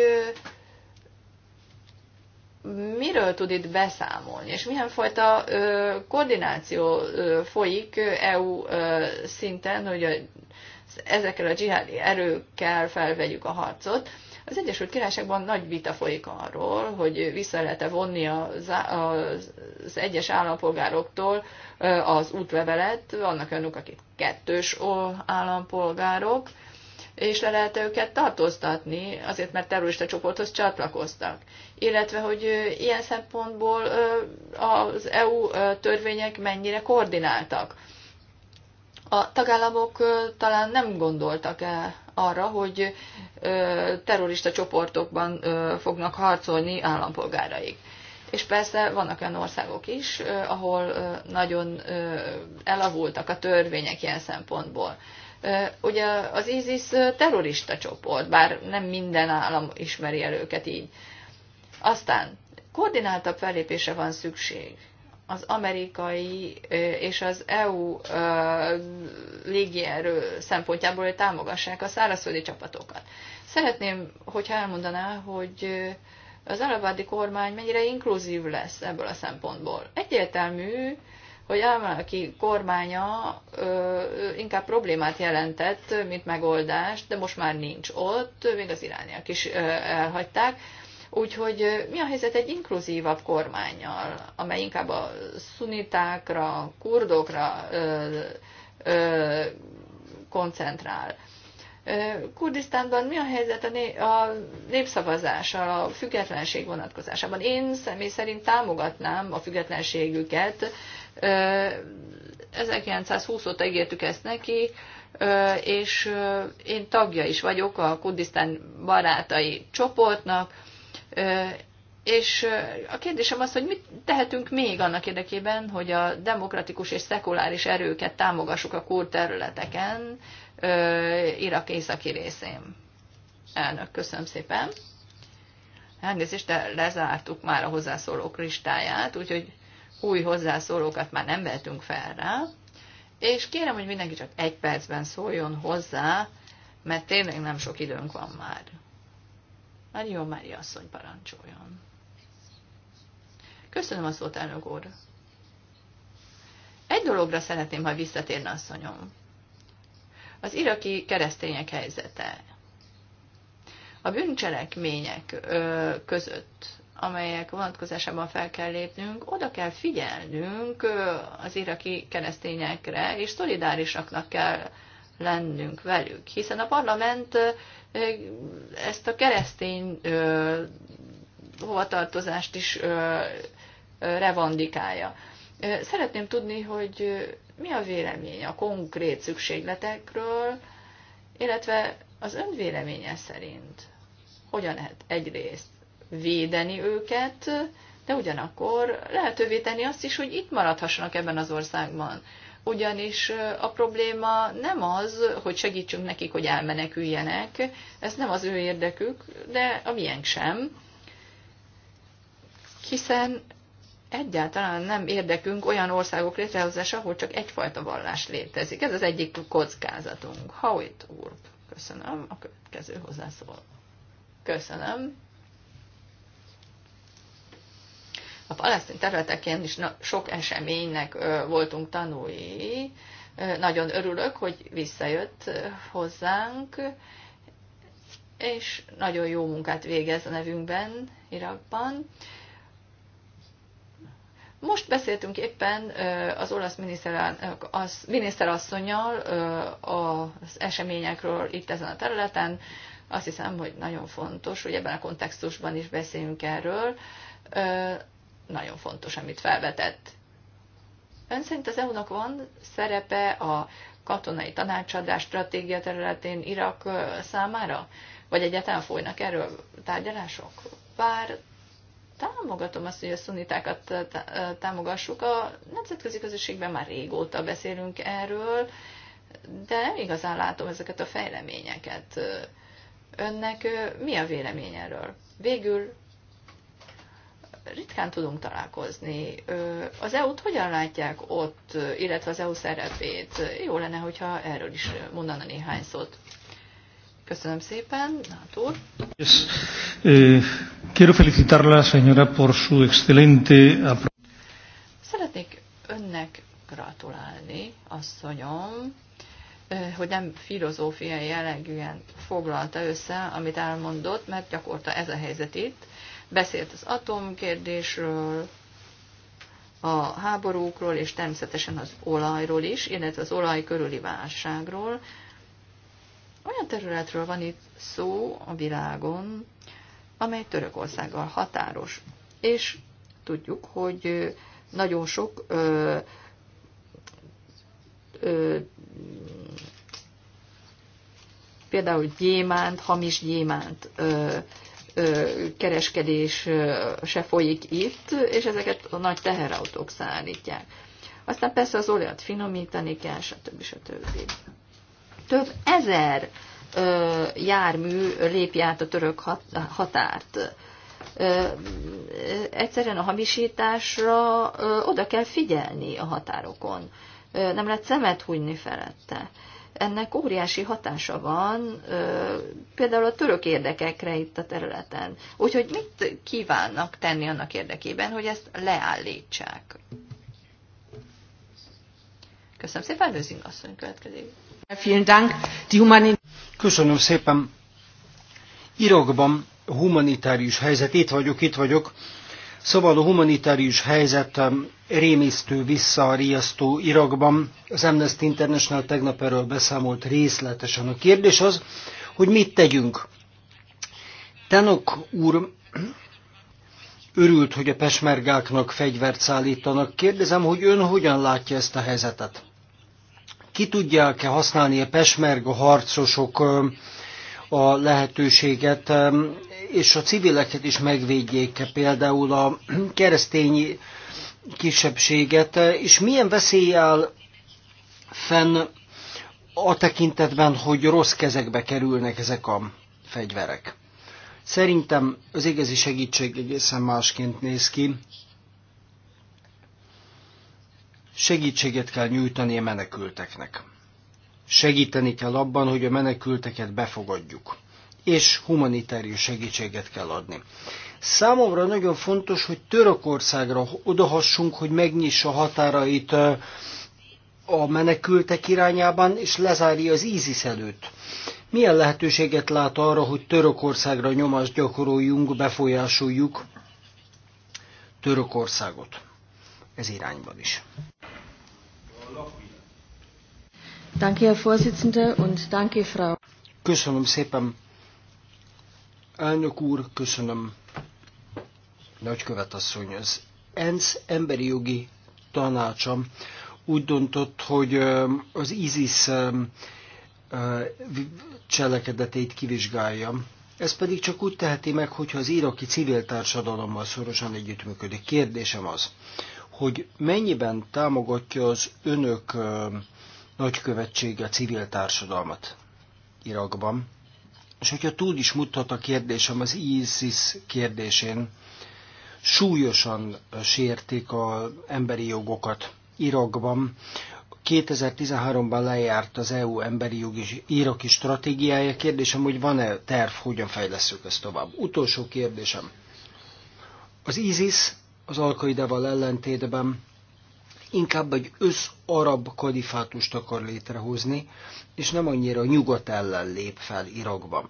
miről tud itt beszámolni, és milyen fajta ö, koordináció ö, folyik EU ö, szinten, hogy a, ezekkel a dzsihádi erőkkel felvegyük a harcot. Az Egyesült Királyságban nagy vita folyik arról, hogy vissza lehet-e vonni az, az, az egyes állampolgároktól az útlevelet, vannak olyanok, akik kettős állampolgárok, és le lehet őket tartóztatni, azért mert terrorista csoporthoz csatlakoztak. Illetve, hogy ilyen szempontból az EU törvények mennyire koordináltak. A tagállamok talán nem gondoltak el arra, hogy terrorista csoportokban fognak harcolni állampolgáraik. És persze vannak olyan országok is, ahol nagyon elavultak a törvények ilyen szempontból. Ugye az ISIS terrorista csoport, bár nem minden állam ismeri el őket így. Aztán koordináltabb fellépése van szükség az amerikai és az EU légierő szempontjából, hogy támogassák a szárazföldi csapatokat. Szeretném, hogyha elmondaná, hogy az alabádi kormány mennyire inkluzív lesz ebből a szempontból. Egyértelmű, hogy aki kormánya ö, inkább problémát jelentett, mint megoldást, de most már nincs ott, még az irániak is ö, elhagyták. Úgyhogy mi a helyzet egy inkluzívabb kormányjal, amely inkább a szunitákra, kurdokra ö, ö, koncentrál? Kurdisztánban mi a helyzet a, né- a népszavazással, a függetlenség vonatkozásában? Én személy szerint támogatnám a függetlenségüket, 1920 óta ígértük ezt neki, és én tagja is vagyok a Kurdisztán barátai csoportnak, és a kérdésem az, hogy mit tehetünk még annak érdekében, hogy a demokratikus és szekuláris erőket támogassuk a kurd területeken, Irak északi részén. Elnök, köszönöm szépen. Elnézést, de lezártuk már a hozzászólók listáját, úgyhogy új hozzászólókat már nem vehetünk fel rá, és kérem, hogy mindenki csak egy percben szóljon hozzá, mert tényleg nem sok időnk van már. Mario Mária asszony parancsoljon. Köszönöm a szót, elnök úr. Egy dologra szeretném, ha visszatérne asszonyom. Az iraki keresztények helyzete. A bűncselekmények között amelyek vonatkozásában fel kell lépnünk, oda kell figyelnünk az iraki keresztényekre, és szolidárisaknak kell lennünk velük, hiszen a parlament ezt a keresztény hovatartozást is revandikálja. Szeretném tudni, hogy mi a vélemény a konkrét szükségletekről, illetve az ön véleménye szerint hogyan lehet egyrészt védeni őket, de ugyanakkor lehetővé tenni azt is, hogy itt maradhassanak ebben az országban. Ugyanis a probléma nem az, hogy segítsünk nekik, hogy elmeneküljenek, ez nem az ő érdekük, de a miénk sem, hiszen egyáltalán nem érdekünk olyan országok létrehozása, ahol csak egyfajta vallás létezik. Ez az egyik kockázatunk. Howitt úr, köszönöm a következő hozzászól. Köszönöm. a palesztin területeken is sok eseménynek voltunk tanúi. Nagyon örülök, hogy visszajött hozzánk, és nagyon jó munkát végez a nevünkben Irakban. Most beszéltünk éppen az olasz miniszterasszonyal az eseményekről itt ezen a területen. Azt hiszem, hogy nagyon fontos, hogy ebben a kontextusban is beszéljünk erről nagyon fontos, amit felvetett. Ön szerint az EU-nak van szerepe a katonai tanácsadás stratégia területén Irak számára? Vagy egyáltalán folynak erről tárgyalások? Bár támogatom azt, hogy a szunitákat támogassuk. A nemzetközi közösségben már régóta beszélünk erről, de nem igazán látom ezeket a fejleményeket. Önnek mi a véleményéről? Végül ritkán tudunk találkozni. Az EU-t hogyan látják ott, illetve az EU szerepét? Jó lenne, hogyha erről is mondana néhány szót. Köszönöm szépen, Nátor. Yes. Eh, quiero felicitarla, señora, por su excelente... Szeretnék önnek gratulálni, asszonyom, hogy nem filozófiai jellegűen foglalta össze, amit elmondott, mert gyakorta ez a helyzet itt. Beszélt az atomkérdésről, a háborúkról, és természetesen az olajról is, illetve az olaj körüli válságról. Olyan területről van itt szó a világon, amely Törökországgal határos. És tudjuk, hogy nagyon sok ö, ö, például gyémánt, hamis gyémánt ö, ö, kereskedés ö, se folyik itt, és ezeket a nagy teherautók szállítják. Aztán persze az olajat finomítani kell, stb. stb. Több ezer ö, jármű lépi át a török hat, határt. Ö, egyszerűen a hamisításra ö, oda kell figyelni a határokon. Ö, nem lehet szemet húgyni felette. Ö, ennek óriási hatása van például a török érdekekre itt a területen. Úgyhogy mit kívánnak tenni annak érdekében, hogy ezt leállítsák? Köszönöm szépen, Lőzing asszony következik. Köszönöm szépen. Irakban humanitárius helyzet, itt vagyok, itt vagyok. Szóval a humanitárius helyzet um, rémisztő visszariasztó Irakban. Az Amnesty International tegnap erről beszámolt részletesen. A kérdés az, hogy mit tegyünk. Tenok úr örült, hogy a pesmergáknak fegyvert szállítanak. Kérdezem, hogy ön hogyan látja ezt a helyzetet? Ki tudják-e használni a pesmerga harcosok um, a lehetőséget, és a civileket is megvédjék, például a keresztény kisebbséget, és milyen veszély áll fenn a tekintetben, hogy rossz kezekbe kerülnek ezek a fegyverek. Szerintem az igazi segítség egészen másként néz ki. Segítséget kell nyújtani a menekülteknek segíteni kell abban, hogy a menekülteket befogadjuk, és humanitárius segítséget kell adni. Számomra nagyon fontos, hogy Törökországra odahassunk, hogy megnyissa határait a menekültek irányában, és lezárja az ISIS előtt. Milyen lehetőséget lát arra, hogy Törökországra nyomást gyakoroljunk, befolyásoljuk Törökországot? Ez irányban is. Danke, Herr Vorsitzender, und danke, Frau. Köszönöm szépen. Elnök úr, köszönöm. Nagykövet asszony, az ENSZ emberi jogi tanácsa úgy döntött, hogy az ISIS cselekedeteit kivizsgálja. Ez pedig csak úgy teheti meg, hogyha az iraki civil társadalommal szorosan együttműködik. Kérdésem az, hogy mennyiben támogatja az önök nagykövetsége a civil társadalmat Irakban. És hogyha túl is mutat a kérdésem az ISIS kérdésén, súlyosan sérték az emberi jogokat Irakban. 2013-ban lejárt az EU emberi jogi iraki stratégiája. Kérdésem, hogy van-e terv, hogyan fejleszünk ezt tovább? Utolsó kérdésem. Az ISIS az alkaidával ellentétben inkább egy össz-arab kalifátust akar létrehozni, és nem annyira nyugat ellen lép fel Irakban.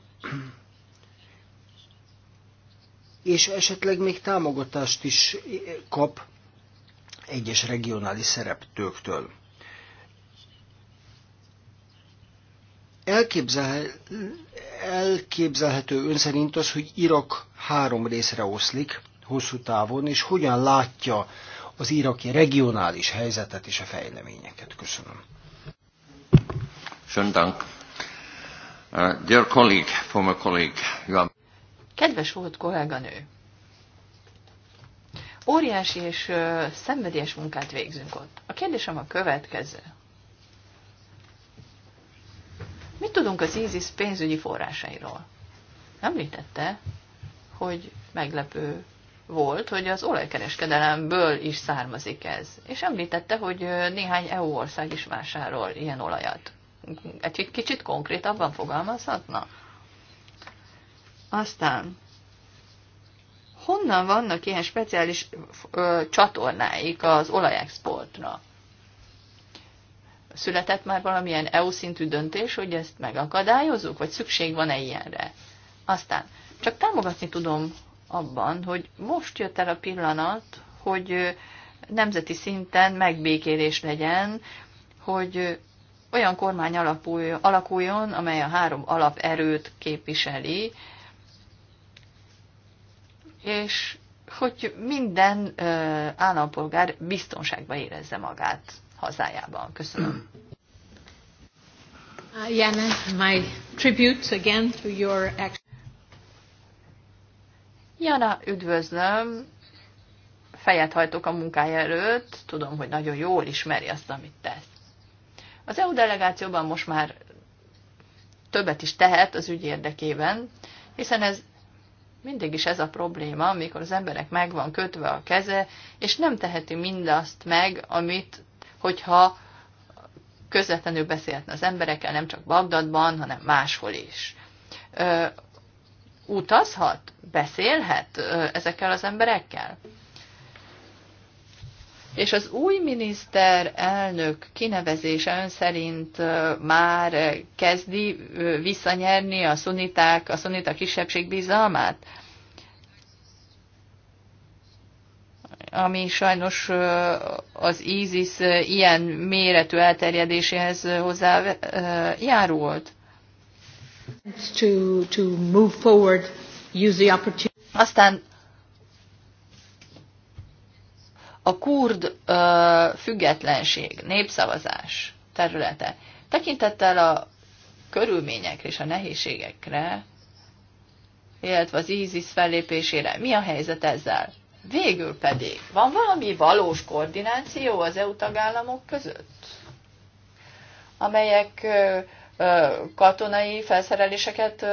És esetleg még támogatást is kap egyes regionális szereptőktől. Elképzelhető, elképzelhető ön szerint az, hogy Irak három részre oszlik hosszú távon, és hogyan látja az iraki regionális helyzetet és a fejleményeket. Köszönöm. Schönen Dank. Uh, dear colleague, former colleague, you are... Kedves volt kolléganő, óriási és ö, szenvedélyes munkát végzünk ott. A kérdésem a következő. Mit tudunk az ISIS pénzügyi forrásairól? Említette, hogy meglepő volt, hogy az olajkereskedelemből is származik ez. És említette, hogy néhány EU ország is vásárol ilyen olajat. Egy kicsit konkrétabban fogalmazhatna? Aztán, honnan vannak ilyen speciális ö, csatornáik az olajexportra? Született már valamilyen EU szintű döntés, hogy ezt megakadályozzuk, vagy szükség van-e ilyenre? Aztán, csak támogatni tudom abban, hogy most jött el a pillanat, hogy nemzeti szinten megbékélés legyen, hogy olyan kormány alakuljon, amely a három alaperőt képviseli, és hogy minden állampolgár biztonságban érezze magát hazájában. Köszönöm. Uh, Jana, my tribute again to your action. Jana, üdvözlöm, fejet hajtok a munkája előtt, tudom, hogy nagyon jól ismeri azt, amit tesz. Az EU delegációban most már többet is tehet az ügy érdekében, hiszen ez mindig is ez a probléma, amikor az emberek meg van kötve a keze, és nem teheti mindazt meg, amit, hogyha közvetlenül beszélhetne az emberekkel, nem csak Bagdadban, hanem máshol is utazhat, beszélhet ezekkel az emberekkel? És az új miniszter elnök kinevezése ön szerint már kezdi visszanyerni a szuniták, a szunita kisebbség bizalmát? ami sajnos az ISIS ilyen méretű elterjedéséhez hozzá To, to move forward, use the opportunity. Aztán a kurd uh, függetlenség, népszavazás területe. Tekintettel a körülményekre és a nehézségekre, illetve az ISIS fellépésére, mi a helyzet ezzel? Végül pedig, van valami valós koordináció az EU tagállamok között, amelyek katonai felszereléseket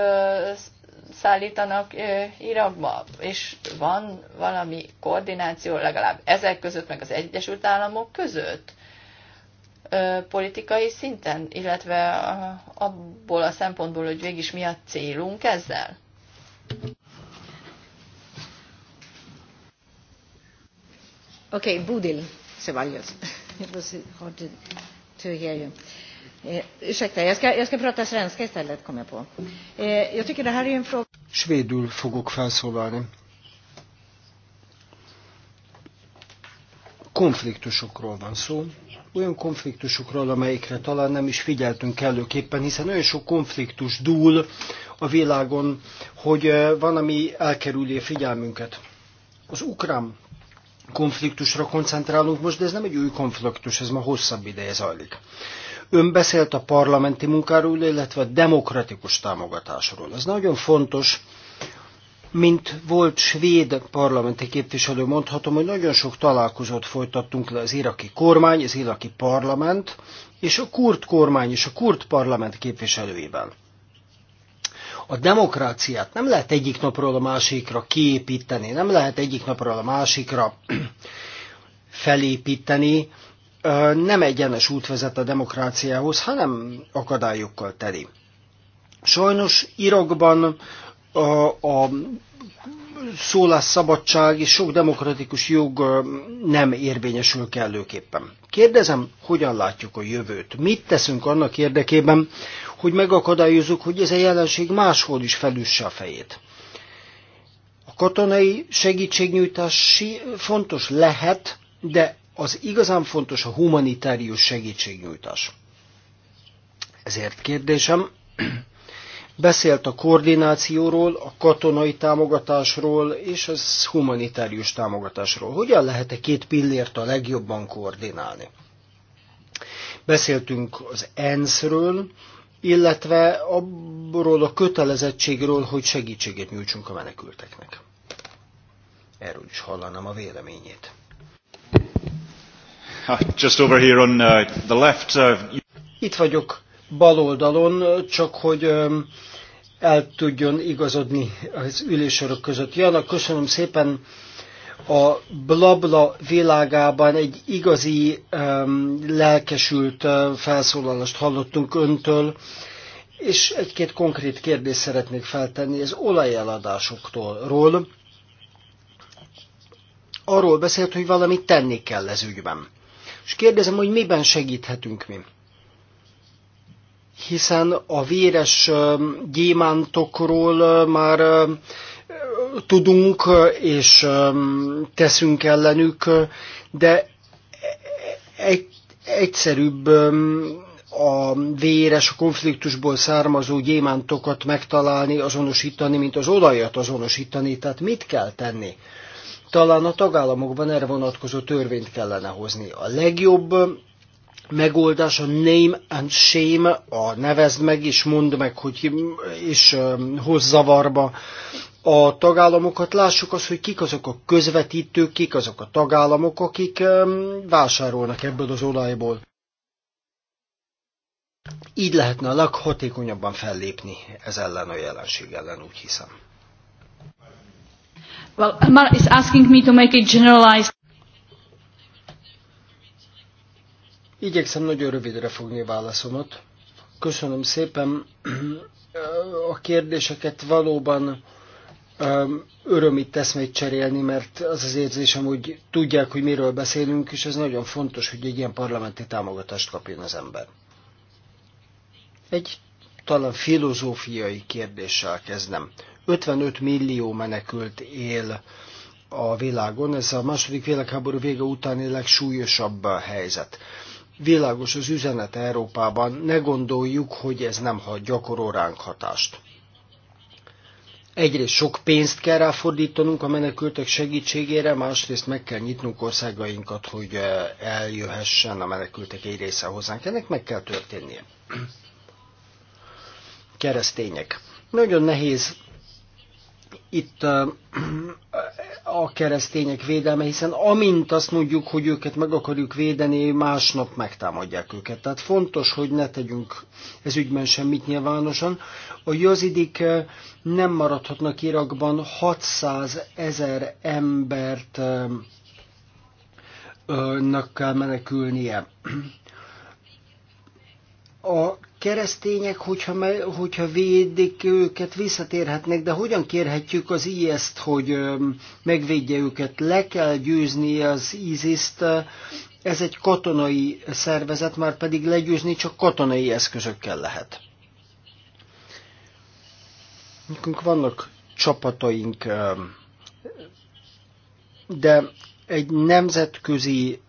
szállítanak Irakba, és van valami koordináció legalább ezek között, meg az Egyesült Államok között politikai szinten, illetve abból a szempontból, hogy végig is mi a célunk ezzel? Oké, okay, Budil, Ceballos. *laughs* It was hard to, to hear you. Eh, Svédül eh, fogok felszólalni. Konfliktusokról van szó, olyan konfliktusokról, amelyikre talán nem is figyeltünk kellőképpen, hiszen olyan sok konfliktus dúl a világon, hogy eh, van, ami elkerüli a figyelmünket. Az ukrán konfliktusra koncentrálunk most, de ez nem egy új konfliktus, ez ma hosszabb ideje zajlik. Ön beszélt a parlamenti munkáról, illetve a demokratikus támogatásról. Ez nagyon fontos, mint volt svéd parlamenti képviselő, mondhatom, hogy nagyon sok találkozót folytattunk le az iraki kormány, az iraki parlament, és a kurd kormány és a kurd parlament képviselőivel. A demokráciát nem lehet egyik napról a másikra kiépíteni, nem lehet egyik napról a másikra *clears throat* felépíteni, nem egyenes út vezet a demokráciához, hanem akadályokkal teli. Sajnos Irakban a, a szólásszabadság és sok demokratikus jog nem érvényesül kellőképpen. Kérdezem, hogyan látjuk a jövőt? Mit teszünk annak érdekében, hogy megakadályozzuk, hogy ez a jelenség máshol is felüsse a fejét? A katonai segítségnyújtás fontos lehet, de az igazán fontos a humanitárius segítségnyújtás. Ezért kérdésem, beszélt a koordinációról, a katonai támogatásról és a humanitárius támogatásról. Hogyan lehet e két pillért a legjobban koordinálni? Beszéltünk az ENSZ-ről, illetve abról a kötelezettségről, hogy segítséget nyújtsunk a menekülteknek. Erről is hallanám a véleményét. *laughs* Just over here on uh, the left. Uh, Itt vagyok bal oldalon, csak hogy um, el tudjon igazodni az ülésorok között. Jana, köszönöm szépen a blabla világában egy igazi um, lelkesült uh, felszólalást hallottunk öntől, és egy-két konkrét kérdést szeretnék feltenni az olajeladásoktól. Arról beszélt, hogy valamit tenni kell ez ügyben. És kérdezem, hogy miben segíthetünk mi? Hiszen a véres gyémántokról már tudunk és teszünk ellenük, de e-, egyszerűbb a véres, a konfliktusból származó gyémántokat megtalálni, azonosítani, mint az olajat azonosítani. Tehát mit kell tenni? talán a tagállamokban erre vonatkozó törvényt kellene hozni. A legjobb megoldás a name and shame, a nevezd meg és mondd meg, hogy és hoz zavarba a tagállamokat. Lássuk azt, hogy kik azok a közvetítők, kik azok a tagállamok, akik vásárolnak ebből az olajból. Így lehetne a leghatékonyabban fellépni ez ellen a jelenség ellen, úgy hiszem. Well, Amar is asking me to make it generalized. Igyekszem nagyon rövidre fogni válaszomat. Köszönöm szépen a kérdéseket valóban um, örömit tesz még cserélni, mert az az érzésem, hogy tudják, hogy miről beszélünk, és ez nagyon fontos, hogy egy ilyen parlamenti támogatást kapjon az ember. Egy talán filozófiai kérdéssel kezdem. 55 millió menekült él a világon, ez a második világháború vége utáni legsúlyosabb helyzet. Világos az üzenet Európában, ne gondoljuk, hogy ez nem hagy gyakorol ránk hatást. Egyrészt sok pénzt kell ráfordítanunk a menekültek segítségére, másrészt meg kell nyitnunk országainkat, hogy eh, eljöhessen a menekültek egy része hozzánk. Ennek meg kell történnie. Keresztények. Nagyon nehéz itt a keresztények védelme, hiszen amint azt mondjuk, hogy őket meg akarjuk védeni, másnap megtámadják őket. Tehát fontos, hogy ne tegyünk ez ügyben semmit nyilvánosan. A jazidik nem maradhatnak Irakban 600 ezer embert nak kell menekülnie. A keresztények, hogyha, hogyha védik őket, visszatérhetnek, de hogyan kérhetjük az IS-t, hogy megvédje őket? Le kell győzni az ISIS-t, ez egy katonai szervezet, már pedig legyőzni csak katonai eszközökkel lehet. Nekünk vannak csapataink, de egy nemzetközi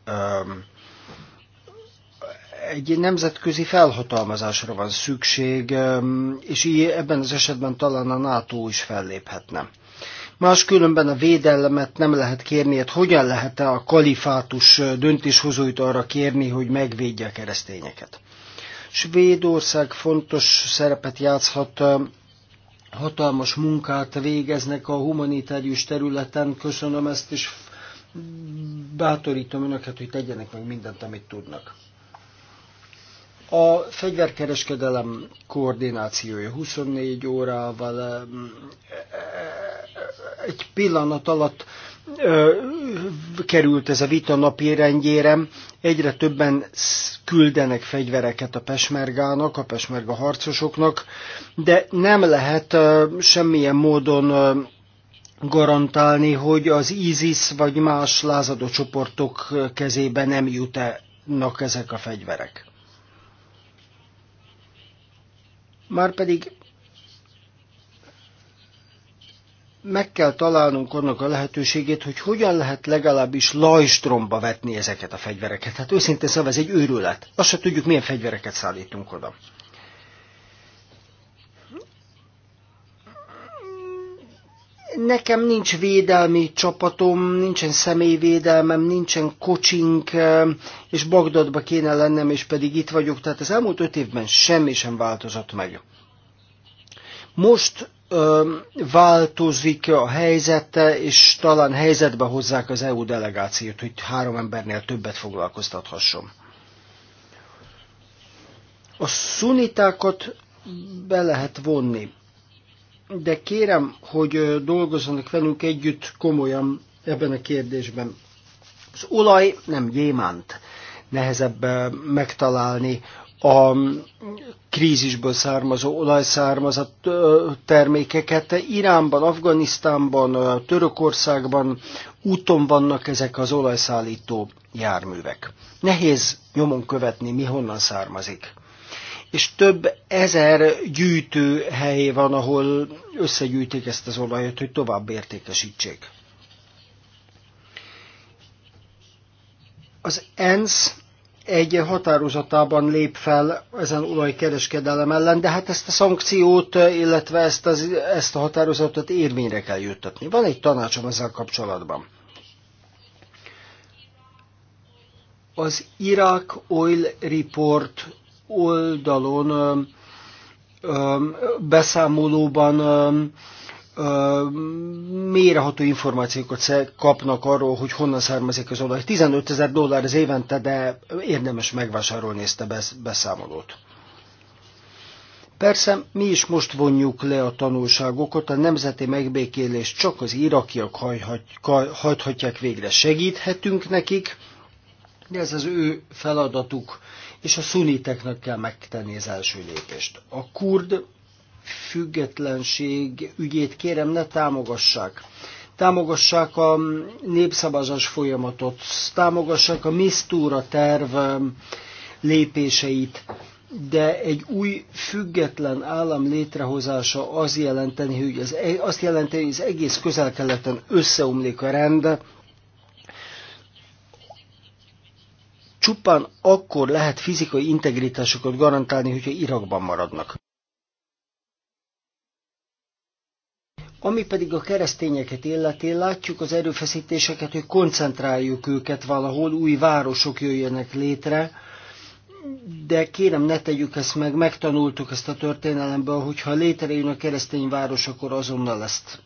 egy nemzetközi felhatalmazásra van szükség, és így ebben az esetben talán a NATO is felléphetne. Máskülönben a védelmet nem lehet kérni, hogy hát hogyan lehet -e a kalifátus döntéshozóit arra kérni, hogy megvédje a keresztényeket. Svédország fontos szerepet játszhat, hatalmas munkát végeznek a humanitárius területen, köszönöm ezt, és bátorítom önöket, hogy tegyenek meg mindent, amit tudnak. A fegyverkereskedelem koordinációja 24 órával egy pillanat alatt került ez a vita napi rendjére. Egyre többen küldenek fegyvereket a pesmergának, a pesmerga harcosoknak, de nem lehet semmilyen módon garantálni, hogy az ISIS vagy más lázadó csoportok kezébe nem jutnak ezek a fegyverek. Már pedig meg kell találnunk annak a lehetőségét, hogy hogyan lehet legalábbis lajstromba vetni ezeket a fegyvereket. Hát őszintén szóval ez egy őrület. Azt se tudjuk, milyen fegyvereket szállítunk oda. Nekem nincs védelmi csapatom, nincsen személyvédelmem, nincsen kocsink, eh, és Bagdadba kéne lennem, és pedig itt vagyok. Tehát az elmúlt öt évben semmi sem változott meg. Most ö, eh, változik a helyzete, és talán helyzetbe hozzák az EU delegációt, hogy három embernél többet foglalkoztathasson. A szunitákat be lehet vonni de kérem, hogy dolgozzanak velünk együtt komolyan ebben a kérdésben. Az olaj nem gyémánt, nehezebb megtalálni a mm, krízisből származó olajszármazott termékeket. Iránban, Afganisztánban, Törökországban úton vannak ezek az olajszállító járművek. Nehéz nyomon követni, mi honnan származik és több ezer gyűjtőhely van, ahol összegyűjtik ezt az olajat, hogy tovább értékesítsék. Az ENSZ egy határozatában lép fel ezen olajkereskedelem ellen, de hát ezt a szankciót, illetve ezt, az, ezt a határozatot érvényre kell juttatni. Van egy tanácsom ezzel kapcsolatban. Az Iraq Oil Report oldalon beszámolóban mélyreható információkat kapnak arról, hogy honnan származik az olaj. 15 ezer dollár az évente, de érdemes megvásárolni ezt a beszámolót. Persze mi is most vonjuk le a tanulságokat, a nemzeti megbékélés csak az irakiak hajthatják végre. Segíthetünk nekik, de ez az ő feladatuk és a szuniteknek kell megtenni az első lépést. A kurd függetlenség ügyét kérem ne támogassák. Támogassák a népszavazás folyamatot, támogassák a Misztúra terv um, lépéseit, de egy új független állam létrehozása az jelenteni, hogy az, e- azt jelenteni, hogy az egész közel-keleten összeomlik a rend, Csupán akkor lehet fizikai integritásokat garantálni, hogyha Irakban maradnak. Ami pedig a keresztényeket illeti, látjuk az erőfeszítéseket, hogy koncentráljuk őket valahol, új városok jöjjenek létre, de kérem ne tegyük ezt meg, megtanultuk ezt a történelemből, hogyha létrejön a keresztény város, akkor azonnal ezt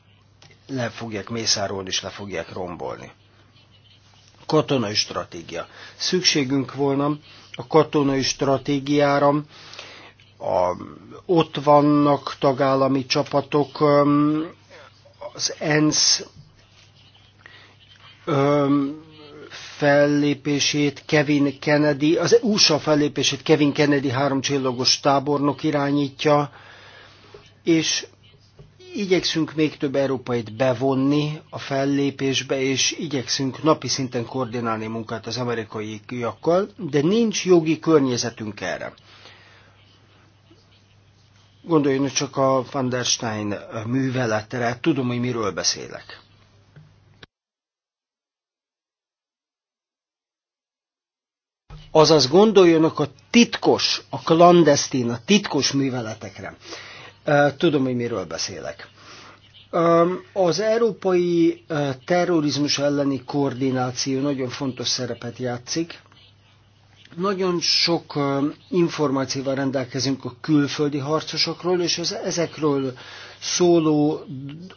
le fogják mészárolni és le fogják rombolni katonai stratégia. Szükségünk volna a katonai stratégiára, a, ott vannak tagállami csapatok, az ENSZ fellépését Kevin Kennedy, az USA fellépését Kevin Kennedy háromcsillagos tábornok irányítja, és igyekszünk még több európait bevonni a fellépésbe, és igyekszünk napi szinten koordinálni munkát az amerikaiakkal, de nincs jogi környezetünk erre. Gondoljon csak a Van der Stein műveletre, tudom, hogy miről beszélek. Azaz gondoljonok a titkos, a klandesztin, a titkos műveletekre. Tudom, hogy miről beszélek. Az európai terrorizmus elleni koordináció nagyon fontos szerepet játszik. Nagyon sok információval rendelkezünk a külföldi harcosokról, és az ezekről szóló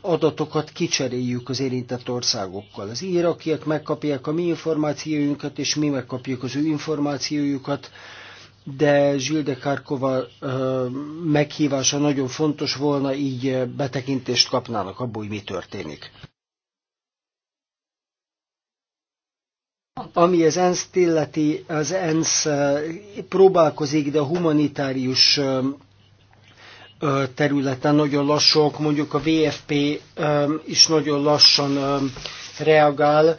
adatokat kicseréljük az érintett országokkal. Az irakiak megkapják a mi információjunkat, és mi megkapjuk az ő információjukat de Zsilde Karkova meghívása nagyon fontos volna, így betekintést kapnának abból, hogy mi történik. Ami az ENSZ illeti, az ENSZ próbálkozik, de a humanitárius területen nagyon lassúak, mondjuk a VFP is nagyon lassan reagál,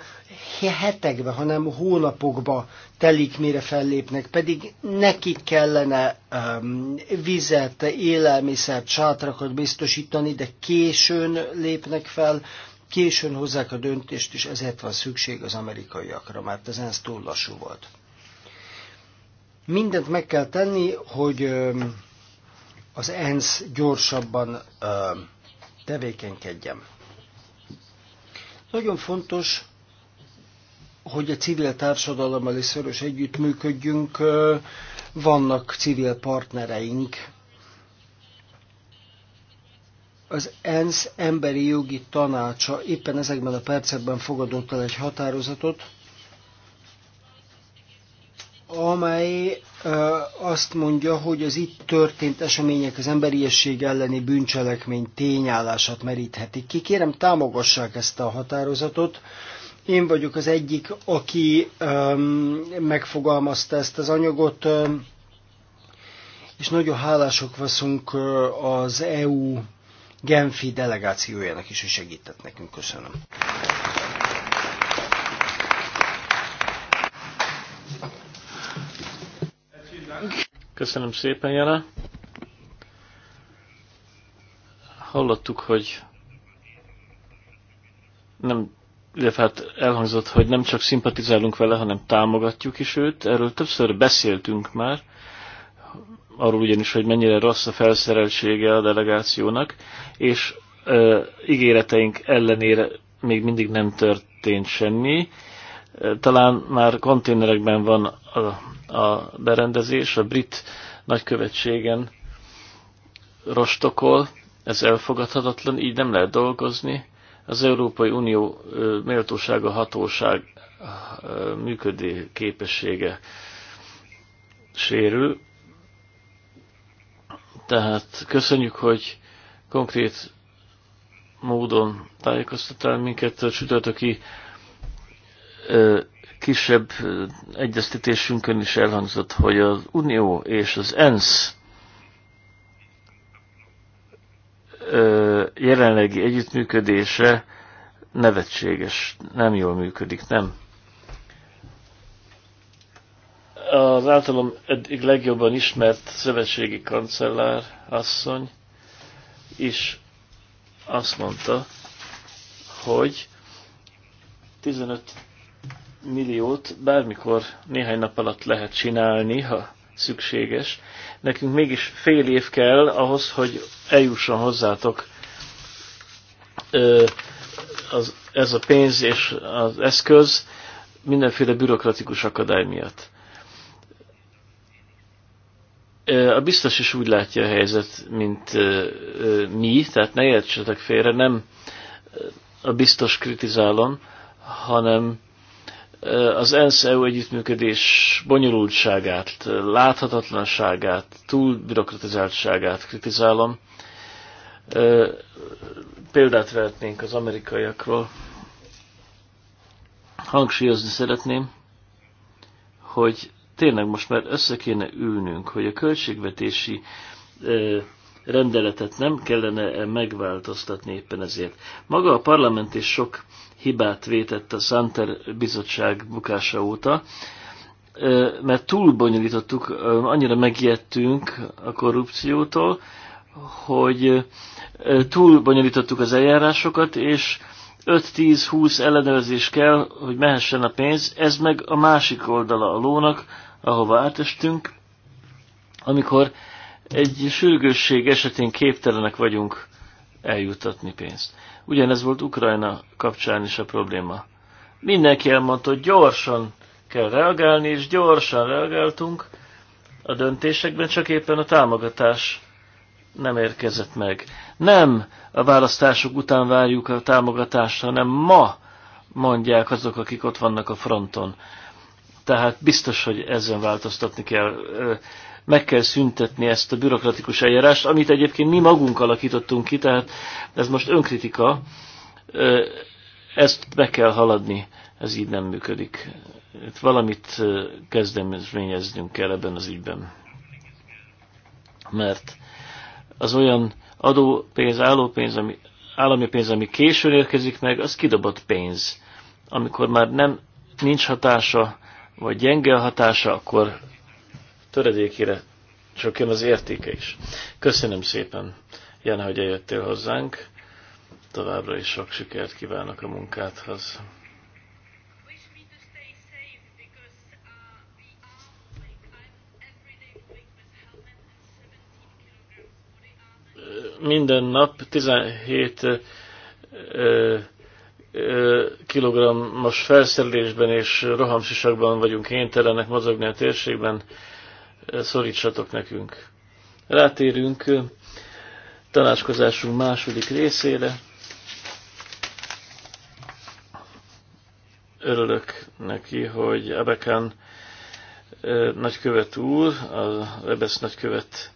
hetekbe, hanem hónapokba telik, mire fellépnek, pedig nekik kellene um, vizet, élelmiszert, sátrakat biztosítani, de későn lépnek fel, későn hozzák a döntést, és ezért van szükség az amerikaiakra, mert az ENSZ túl lassú volt. Mindent meg kell tenni, hogy um, az ENSZ gyorsabban um, tevékenykedjen. Nagyon fontos, hogy a civil társadalommal is szoros együttműködjünk. Vannak civil partnereink. Az ENSZ emberi jogi tanácsa éppen ezekben a percekben fogadott el egy határozatot, amely azt mondja, hogy az itt történt események az emberiesség elleni bűncselekmény tényállását meríthetik ki. Kérem, támogassák ezt a határozatot, én vagyok az egyik, aki um, megfogalmazta ezt az anyagot, um, és nagyon hálások uh, az EU Genfi delegációjának is, hogy segített nekünk. Köszönöm. Köszönöm szépen, Jana. Hallottuk, hogy nem illetve hát elhangzott, hogy nem csak szimpatizálunk vele, hanem támogatjuk is őt. Erről többször beszéltünk már, arról ugyanis, hogy mennyire rossz a felszereltsége a delegációnak, és ö, ígéreteink ellenére még mindig nem történt semmi. Talán már konténerekben van a, a berendezés, a brit nagykövetségen rostokol, ez elfogadhatatlan, így nem lehet dolgozni az Európai Unió méltósága, hatóság működő képessége sérül. Tehát köszönjük, hogy konkrét módon tájékoztatál minket a csütörtöki kisebb egyeztetésünkön is elhangzott, hogy az Unió és az ENSZ jelenlegi együttműködése nevetséges, nem jól működik, nem. Az általam eddig legjobban ismert szövetségi kancellár asszony is azt mondta, hogy 15 milliót bármikor néhány nap alatt lehet csinálni, ha szükséges. Nekünk mégis fél év kell ahhoz, hogy eljusson hozzátok az, ez a pénz és az eszköz mindenféle bürokratikus akadály miatt. A biztos is úgy látja a helyzet, mint mi, tehát ne értsetek félre, nem a biztos kritizálom, hanem az ENSZ-EU együttműködés bonyolultságát, láthatatlanságát, túl bürokratizáltságát kritizálom. Példát vehetnénk az amerikaiakról. Hangsúlyozni szeretném, hogy tényleg most már össze kéne ülnünk, hogy a költségvetési rendeletet nem kellene megváltoztatni éppen ezért. Maga a parlament és sok hibát vétett a Santer bizottság bukása óta, mert túl bonyolítottuk, annyira megijedtünk a korrupciótól, hogy túl bonyolítottuk az eljárásokat, és 5-10-20 ellenőrzés kell, hogy mehessen a pénz, ez meg a másik oldala a lónak, ahova átestünk, amikor egy sürgősség esetén képtelenek vagyunk eljutatni pénzt. Ugyanez volt Ukrajna kapcsán is a probléma. Mindenki elmondta, hogy gyorsan kell reagálni, és gyorsan reagáltunk a döntésekben, csak éppen a támogatás nem érkezett meg. Nem a választások után várjuk a támogatást, hanem ma mondják azok, akik ott vannak a fronton. Tehát biztos, hogy ezen változtatni kell meg kell szüntetni ezt a bürokratikus eljárást, amit egyébként mi magunk alakítottunk ki, tehát ez most önkritika, ezt meg kell haladni, ez így nem működik. Itt valamit kezdeményeznünk kell ebben az ügyben. Mert az olyan adópénz, állópénz, ami, állami pénz, ami későn érkezik meg, az kidobott pénz. Amikor már nem nincs hatása, vagy gyenge a hatása, akkor töredékére csökken az értéke is. Köszönöm szépen, Jene, hogy eljöttél hozzánk. Továbbra is sok sikert kívánok a munkádhoz. Minden nap 17 ö, kilogrammos felszerelésben és rohamsisakban vagyunk kénytelenek mozogni a térségben szorítsatok nekünk. Rátérünk tanácskozásunk második részére. Örülök neki, hogy Abekán nagykövet úr, a Rebesz nagykövet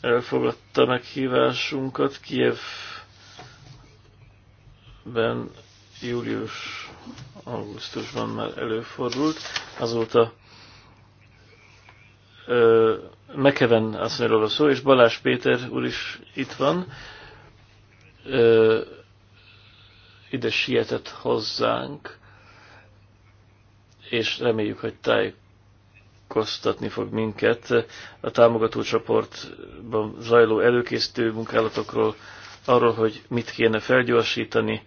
elfogadta meghívásunkat Kievben július augusztusban már előfordult, azóta Mekeven asszonyról van szó, és Balás Péter úr is itt van. Ö, ide sietett hozzánk, és reméljük, hogy tájékoztatni fog minket a támogatócsoportban zajló előkészítő munkálatokról, arról, hogy mit kéne felgyorsítani.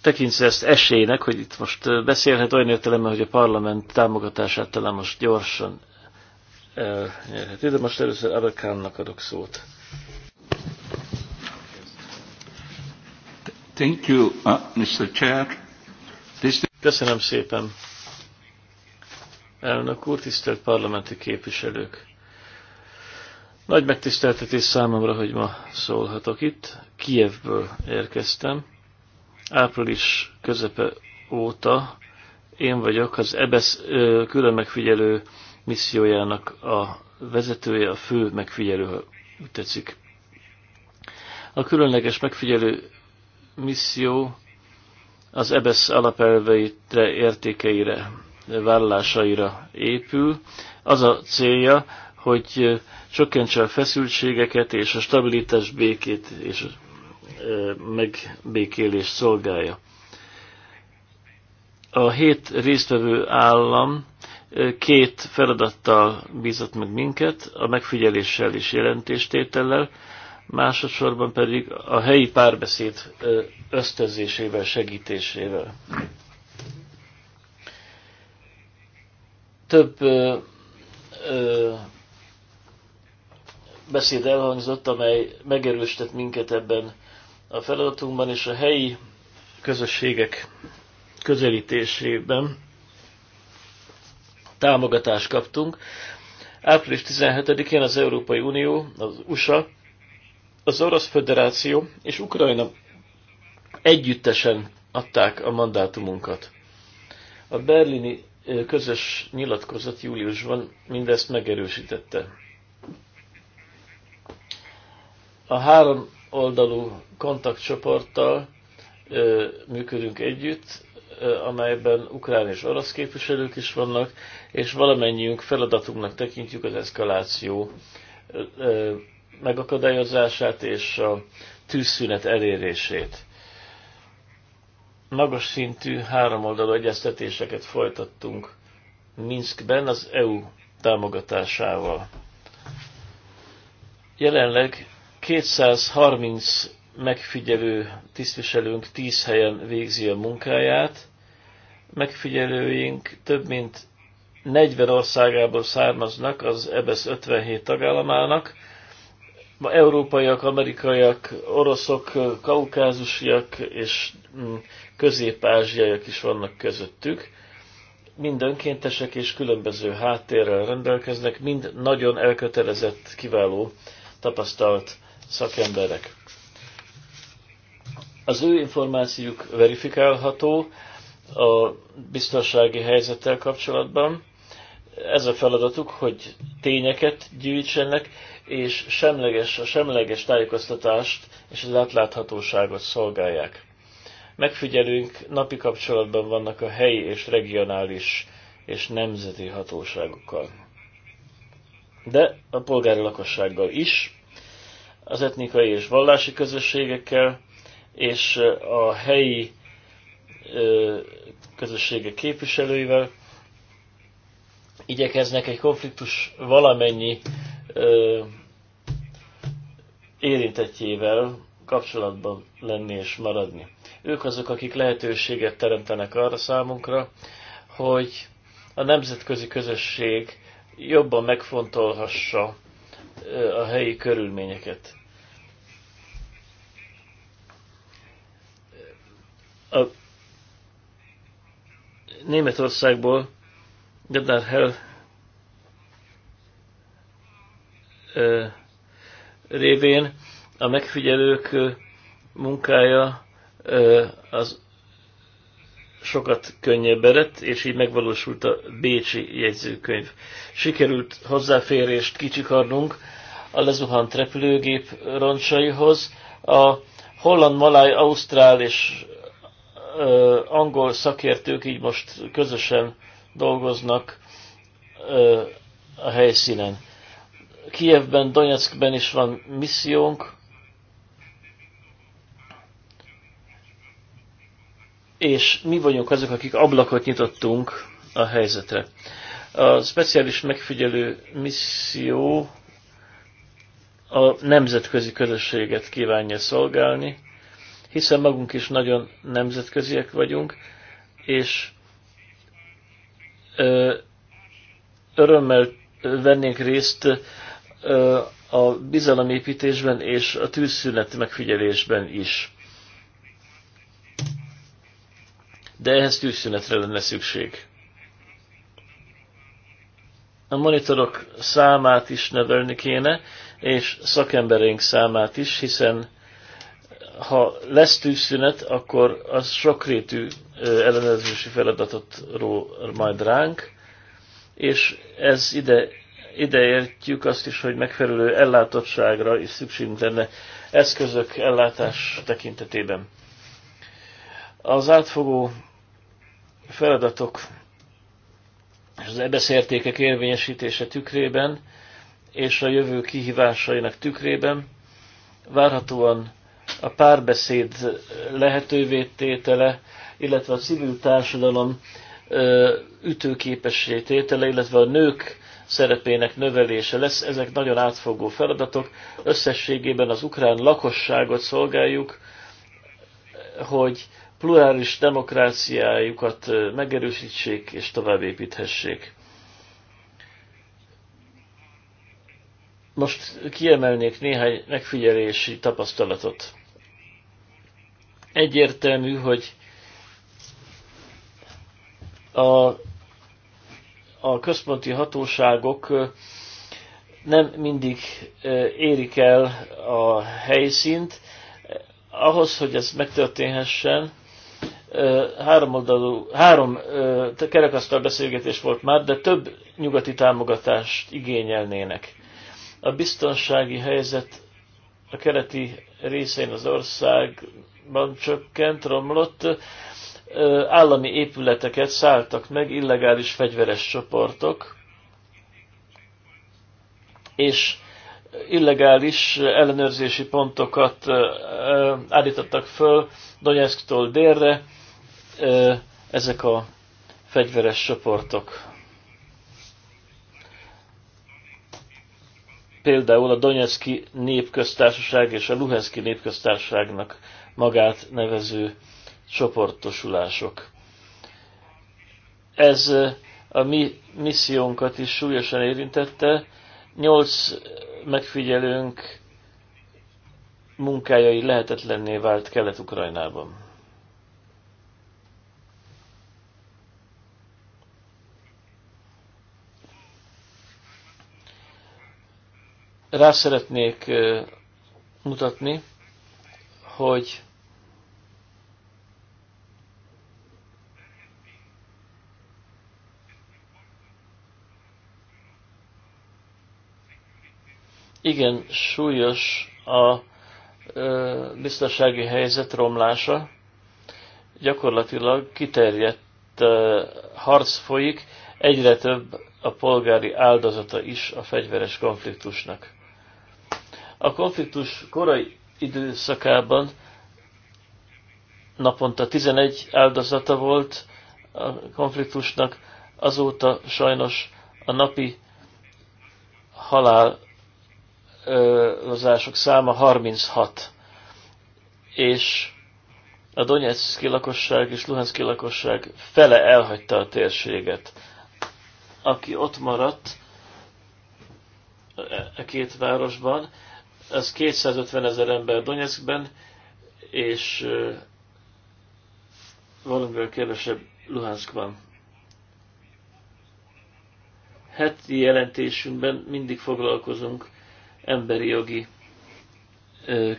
Tekintse ezt esélynek, hogy itt most beszélhet olyan értelemben, hogy a parlament támogatását talán most gyorsan elnyerheti. De most először Arakánnak adok szót. Thank you, uh, Mr. Chair. This... Köszönöm szépen. Elnök úr, tisztelt parlamenti képviselők! Nagy megtiszteltetés számomra, hogy ma szólhatok itt. Kievből érkeztem. Április közepe óta én vagyok az EBESZ külön megfigyelő missziójának a vezetője, a fő megfigyelő, ha úgy tetszik. A különleges megfigyelő misszió az EBESZ alapelveitre, értékeire, vállalásaira épül. Az a célja, hogy csökkentse a feszültségeket és a stabilitás békét és e, megbékélést szolgálja. A hét résztvevő állam Két feladattal bízott meg minket, a megfigyeléssel és jelentéstétellel, másodszorban pedig a helyi párbeszéd ösztözésével, segítésével. Több ö, ö, beszéd elhangzott, amely megerősített minket ebben a feladatunkban, és a helyi közösségek közelítésében támogatást kaptunk. Április 17-én az Európai Unió, az USA, az Orosz Föderáció és Ukrajna együttesen adták a mandátumunkat. A berlini közös nyilatkozat júliusban mindezt megerősítette. A három oldalú kontaktcsoporttal működünk együtt, amelyben ukrán és orosz képviselők is vannak, és valamennyiünk feladatunknak tekintjük az eszkaláció megakadályozását és a tűzszünet elérését. Magas szintű háromoldalú egyeztetéseket folytattunk Minskben az EU támogatásával. Jelenleg 230 megfigyelő tisztviselőnk 10 helyen végzi a munkáját, megfigyelőink több mint 40 országából származnak az EBSZ e 57 tagállamának. Ma európaiak, amerikaiak, oroszok, kaukázusiak és mm, közép-ázsiaiak is vannak közöttük. Mind önkéntesek és különböző háttérrel rendelkeznek, mind nagyon elkötelezett, kiváló, tapasztalt szakemberek. Az ő információjuk verifikálható, a biztonsági helyzettel kapcsolatban. Ez a feladatuk, hogy tényeket gyűjtsenek, és semleges, a semleges tájékoztatást és az átláthatóságot szolgálják. Megfigyelünk, napi kapcsolatban vannak a helyi és regionális és nemzeti hatóságokkal. De a polgári lakossággal is, az etnikai és vallási közösségekkel, és a helyi közössége képviselőivel igyekeznek egy konfliktus valamennyi ö, érintetjével kapcsolatban lenni és maradni. Ők azok, akik lehetőséget teremtenek arra számunkra, hogy a nemzetközi közösség jobban megfontolhassa a helyi körülményeket. A Németországból Gedár Hell révén a megfigyelők munkája az sokat könnyebb lett, és így megvalósult a Bécsi jegyzőkönyv. Sikerült hozzáférést kicsikarnunk a lezuhant repülőgép roncsaihoz. A holland, maláj, ausztrál és angol szakértők így most közösen dolgoznak a helyszínen. Kijevben, Donetskben is van missziónk, és mi vagyunk azok, akik ablakot nyitottunk a helyzetre. A speciális megfigyelő misszió a nemzetközi közösséget kívánja szolgálni, hiszen magunk is nagyon nemzetköziek vagyunk, és ö, örömmel vennénk részt ö, a bizalomépítésben és a tűzszünet megfigyelésben is. De ehhez tűzszünetre lenne szükség. A monitorok számát is növelni kéne, és szakemberénk számát is, hiszen ha lesz tűzszünet, akkor az sokrétű ellenőrzési feladatot ró majd ránk, és ez ide, értjük azt is, hogy megfelelő ellátottságra is szükségünk lenne eszközök ellátás tekintetében. Az átfogó feladatok és az ebeszértékek érvényesítése tükrében és a jövő kihívásainak tükrében várhatóan a párbeszéd lehetővé tétele, illetve a civil társadalom ütőképessé tétele, illetve a nők szerepének növelése lesz. Ezek nagyon átfogó feladatok. Összességében az ukrán lakosságot szolgáljuk, hogy plurális demokráciájukat megerősítsék és továbbépíthessék. Most kiemelnék néhány megfigyelési tapasztalatot. Egyértelmű, hogy a, a központi hatóságok nem mindig érik el a helyszínt. Ahhoz, hogy ez megtörténhessen, három, oldalú, három kerekasztal beszélgetés volt már, de több nyugati támogatást igényelnének. A biztonsági helyzet a keleti részein az ország ban csökkent, romlott, állami épületeket szálltak meg illegális fegyveres csoportok, és illegális ellenőrzési pontokat állítottak föl Donetsktól délre ezek a fegyveres csoportok. Például a Donetszki Népköztársaság és a Luhenszki Népköztársaságnak magát nevező csoportosulások. Ez a mi missziónkat is súlyosan érintette. Nyolc megfigyelőnk munkájai lehetetlenné vált Kelet-Ukrajnában. Rá szeretnék mutatni, hogy igen súlyos a biztonsági helyzet romlása. Gyakorlatilag kiterjedt harc folyik, egyre több a polgári áldozata is a fegyveres konfliktusnak. A konfliktus korai időszakában naponta 11 áldozata volt a konfliktusnak, azóta sajnos a napi halál meghatározások száma 36, és a Donetszki lakosság és Luhanszki lakosság fele elhagyta a térséget. Aki ott maradt a e, e két városban, az 250 ezer ember Donetszkben, és e, valamivel kevesebb Luhanskban. Heti jelentésünkben mindig foglalkozunk emberi jogi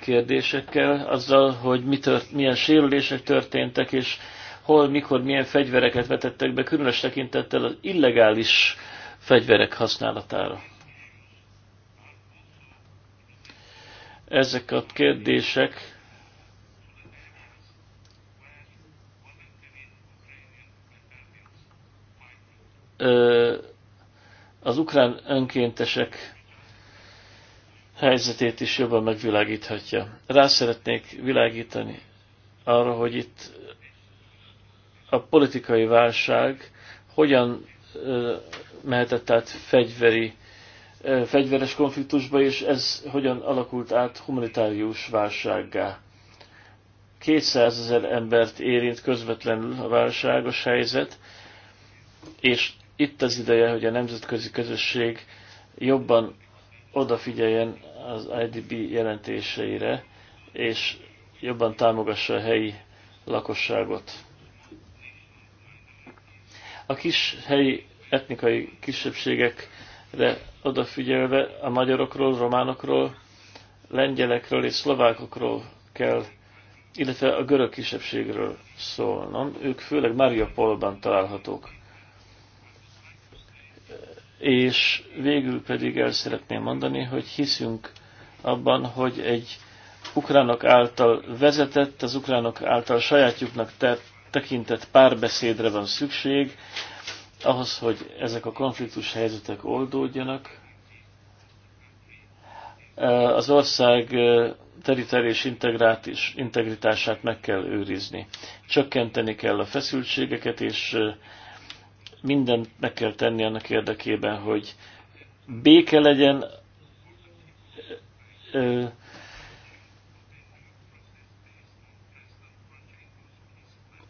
kérdésekkel, azzal, hogy mi tört, milyen sérülések történtek, és hol, mikor, milyen fegyvereket vetettek be, különös tekintettel az illegális fegyverek használatára. Ezek a kérdések az ukrán önkéntesek helyzetét is jobban megvilágíthatja. Rá szeretnék világítani arra, hogy itt a politikai válság hogyan mehetett át fegyveri, fegyveres konfliktusba, és ez hogyan alakult át humanitárius válsággá. 200 ezer embert érint közvetlenül a válságos helyzet, és itt az ideje, hogy a nemzetközi közösség jobban odafigyeljen az IDB jelentéseire, és jobban támogassa a helyi lakosságot. A kis helyi etnikai kisebbségekre odafigyelve a magyarokról, románokról, lengyelekről és szlovákokról kell, illetve a görög kisebbségről szólnom. Ők főleg Mariupolban találhatók és végül pedig el szeretném mondani, hogy hiszünk abban, hogy egy ukránok által vezetett, az ukránok által sajátjuknak tekintett párbeszédre van szükség, ahhoz, hogy ezek a konfliktus helyzetek oldódjanak. Az ország teritoriális integritását meg kell őrizni. Csökkenteni kell a feszültségeket, és mindent meg kell tenni annak érdekében, hogy béke legyen, ö,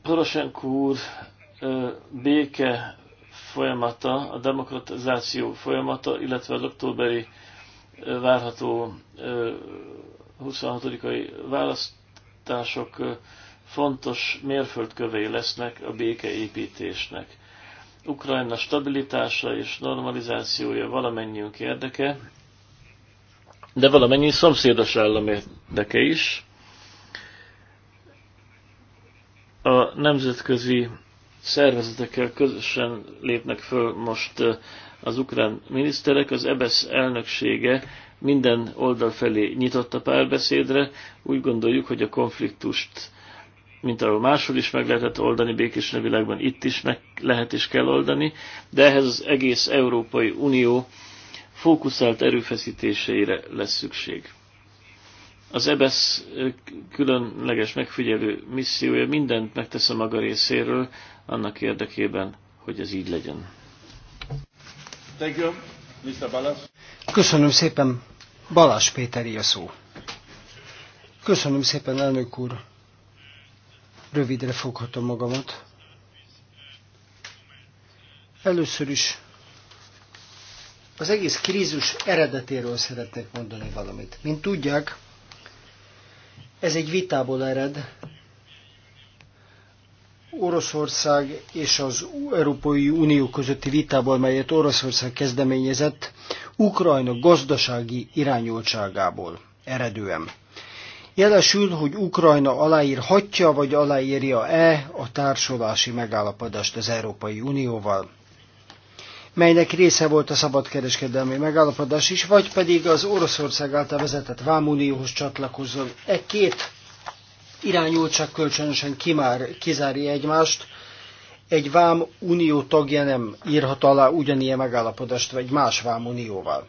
Poroshenko úr ö, béke folyamata, a demokratizáció folyamata, illetve az októberi ö, várható 26-ai választások fontos mérföldkövei lesznek a békeépítésnek. Ukrajna stabilitása és normalizációja valamennyiünk érdeke, de valamennyi szomszédos állam érdeke is. A nemzetközi szervezetekkel közösen lépnek föl most az ukrán miniszterek. Az EBSZ e elnöksége minden oldal felé nyitott a párbeszédre. Úgy gondoljuk, hogy a konfliktust mint ahol máshol is meg lehetett oldani, békés világban itt is meg lehet és kell oldani, de ehhez az egész Európai Unió fókuszált erőfeszítéseire lesz szükség. Az EBESZ különleges megfigyelő missziója mindent megtesz a maga részéről annak érdekében, hogy ez így legyen. Mr. Balas. Köszönöm szépen, Balázs Péteri a szó. Köszönöm szépen, elnök úr. Rövidre foghatom magamat. Először is az egész krízus eredetéről szeretnék mondani valamit. Mint tudják, ez egy vitából ered. Oroszország és az Európai Unió közötti vitából, melyet Oroszország kezdeményezett, Ukrajna gazdasági irányoltságából eredően jelesül, hogy Ukrajna aláírhatja vagy aláírja-e a társulási megállapodást az Európai Unióval, melynek része volt a szabadkereskedelmi megállapodás is, vagy pedig az Oroszország által vezetett Vámunióhoz csatlakozzon. E két irányultság kölcsönösen kimár, kizárja egymást, egy vám unió tagja nem írhat alá ugyanilyen megállapodást, vagy más vám unióval.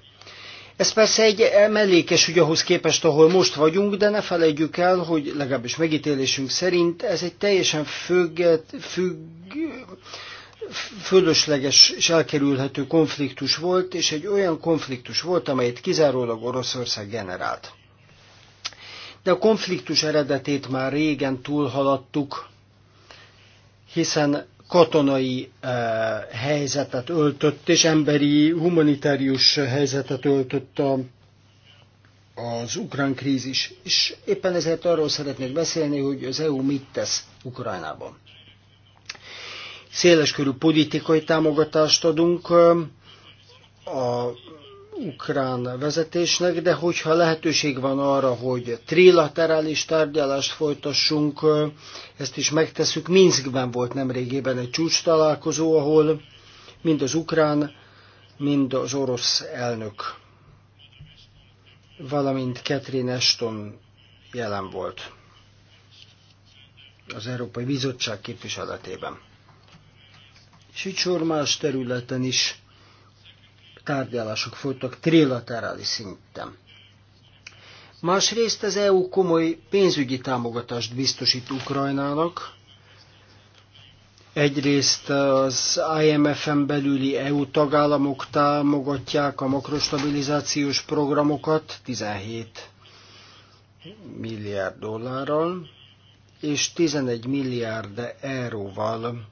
Ez persze egy mellékes ügy ahhoz képest, ahol most vagyunk, de ne felejtjük el, hogy legalábbis megítélésünk szerint ez egy teljesen függet, függ, fölösleges és elkerülhető konfliktus volt, és egy olyan konfliktus volt, amelyet kizárólag Oroszország generált. De a konfliktus eredetét már régen túlhaladtuk, hiszen katonai eh, helyzetet öltött, és emberi, humanitárius helyzetet öltött a, az ukrán krízis. És éppen ezért arról szeretnék beszélni, hogy az EU mit tesz Ukrajnában. Széleskörű politikai támogatást adunk, eh, a ukrán vezetésnek, de hogyha lehetőség van arra, hogy trilaterális tárgyalást folytassunk, ezt is megtesszük. Minskben volt nemrégében egy csúcs találkozó, ahol mind az ukrán, mind az orosz elnök, valamint Catherine Ashton jelen volt az Európai Bizottság képviseletében. És itt sor más területen is tárgyalások folytak trilaterális szinten. Másrészt az EU komoly pénzügyi támogatást biztosít Ukrajnának, Egyrészt az IMF-en belüli EU tagállamok támogatják a makrostabilizációs programokat 17 milliárd dollárral, és 11 milliárd euróval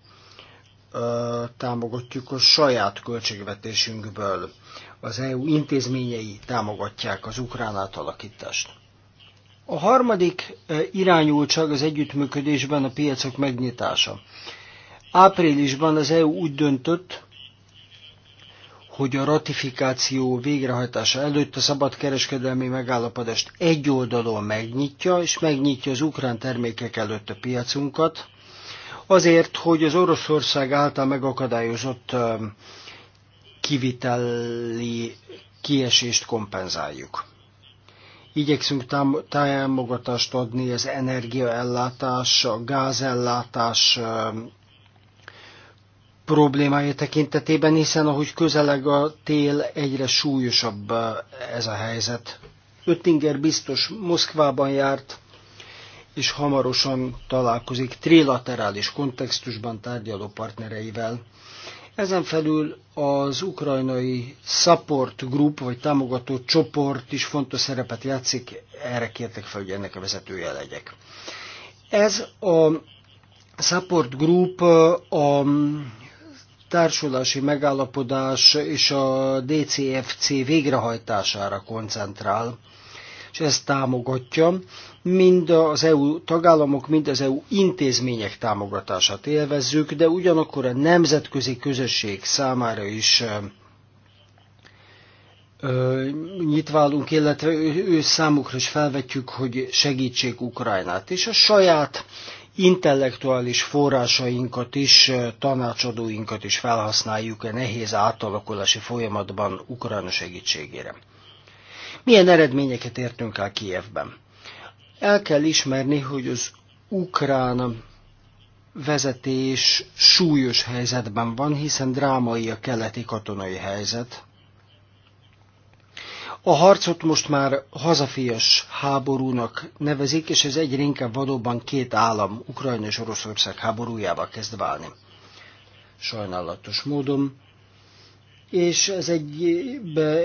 támogatjuk a saját költségvetésünkből. Az EU intézményei támogatják az ukrán átalakítást. A harmadik irányultság az együttműködésben a piacok megnyitása. Áprilisban az EU úgy döntött, hogy a ratifikáció végrehajtása előtt a szabadkereskedelmi megállapodást egyoldalúan megnyitja, és megnyitja az ukrán termékek előtt a piacunkat, azért, hogy az Oroszország által megakadályozott kiviteli kiesést kompenzáljuk. Igyekszünk támogatást adni az energiaellátás, a gázellátás problémája tekintetében, hiszen ahogy közeleg a tél, egyre súlyosabb ez a helyzet. Öttinger biztos Moszkvában járt, és hamarosan találkozik trilaterális kontextusban tárgyaló partnereivel. Ezen felül az ukrajnai support group, vagy támogató csoport is fontos szerepet játszik, erre kértek fel, hogy ennek a vezetője legyek. Ez a support group a társulási megállapodás és a DCFC végrehajtására koncentrál, és ezt támogatja mind az EU tagállamok, mind az EU intézmények támogatását élvezzük, de ugyanakkor a nemzetközi közösség számára is nyitválunk, illetve ő számukra is felvetjük, hogy segítsék Ukrajnát. És a saját intellektuális forrásainkat is, tanácsadóinkat is felhasználjuk a e nehéz átalakulási folyamatban Ukrajna segítségére. Milyen eredményeket értünk el Kijevben? El kell ismerni, hogy az ukrán vezetés súlyos helyzetben van, hiszen drámai a keleti katonai helyzet. A harcot most már hazafias háborúnak nevezik, és ez egyre inkább valóban két állam, Ukrajna és Oroszország háborújába kezd válni. Sajnálatos módon. És ez egy,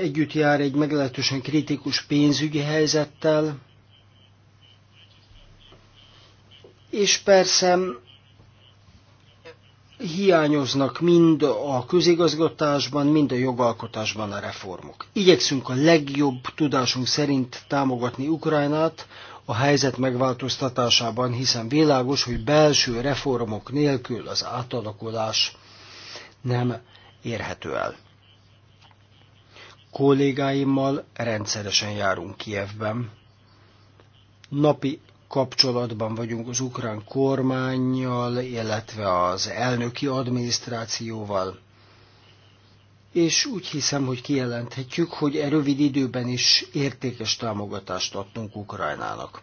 együtt jár egy meglehetősen kritikus pénzügyi helyzettel, És persze hiányoznak mind a közigazgatásban, mind a jogalkotásban a reformok. Igyekszünk a legjobb tudásunk szerint támogatni Ukrajnát a helyzet megváltoztatásában, hiszen világos, hogy belső reformok nélkül az átalakulás nem érhető el. Kollégáimmal rendszeresen járunk Kievben. Napi kapcsolatban vagyunk az ukrán kormányjal, illetve az elnöki adminisztrációval. És úgy hiszem, hogy kijelenthetjük, hogy e rövid időben is értékes támogatást adtunk Ukrajnának.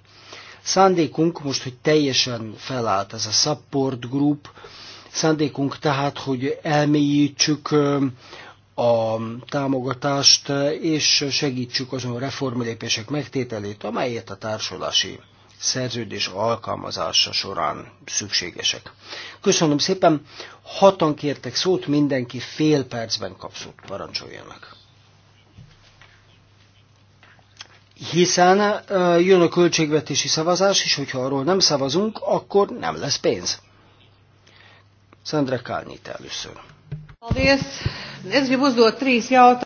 Szándékunk most, hogy teljesen felállt ez a support group, szándékunk tehát, hogy elmélyítsük a támogatást, és segítsük azon reformlépések megtételét, amelyet a társulási szerződés alkalmazása során szükségesek. Köszönöm szépen, hatan kértek szót, mindenki fél percben kap szót, parancsoljanak. Hiszen jön a költségvetési szavazás, és hogyha arról nem szavazunk, akkor nem lesz pénz. Szendre Kálnyit először.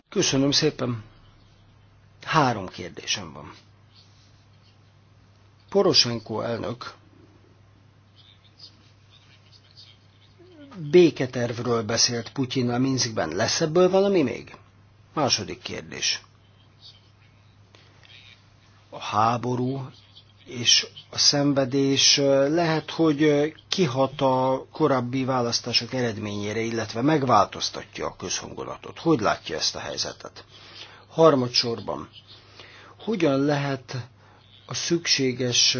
Köszönöm szépen. Három kérdésem van. Poroshenko elnök béketervről beszélt a Minskben. Lesz ebből valami még? Második kérdés. A háború és a szenvedés lehet, hogy kihat a korábbi választások eredményére, illetve megváltoztatja a közhangulatot. Hogy látja ezt a helyzetet? Harmadsorban, hogyan lehet a szükséges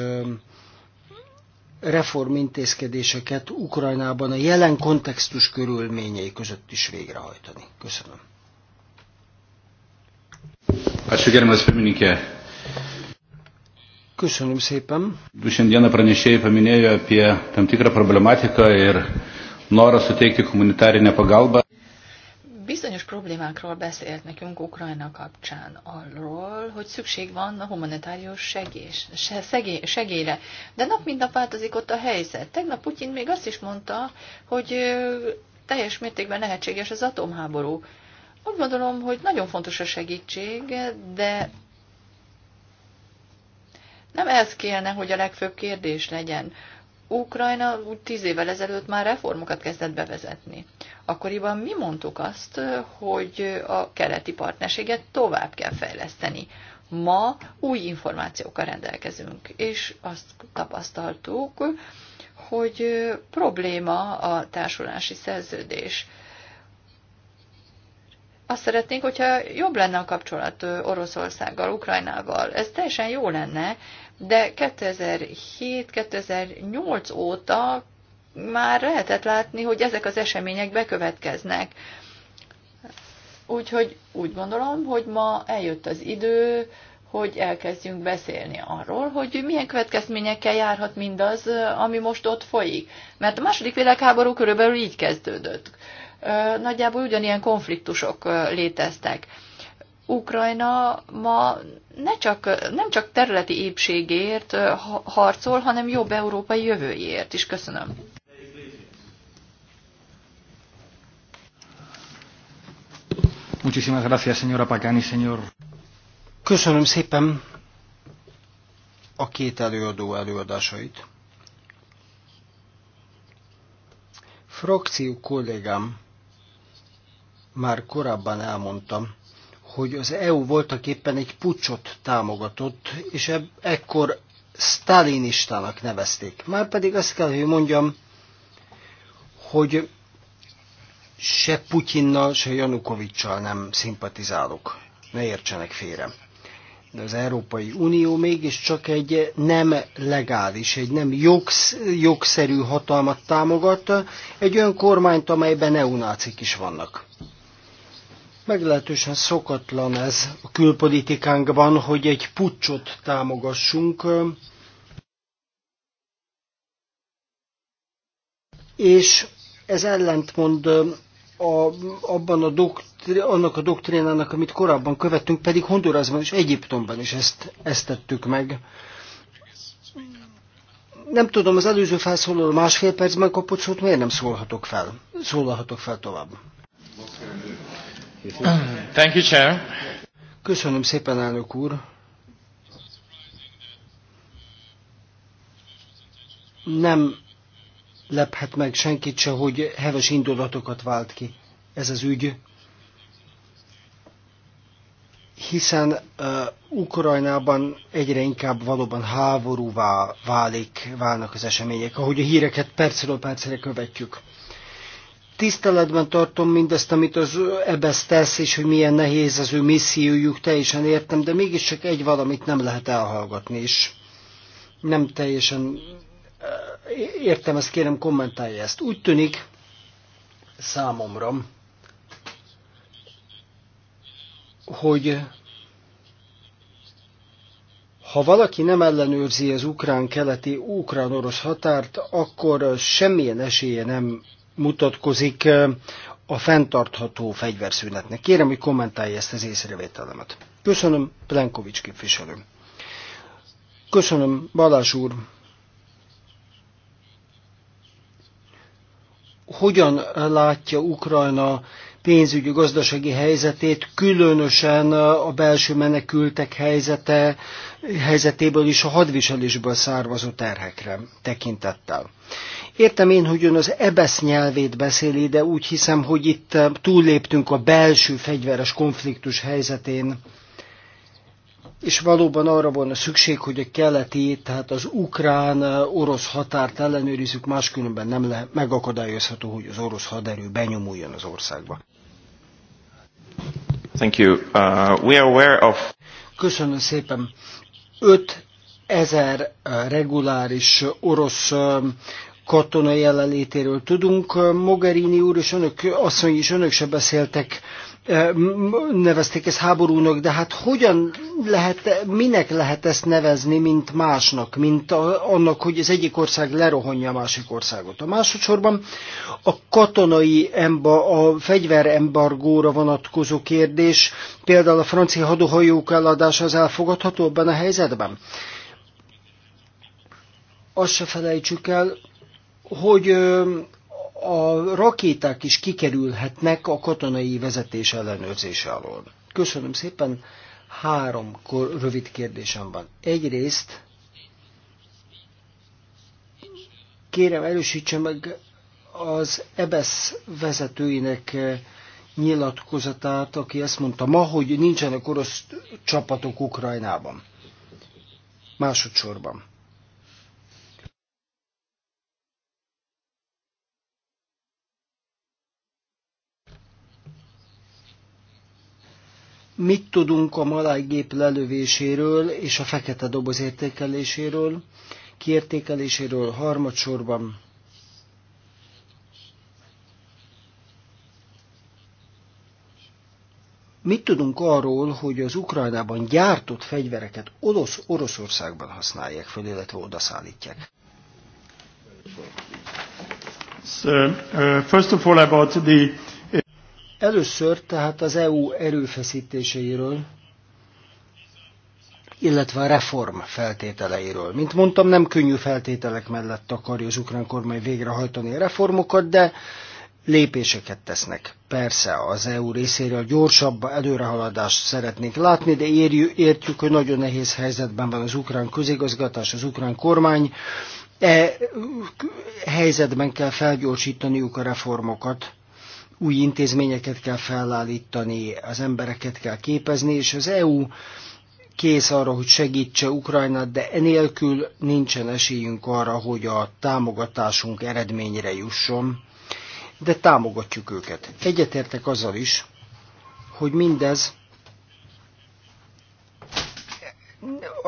reformintézkedéseket Ukrajnában a jelen kontextus körülményei között is végrehajtani. Köszönöm. Köszönöm szépen. Šiandieną pranešėjai paminėjo apie tam tikrą problematiką ir norą suteikti humanitarinę pagalbą bizonyos problémákról beszélt nekünk Ukrajna kapcsán, arról, hogy szükség van a humanitárius segés, segé, segélyre. De nap mint nap változik ott a helyzet. Tegnap Putyin még azt is mondta, hogy teljes mértékben lehetséges az atomháború. Úgy gondolom, hogy nagyon fontos a segítség, de nem ez kéne, hogy a legfőbb kérdés legyen. Ukrajna úgy tíz évvel ezelőtt már reformokat kezdett bevezetni. Akkoriban mi mondtuk azt, hogy a keleti partnerséget tovább kell fejleszteni. Ma új információkkal rendelkezünk, és azt tapasztaltuk, hogy probléma a társulási szerződés. Azt szeretnénk, hogyha jobb lenne a kapcsolat Oroszországgal, Ukrajnával. Ez teljesen jó lenne, de 2007-2008 óta már lehetett látni, hogy ezek az események bekövetkeznek. Úgyhogy úgy gondolom, hogy ma eljött az idő, hogy elkezdjünk beszélni arról, hogy milyen következményekkel járhat mindaz, ami most ott folyik. Mert a második világháború körülbelül így kezdődött. Nagyjából ugyanilyen konfliktusok léteztek. Ukrajna ma ne csak, nem csak területi épségért harcol, hanem jobb európai jövőjéért is. Köszönöm. Muchísimas gracias, señora Pacani, señor. Köszönöm szépen a két előadó előadásait. Frakció kollégám már korábban elmondtam, hogy az EU voltak éppen egy pucsot támogatott, és eb- ekkor sztálinistának nevezték. Márpedig azt kell, hogy mondjam, hogy se Putyinnal, se Janukovicsal nem szimpatizálok. Ne értsenek félre. De az Európai Unió mégiscsak egy nem legális, egy nem jogsz, jogszerű hatalmat támogat, egy olyan kormányt, amelyben neonácik is vannak. Meglehetősen szokatlan ez a külpolitikánkban, hogy egy pucsot támogassunk, és ez ellentmond a, abban a doktri, annak a doktrínának, amit korábban követtünk, pedig Hondurasban és Egyiptomban is ezt, ezt tettük meg. Nem tudom, az előző felszólaló másfél percben kapott szót, miért nem szólhatok fel? szólhatok fel tovább. Thank you, Chair. Köszönöm szépen, elnök úr. Nem lephet meg senkit se, hogy heves indulatokat vált ki ez az ügy, hiszen uh, Ukrajnában egyre inkább valóban háborúvá válik, válnak az események, ahogy a híreket percről percre követjük. Tiszteletben tartom mindezt, amit az ebesz tesz, és hogy milyen nehéz az ő missziójuk, teljesen értem, de mégiscsak egy valamit nem lehet elhallgatni, és nem teljesen eh, értem ezt, kérem kommentálja ezt. Úgy tűnik számomra, hogy ha valaki nem ellenőrzi az ukrán-keleti ukrán-orosz határt, akkor semmilyen esélye nem mutatkozik eh, a fenntartható fegyverszünetnek. Kérem, hogy kommentálja ezt az észrevételemet. Köszönöm, Plenkovics képviselő. Köszönöm, Balázs úr. Hogyan látja Ukrajna pénzügyi gazdasági helyzetét, különösen a belső menekültek helyzete, helyzetéből is a hadviselésből származó terhekre tekintettel. Értem én, hogy ön az ebesz nyelvét beszéli, de úgy hiszem, hogy itt túlléptünk a belső fegyveres konfliktus helyzetén, és valóban arra volna szükség, hogy a keleti, tehát az ukrán-orosz határt ellenőrizzük, máskülönben nem le, megakadályozható, hogy az orosz haderő benyomuljon az országba. Thank you. Uh, we are aware of... Köszönöm szépen. 5 ezer uh, reguláris uh, orosz um, katona jelenlétéről tudunk. Uh, Mogherini úr és önök, asszony is önök se beszéltek Eh, nevezték ezt háborúnak, de hát hogyan lehet, minek lehet ezt nevezni, mint másnak, mint a, annak, hogy az egyik ország lerohonja a másik országot. A másodszorban a katonai, emba, a fegyverembargóra vonatkozó kérdés, például a francia hadóhajók eladása az elfogadható ebben a helyzetben? Azt se felejtsük el, hogy a rakéták is kikerülhetnek a katonai vezetés ellenőrzése alól. Köszönöm szépen, három kor, rövid kérdésem van. Egyrészt kérem erősítse meg az EBESZ vezetőinek eh, nyilatkozatát, aki ezt mondta ma, hogy nincsenek orosz csapatok Ukrajnában. Másodszorban. mit tudunk a malájgép lelövéséről és a fekete doboz értékeléséről, kiértékeléséről harmadsorban. Mit tudunk arról, hogy az Ukrajnában gyártott fegyvereket orosz Oroszországban használják fel, illetve odaszállítják? So, uh, first of all about the Először tehát az EU erőfeszítéseiről, illetve a reform feltételeiről. Mint mondtam, nem könnyű feltételek mellett akarja az ukrán kormány végrehajtani a reformokat, de lépéseket tesznek. Persze az EU részéről gyorsabb előrehaladást szeretnék látni, de értjük, hogy nagyon nehéz helyzetben van az ukrán közigazgatás, az ukrán kormány. E helyzetben kell felgyorsítaniuk a reformokat, új intézményeket kell felállítani, az embereket kell képezni, és az EU kész arra, hogy segítse Ukrajnát, de enélkül nincsen esélyünk arra, hogy a támogatásunk eredményre jusson, de támogatjuk őket. Egyetértek azzal is, hogy mindez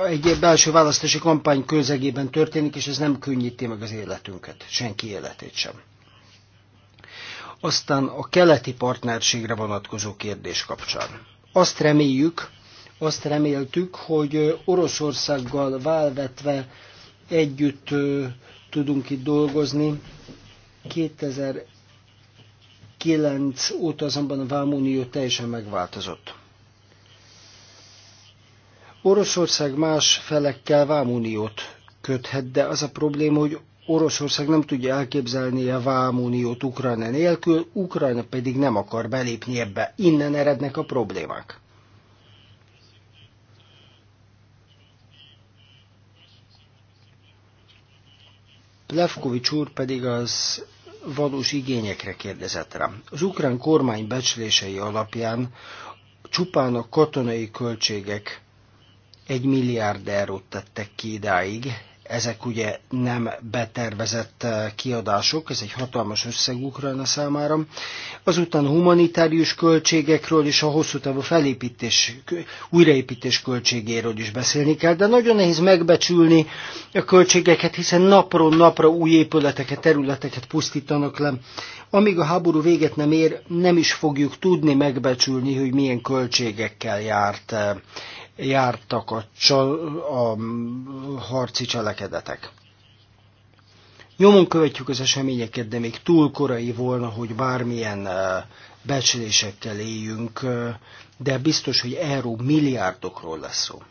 egy belső választási kampány közegében történik, és ez nem könnyíti meg az életünket, senki életét sem. Aztán a keleti partnerségre vonatkozó kérdés kapcsán. Azt reméljük, azt reméltük, hogy Oroszországgal válvetve együtt tudunk itt dolgozni. 2009 óta azonban a Vámunió teljesen megváltozott. Oroszország más felekkel vámuniót köthet, de az a probléma, hogy Oroszország nem tudja elképzelni a vámuniót Ukrajna nélkül, Ukrajna pedig nem akar belépni ebbe. Innen erednek a problémák. Levkovics úr pedig az valós igényekre kérdezett rám. Az ukrán kormány becslései alapján csupán a katonai költségek egy milliárd eurót tettek ki idáig, ezek ugye nem betervezett eh, kiadások, ez egy hatalmas összeg Ukrajna számára. Azután a humanitárius költségekről és a hosszú távú felépítés, újraépítés költségéről is beszélni kell, de nagyon nehéz megbecsülni a költségeket, hiszen napról napra új épületeket, területeket pusztítanak le. Amíg a háború véget nem ér, nem is fogjuk tudni megbecsülni, hogy milyen költségekkel járt eh, jártak a, csal, a harci cselekedetek. Nyomon követjük az eseményeket, de még túl korai volna, hogy bármilyen becslésekkel éljünk, de biztos, hogy erről milliárdokról lesz szó.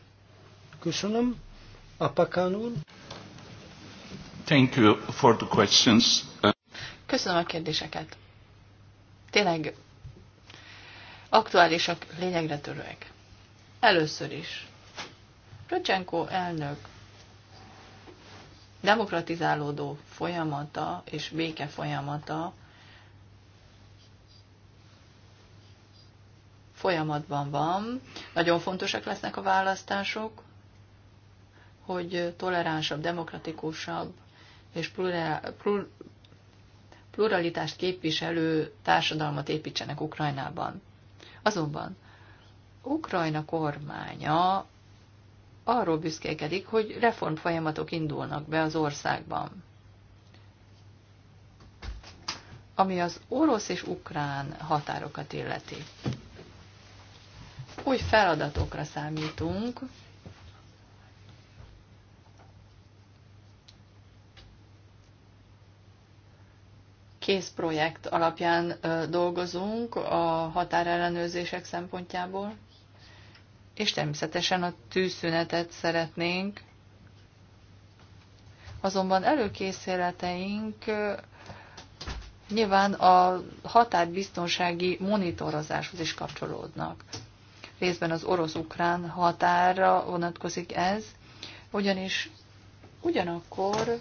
Köszönöm. Apakán úr. Thank you for the questions. Köszönöm a kérdéseket. Tényleg aktuálisak, lényegre törőek. Először is. Röcsenko elnök demokratizálódó folyamata és béke folyamata folyamatban van. Nagyon fontosak lesznek a választások, hogy toleránsabb, demokratikusabb és pluralitást képviselő társadalmat építsenek Ukrajnában. Azonban Ukrajna kormánya arról büszkékedik, hogy reformfolyamatok indulnak be az országban. Ami az orosz és ukrán határokat illeti. Új feladatokra számítunk, kész projekt alapján dolgozunk a határellenőrzések szempontjából és természetesen a tűzszünetet szeretnénk. Azonban előkészületeink nyilván a határbiztonsági monitorozáshoz is kapcsolódnak. Részben az orosz-ukrán határra vonatkozik ez, ugyanis ugyanakkor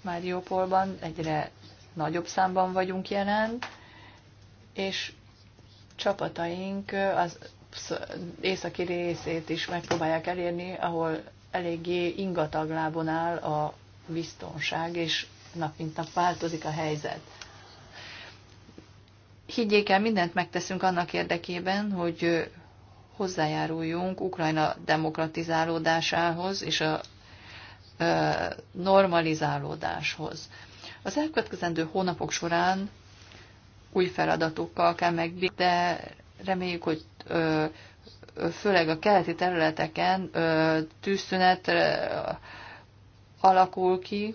Máriupolban egyre nagyobb számban vagyunk jelen, és csapataink az északi részét is megpróbálják elérni, ahol eléggé ingatag lábon áll a biztonság, és nap mint nap változik a helyzet. Higgyék el, mindent megteszünk annak érdekében, hogy hozzájáruljunk Ukrajna demokratizálódásához és a normalizálódáshoz. Az elkövetkezendő hónapok során új feladatokkal kell megbírni, de reméljük, hogy főleg a keleti területeken tűzszünet alakul ki,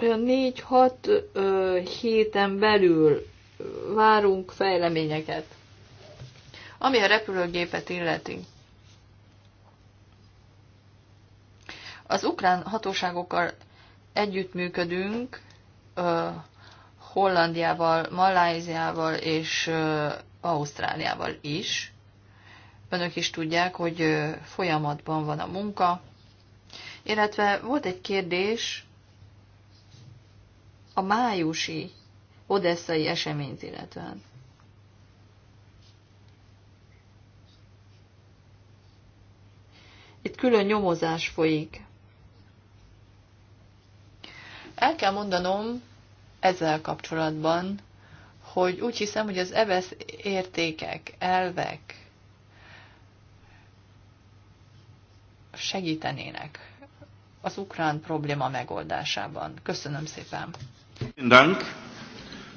olyan 4-6 héten belül várunk fejleményeket, ami a repülőgépet illeti. Az ukrán hatóságokkal együttműködünk Hollandiával, Maláziával és Ausztráliával is. Önök is tudják, hogy folyamatban van a munka. Illetve volt egy kérdés a májusi odesszai eseményt illetően. Itt külön nyomozás folyik. El kell mondanom ezzel kapcsolatban, hogy úgy hiszem, hogy az EVESZ értékek, elvek segítenének az ukrán probléma megoldásában. Köszönöm szépen! Dank.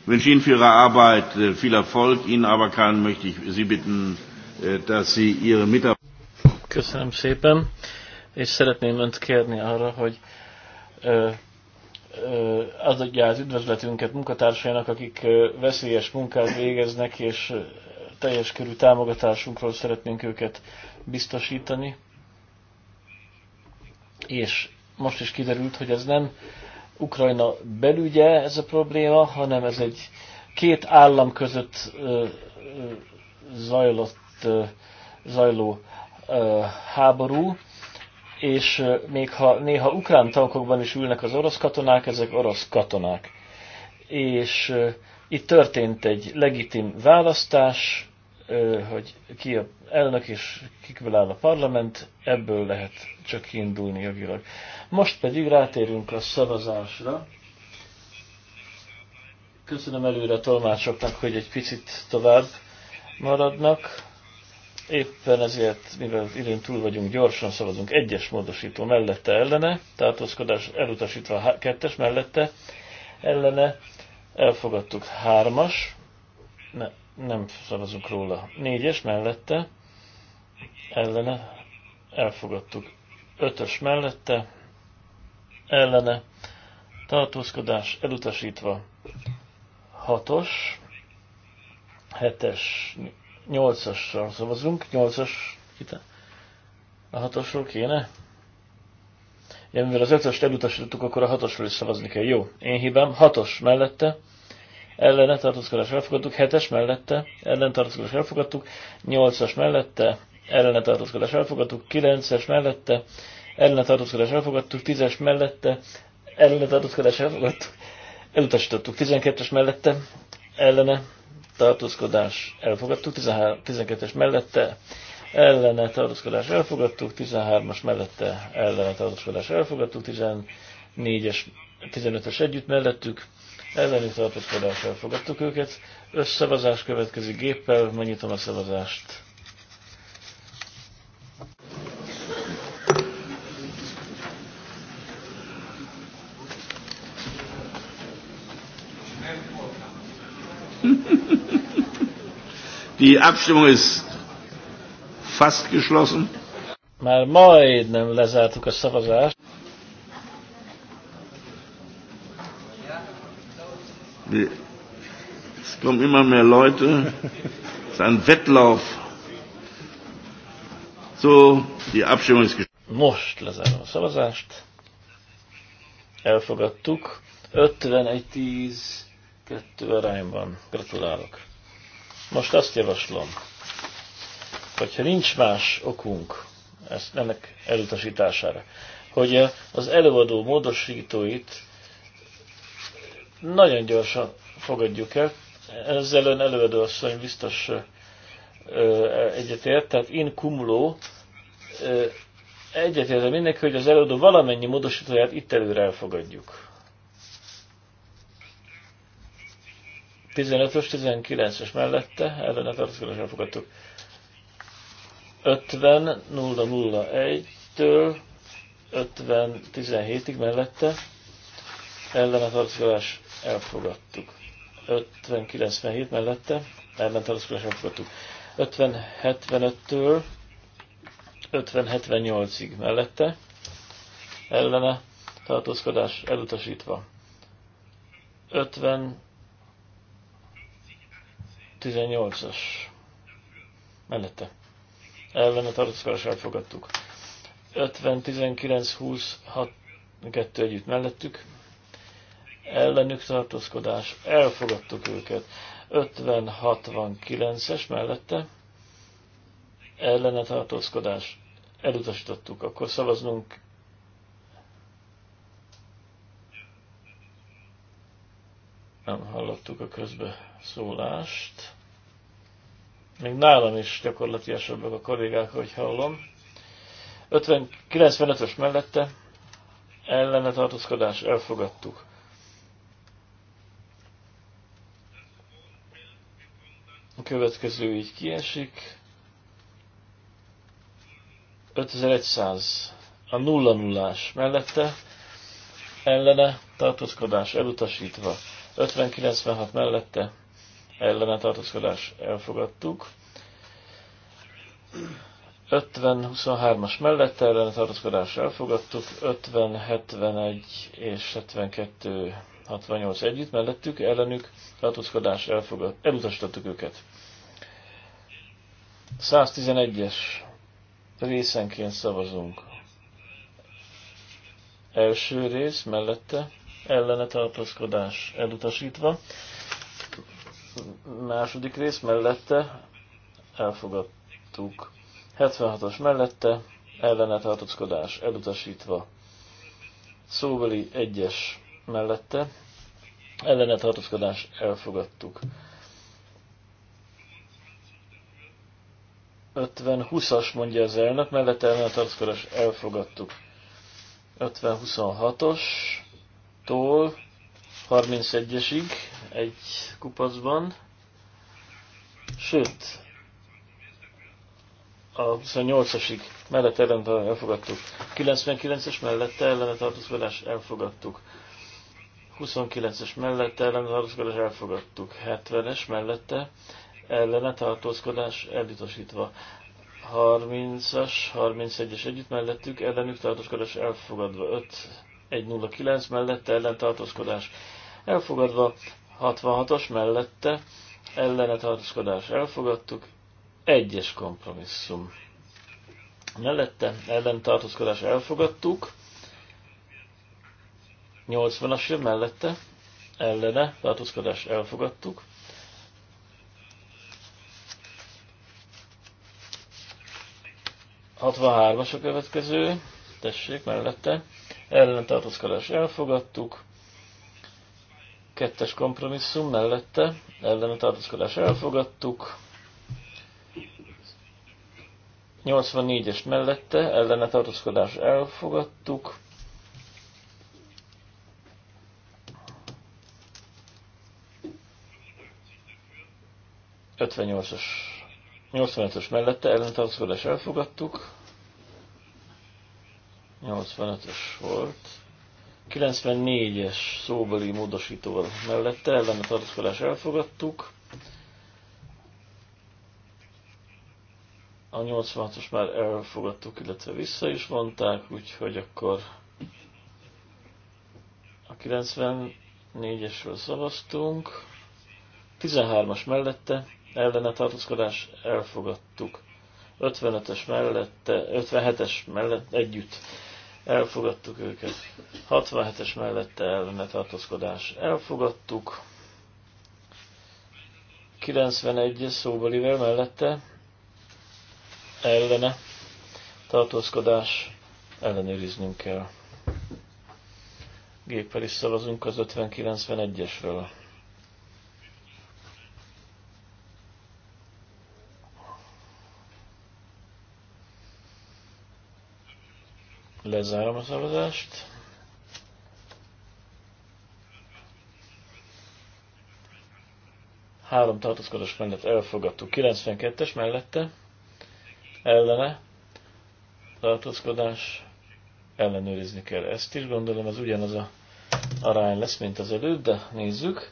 Wünsche Ihnen für Ihre Arbeit äh, viel Erfolg. Ihnen aber kann möchte ich Sie bitten, äh, dass Sie Ihre Mitarbeiter. Köszönöm szépen, és szeretném Önt kérni arra, hogy adja az üdvözletünket munkatársainak, akik veszélyes munkát végeznek, és teljes körű támogatásunkról szeretnénk őket biztosítani. És most is kiderült, hogy ez nem Ukrajna belügye ez a probléma, hanem ez egy két állam között zajlott, zajló háború, és még ha néha ukrán tankokban is ülnek az orosz katonák, ezek orosz katonák. És itt történt egy legitim választás, hogy ki a elnök és kikből áll a parlament, ebből lehet csak kiindulni jogilag. Most pedig rátérünk a szavazásra. Köszönöm előre a tolmácsoknak, hogy egy picit tovább maradnak. Éppen ezért, mivel időn túl vagyunk, gyorsan szavazunk egyes módosító mellette ellene, tartózkodás elutasítva a kettes mellette ellene, elfogadtuk hármas, ne, nem szavazunk róla, négyes mellette ellene, elfogadtuk ötös mellette ellene, tartózkodás elutasítva hatos, hetes 8-asra szavazunk, 8-as, itt a 6 asról kéne? Ja, mivel az 5 ast elutasítottuk, akkor a 6 asról is szavazni kell. Jó, én hibám, 6-os mellette, ellene tartózkodás elfogadtuk, 7-es mellette, ellen tartózkodás elfogadtuk, 8-as mellette, ellene tartózkodás elfogadtuk, 9-es mellette, ellene tartózkodás elfogadtuk, 10-es mellette, ellene tartózkodás elfogadtuk, elutasítottuk, 12-es mellette, ellene tartózkodás elfogadtuk, 12-es mellette ellene tartózkodás elfogadtuk, 13-as mellette ellene tartózkodás elfogadtuk, 14-es, 15 es együtt mellettük, elleni tartózkodás elfogadtuk őket. Összevazás következik géppel, megnyitom a szavazást. Die Abstimmung ist fast geschlossen. Már majdnem lezártuk a szavazást. Es kommen immer mehr Leute. Es ist ein Wettlauf. So, die Abstimmung ist geschlossen. Most lezárom a szavazást. Elfogadtuk. 51-10 Kettő arányban. Gratulálok. Most azt javaslom, hogyha nincs más okunk ezt ennek elutasítására, hogy az előadó módosítóit nagyon gyorsan fogadjuk el. Ezzel ön asszony biztos egyetért, tehát in cumulo egyetért mindenki, hogy az előadó valamennyi módosítóját itt előre elfogadjuk. 15-ös, 19-es mellette, ellene tartózkodás elfogadtuk. 50.001-től 50.17-ig mellette ellene tartozkodás elfogadtuk. 50-97 mellette ellen tartozkodás elfogadtuk. 75 től 78 ig mellette ellene tartózkodás elutasítva. 50 18-as mellette. a tartózkodás elfogadtuk. 50, 19, 20, 6, 2 együtt mellettük. Ellenük tartózkodás, elfogadtuk őket. 50, 69-es mellette. Ellene tartózkodás, elutasítottuk. Akkor szavaznunk nem hallottuk a közbeszólást. Még nálam is gyakorlatilag a kollégák, hogy hallom. 95 ös mellette ellene tartózkodás elfogadtuk. A következő így kiesik. 5100 a nulla nullás mellette ellene tartózkodás elutasítva. 50-96 mellette ellene tartózkodás elfogadtuk. 50-23-as mellette ellene tartózkodás elfogadtuk. 50-71 és 72-68 együtt mellettük ellenük tartózkodás elfogad, elutasítottuk őket. 111-es részenként szavazunk. Első rész mellette ellene tartózkodás elutasítva. Második rész mellette elfogadtuk. 76-os mellette ellene tartózkodás elutasítva. Szóbeli 1-es mellette ellene tartózkodás elfogadtuk. 50-20-as mondja az elnök, mellette ellene tartózkodás elfogadtuk. 50-26-os tól 31-esig egy kupacban, sőt, a 28-asig mellett ellen elfogadtuk. 99-es mellette ellene tartózkodás elfogadtuk. 29-es mellette ellene tartózkodás elfogadtuk. 70-es mellette ellene tartózkodás elutasítva. 30-as, 31-es együtt mellettük ellenük tartózkodás elfogadva. 5 109 mellette ellentartózkodás elfogadva, 66-os mellette ellene elfogadtuk, egyes kompromisszum. Mellette ellen elfogadtuk, 80-as jön mellette, ellene tartózkodás elfogadtuk, as a következő, tessék, mellette, ellentartózkodás elfogadtuk, kettes kompromisszum mellette ellentartózkodás elfogadtuk, 84-es mellette ellene tartózkodás elfogadtuk, ös 85-ös mellette ellentartózkodás elfogadtuk, 85-ös volt. 94-es szóbeli módosítóval mellette ellen a tartózkodás elfogadtuk. A 86-os már elfogadtuk, illetve vissza is vonták, úgyhogy akkor a 94-esről szavaztunk. 13-as mellette ellen a tartózkodás elfogadtuk. 55-es mellette, 57-es mellett együtt elfogadtuk őket. 67-es mellette ellene tartózkodás, elfogadtuk. 91-es szóbalivel mellette ellene tartózkodás, ellenőriznünk kell. Géppel is szavazunk az 50 91 esről Lezárom a szavazást. Három tartózkodás mellett elfogadtuk. 92-es mellette ellene tartózkodás ellenőrizni kell. Ezt is gondolom, az ugyanaz a arány lesz, mint az előbb, de nézzük.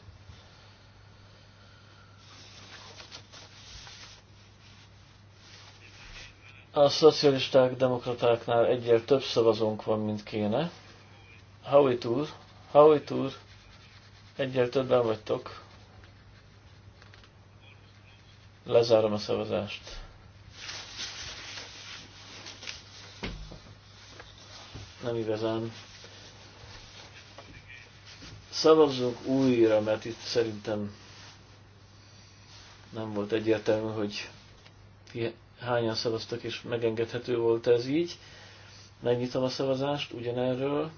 A szocialisták, demokratáknál egyel több szavazónk van, mint kéne. Howitt úr, Howitt úr, egyel többen vagytok. Lezárom a szavazást. Nem igazán. Szavazzunk újra, mert itt szerintem nem volt egyértelmű, hogy hányan szavaztak, és megengedhető volt ez így. Megnyitom a szavazást ugyanerről,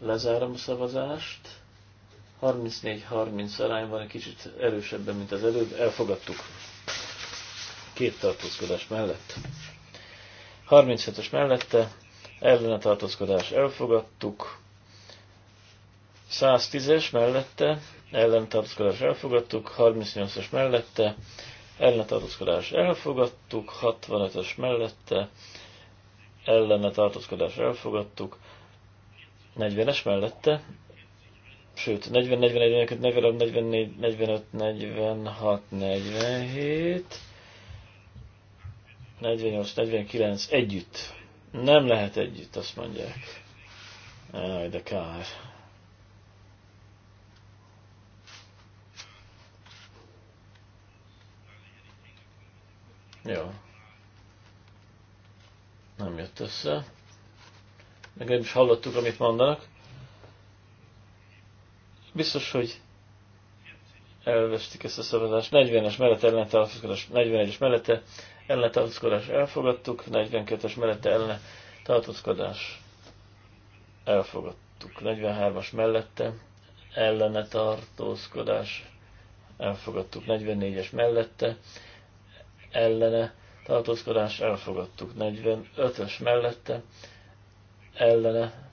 lezárom a szavazást. 34-30 arányban egy kicsit erősebben, mint az előbb, elfogadtuk. Két tartózkodás mellett. 37-es mellette, ellene tartózkodás elfogadtuk. 110-es mellette, ellen tartózkodás elfogadtuk. 38-as mellette, Ellentartózkodás elfogadtuk, 65-ös mellette ellene tartózkodás elfogadtuk, 40-es mellette, sőt, 40, 41, 42, 43, 44, 45, 46, 47, 48, 49 együtt. Nem lehet együtt, azt mondják. Jaj, de kár. Jó. Nem jött össze. Meg nem is hallottuk, amit mondanak. Biztos, hogy elvestik ezt a szavazást. 40-es mellette ellen tartózkodás, 41-es mellette ellen tartózkodás elfogadtuk, 42-es mellette ellen tartózkodás elfogadtuk, 43-as mellette ellene tartózkodás elfogadtuk, 44-es mellette ellene tartózkodás elfogadtuk. 45-ös mellette ellene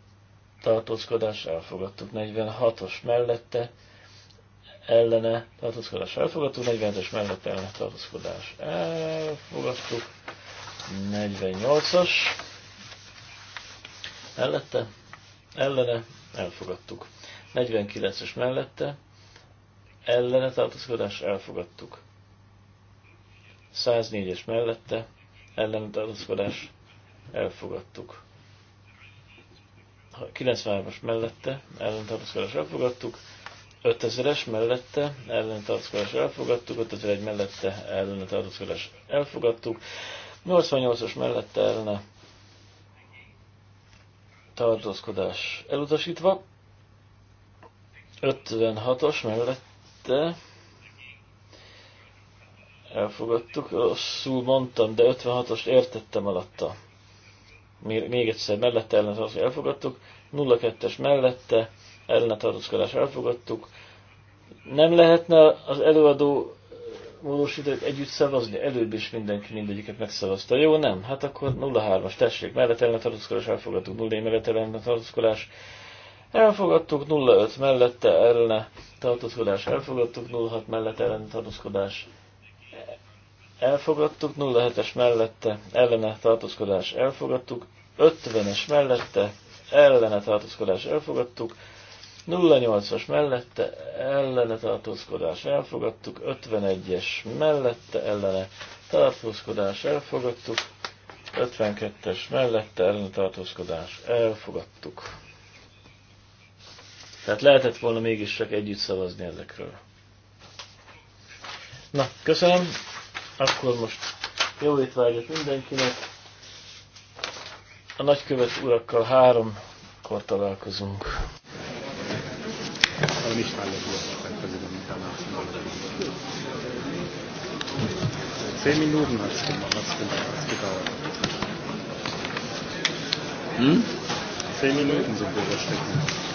tartózkodás elfogadtuk. 46-os mellette ellene tartózkodás elfogadtuk. 47-es mellette ellene tartózkodás elfogadtuk. 48-as mellette ellene elfogadtuk. 49-es mellette ellene tartózkodás elfogadtuk. 104-es mellette ellentartózkodás elfogadtuk. 93-as mellette ellentartózkodás elfogadtuk. 5000-es mellette ellentartózkodás elfogadtuk, 5001 mellette ellentartózkodás elfogadtuk, 88-as mellette ellene tartózkodás elutasítva, 56-os mellette Elfogadtuk. Rosszul mondtam, de 56-ost értettem alatta. Még egyszer mellette ellen az elfogadtuk. 02-es mellette ellen tartózkodás elfogadtuk. Nem lehetne az előadó módosítók együtt szavazni? Előbb is mindenki mindegyiket megszavazta. Jó, nem? Hát akkor 03-as, tessék, mellette ellen tartózkodás elfogadtuk, 04 mellette ellen tartózkodás elfogadtuk, 05 mellette ellene tartózkodás elfogadtuk, 06 mellette ellen tartózkodás elfogadtuk, 07-es mellette ellene tartózkodás elfogadtuk, 50-es mellette ellene tartózkodás elfogadtuk, 08-as mellette ellene tartózkodás elfogadtuk, 51-es mellette ellene tartózkodás elfogadtuk, 52-es mellette ellene tartózkodás elfogadtuk. Tehát lehetett volna mégis csak együtt szavazni ezekről. Na, köszönöm! Akkor most jó étvágyat mindenkinek. A nagykövet urakkal háromkor találkozunk. Aber nicht alle Herr Präsident, Zehn Minuten hat Hm? Zehn Minuten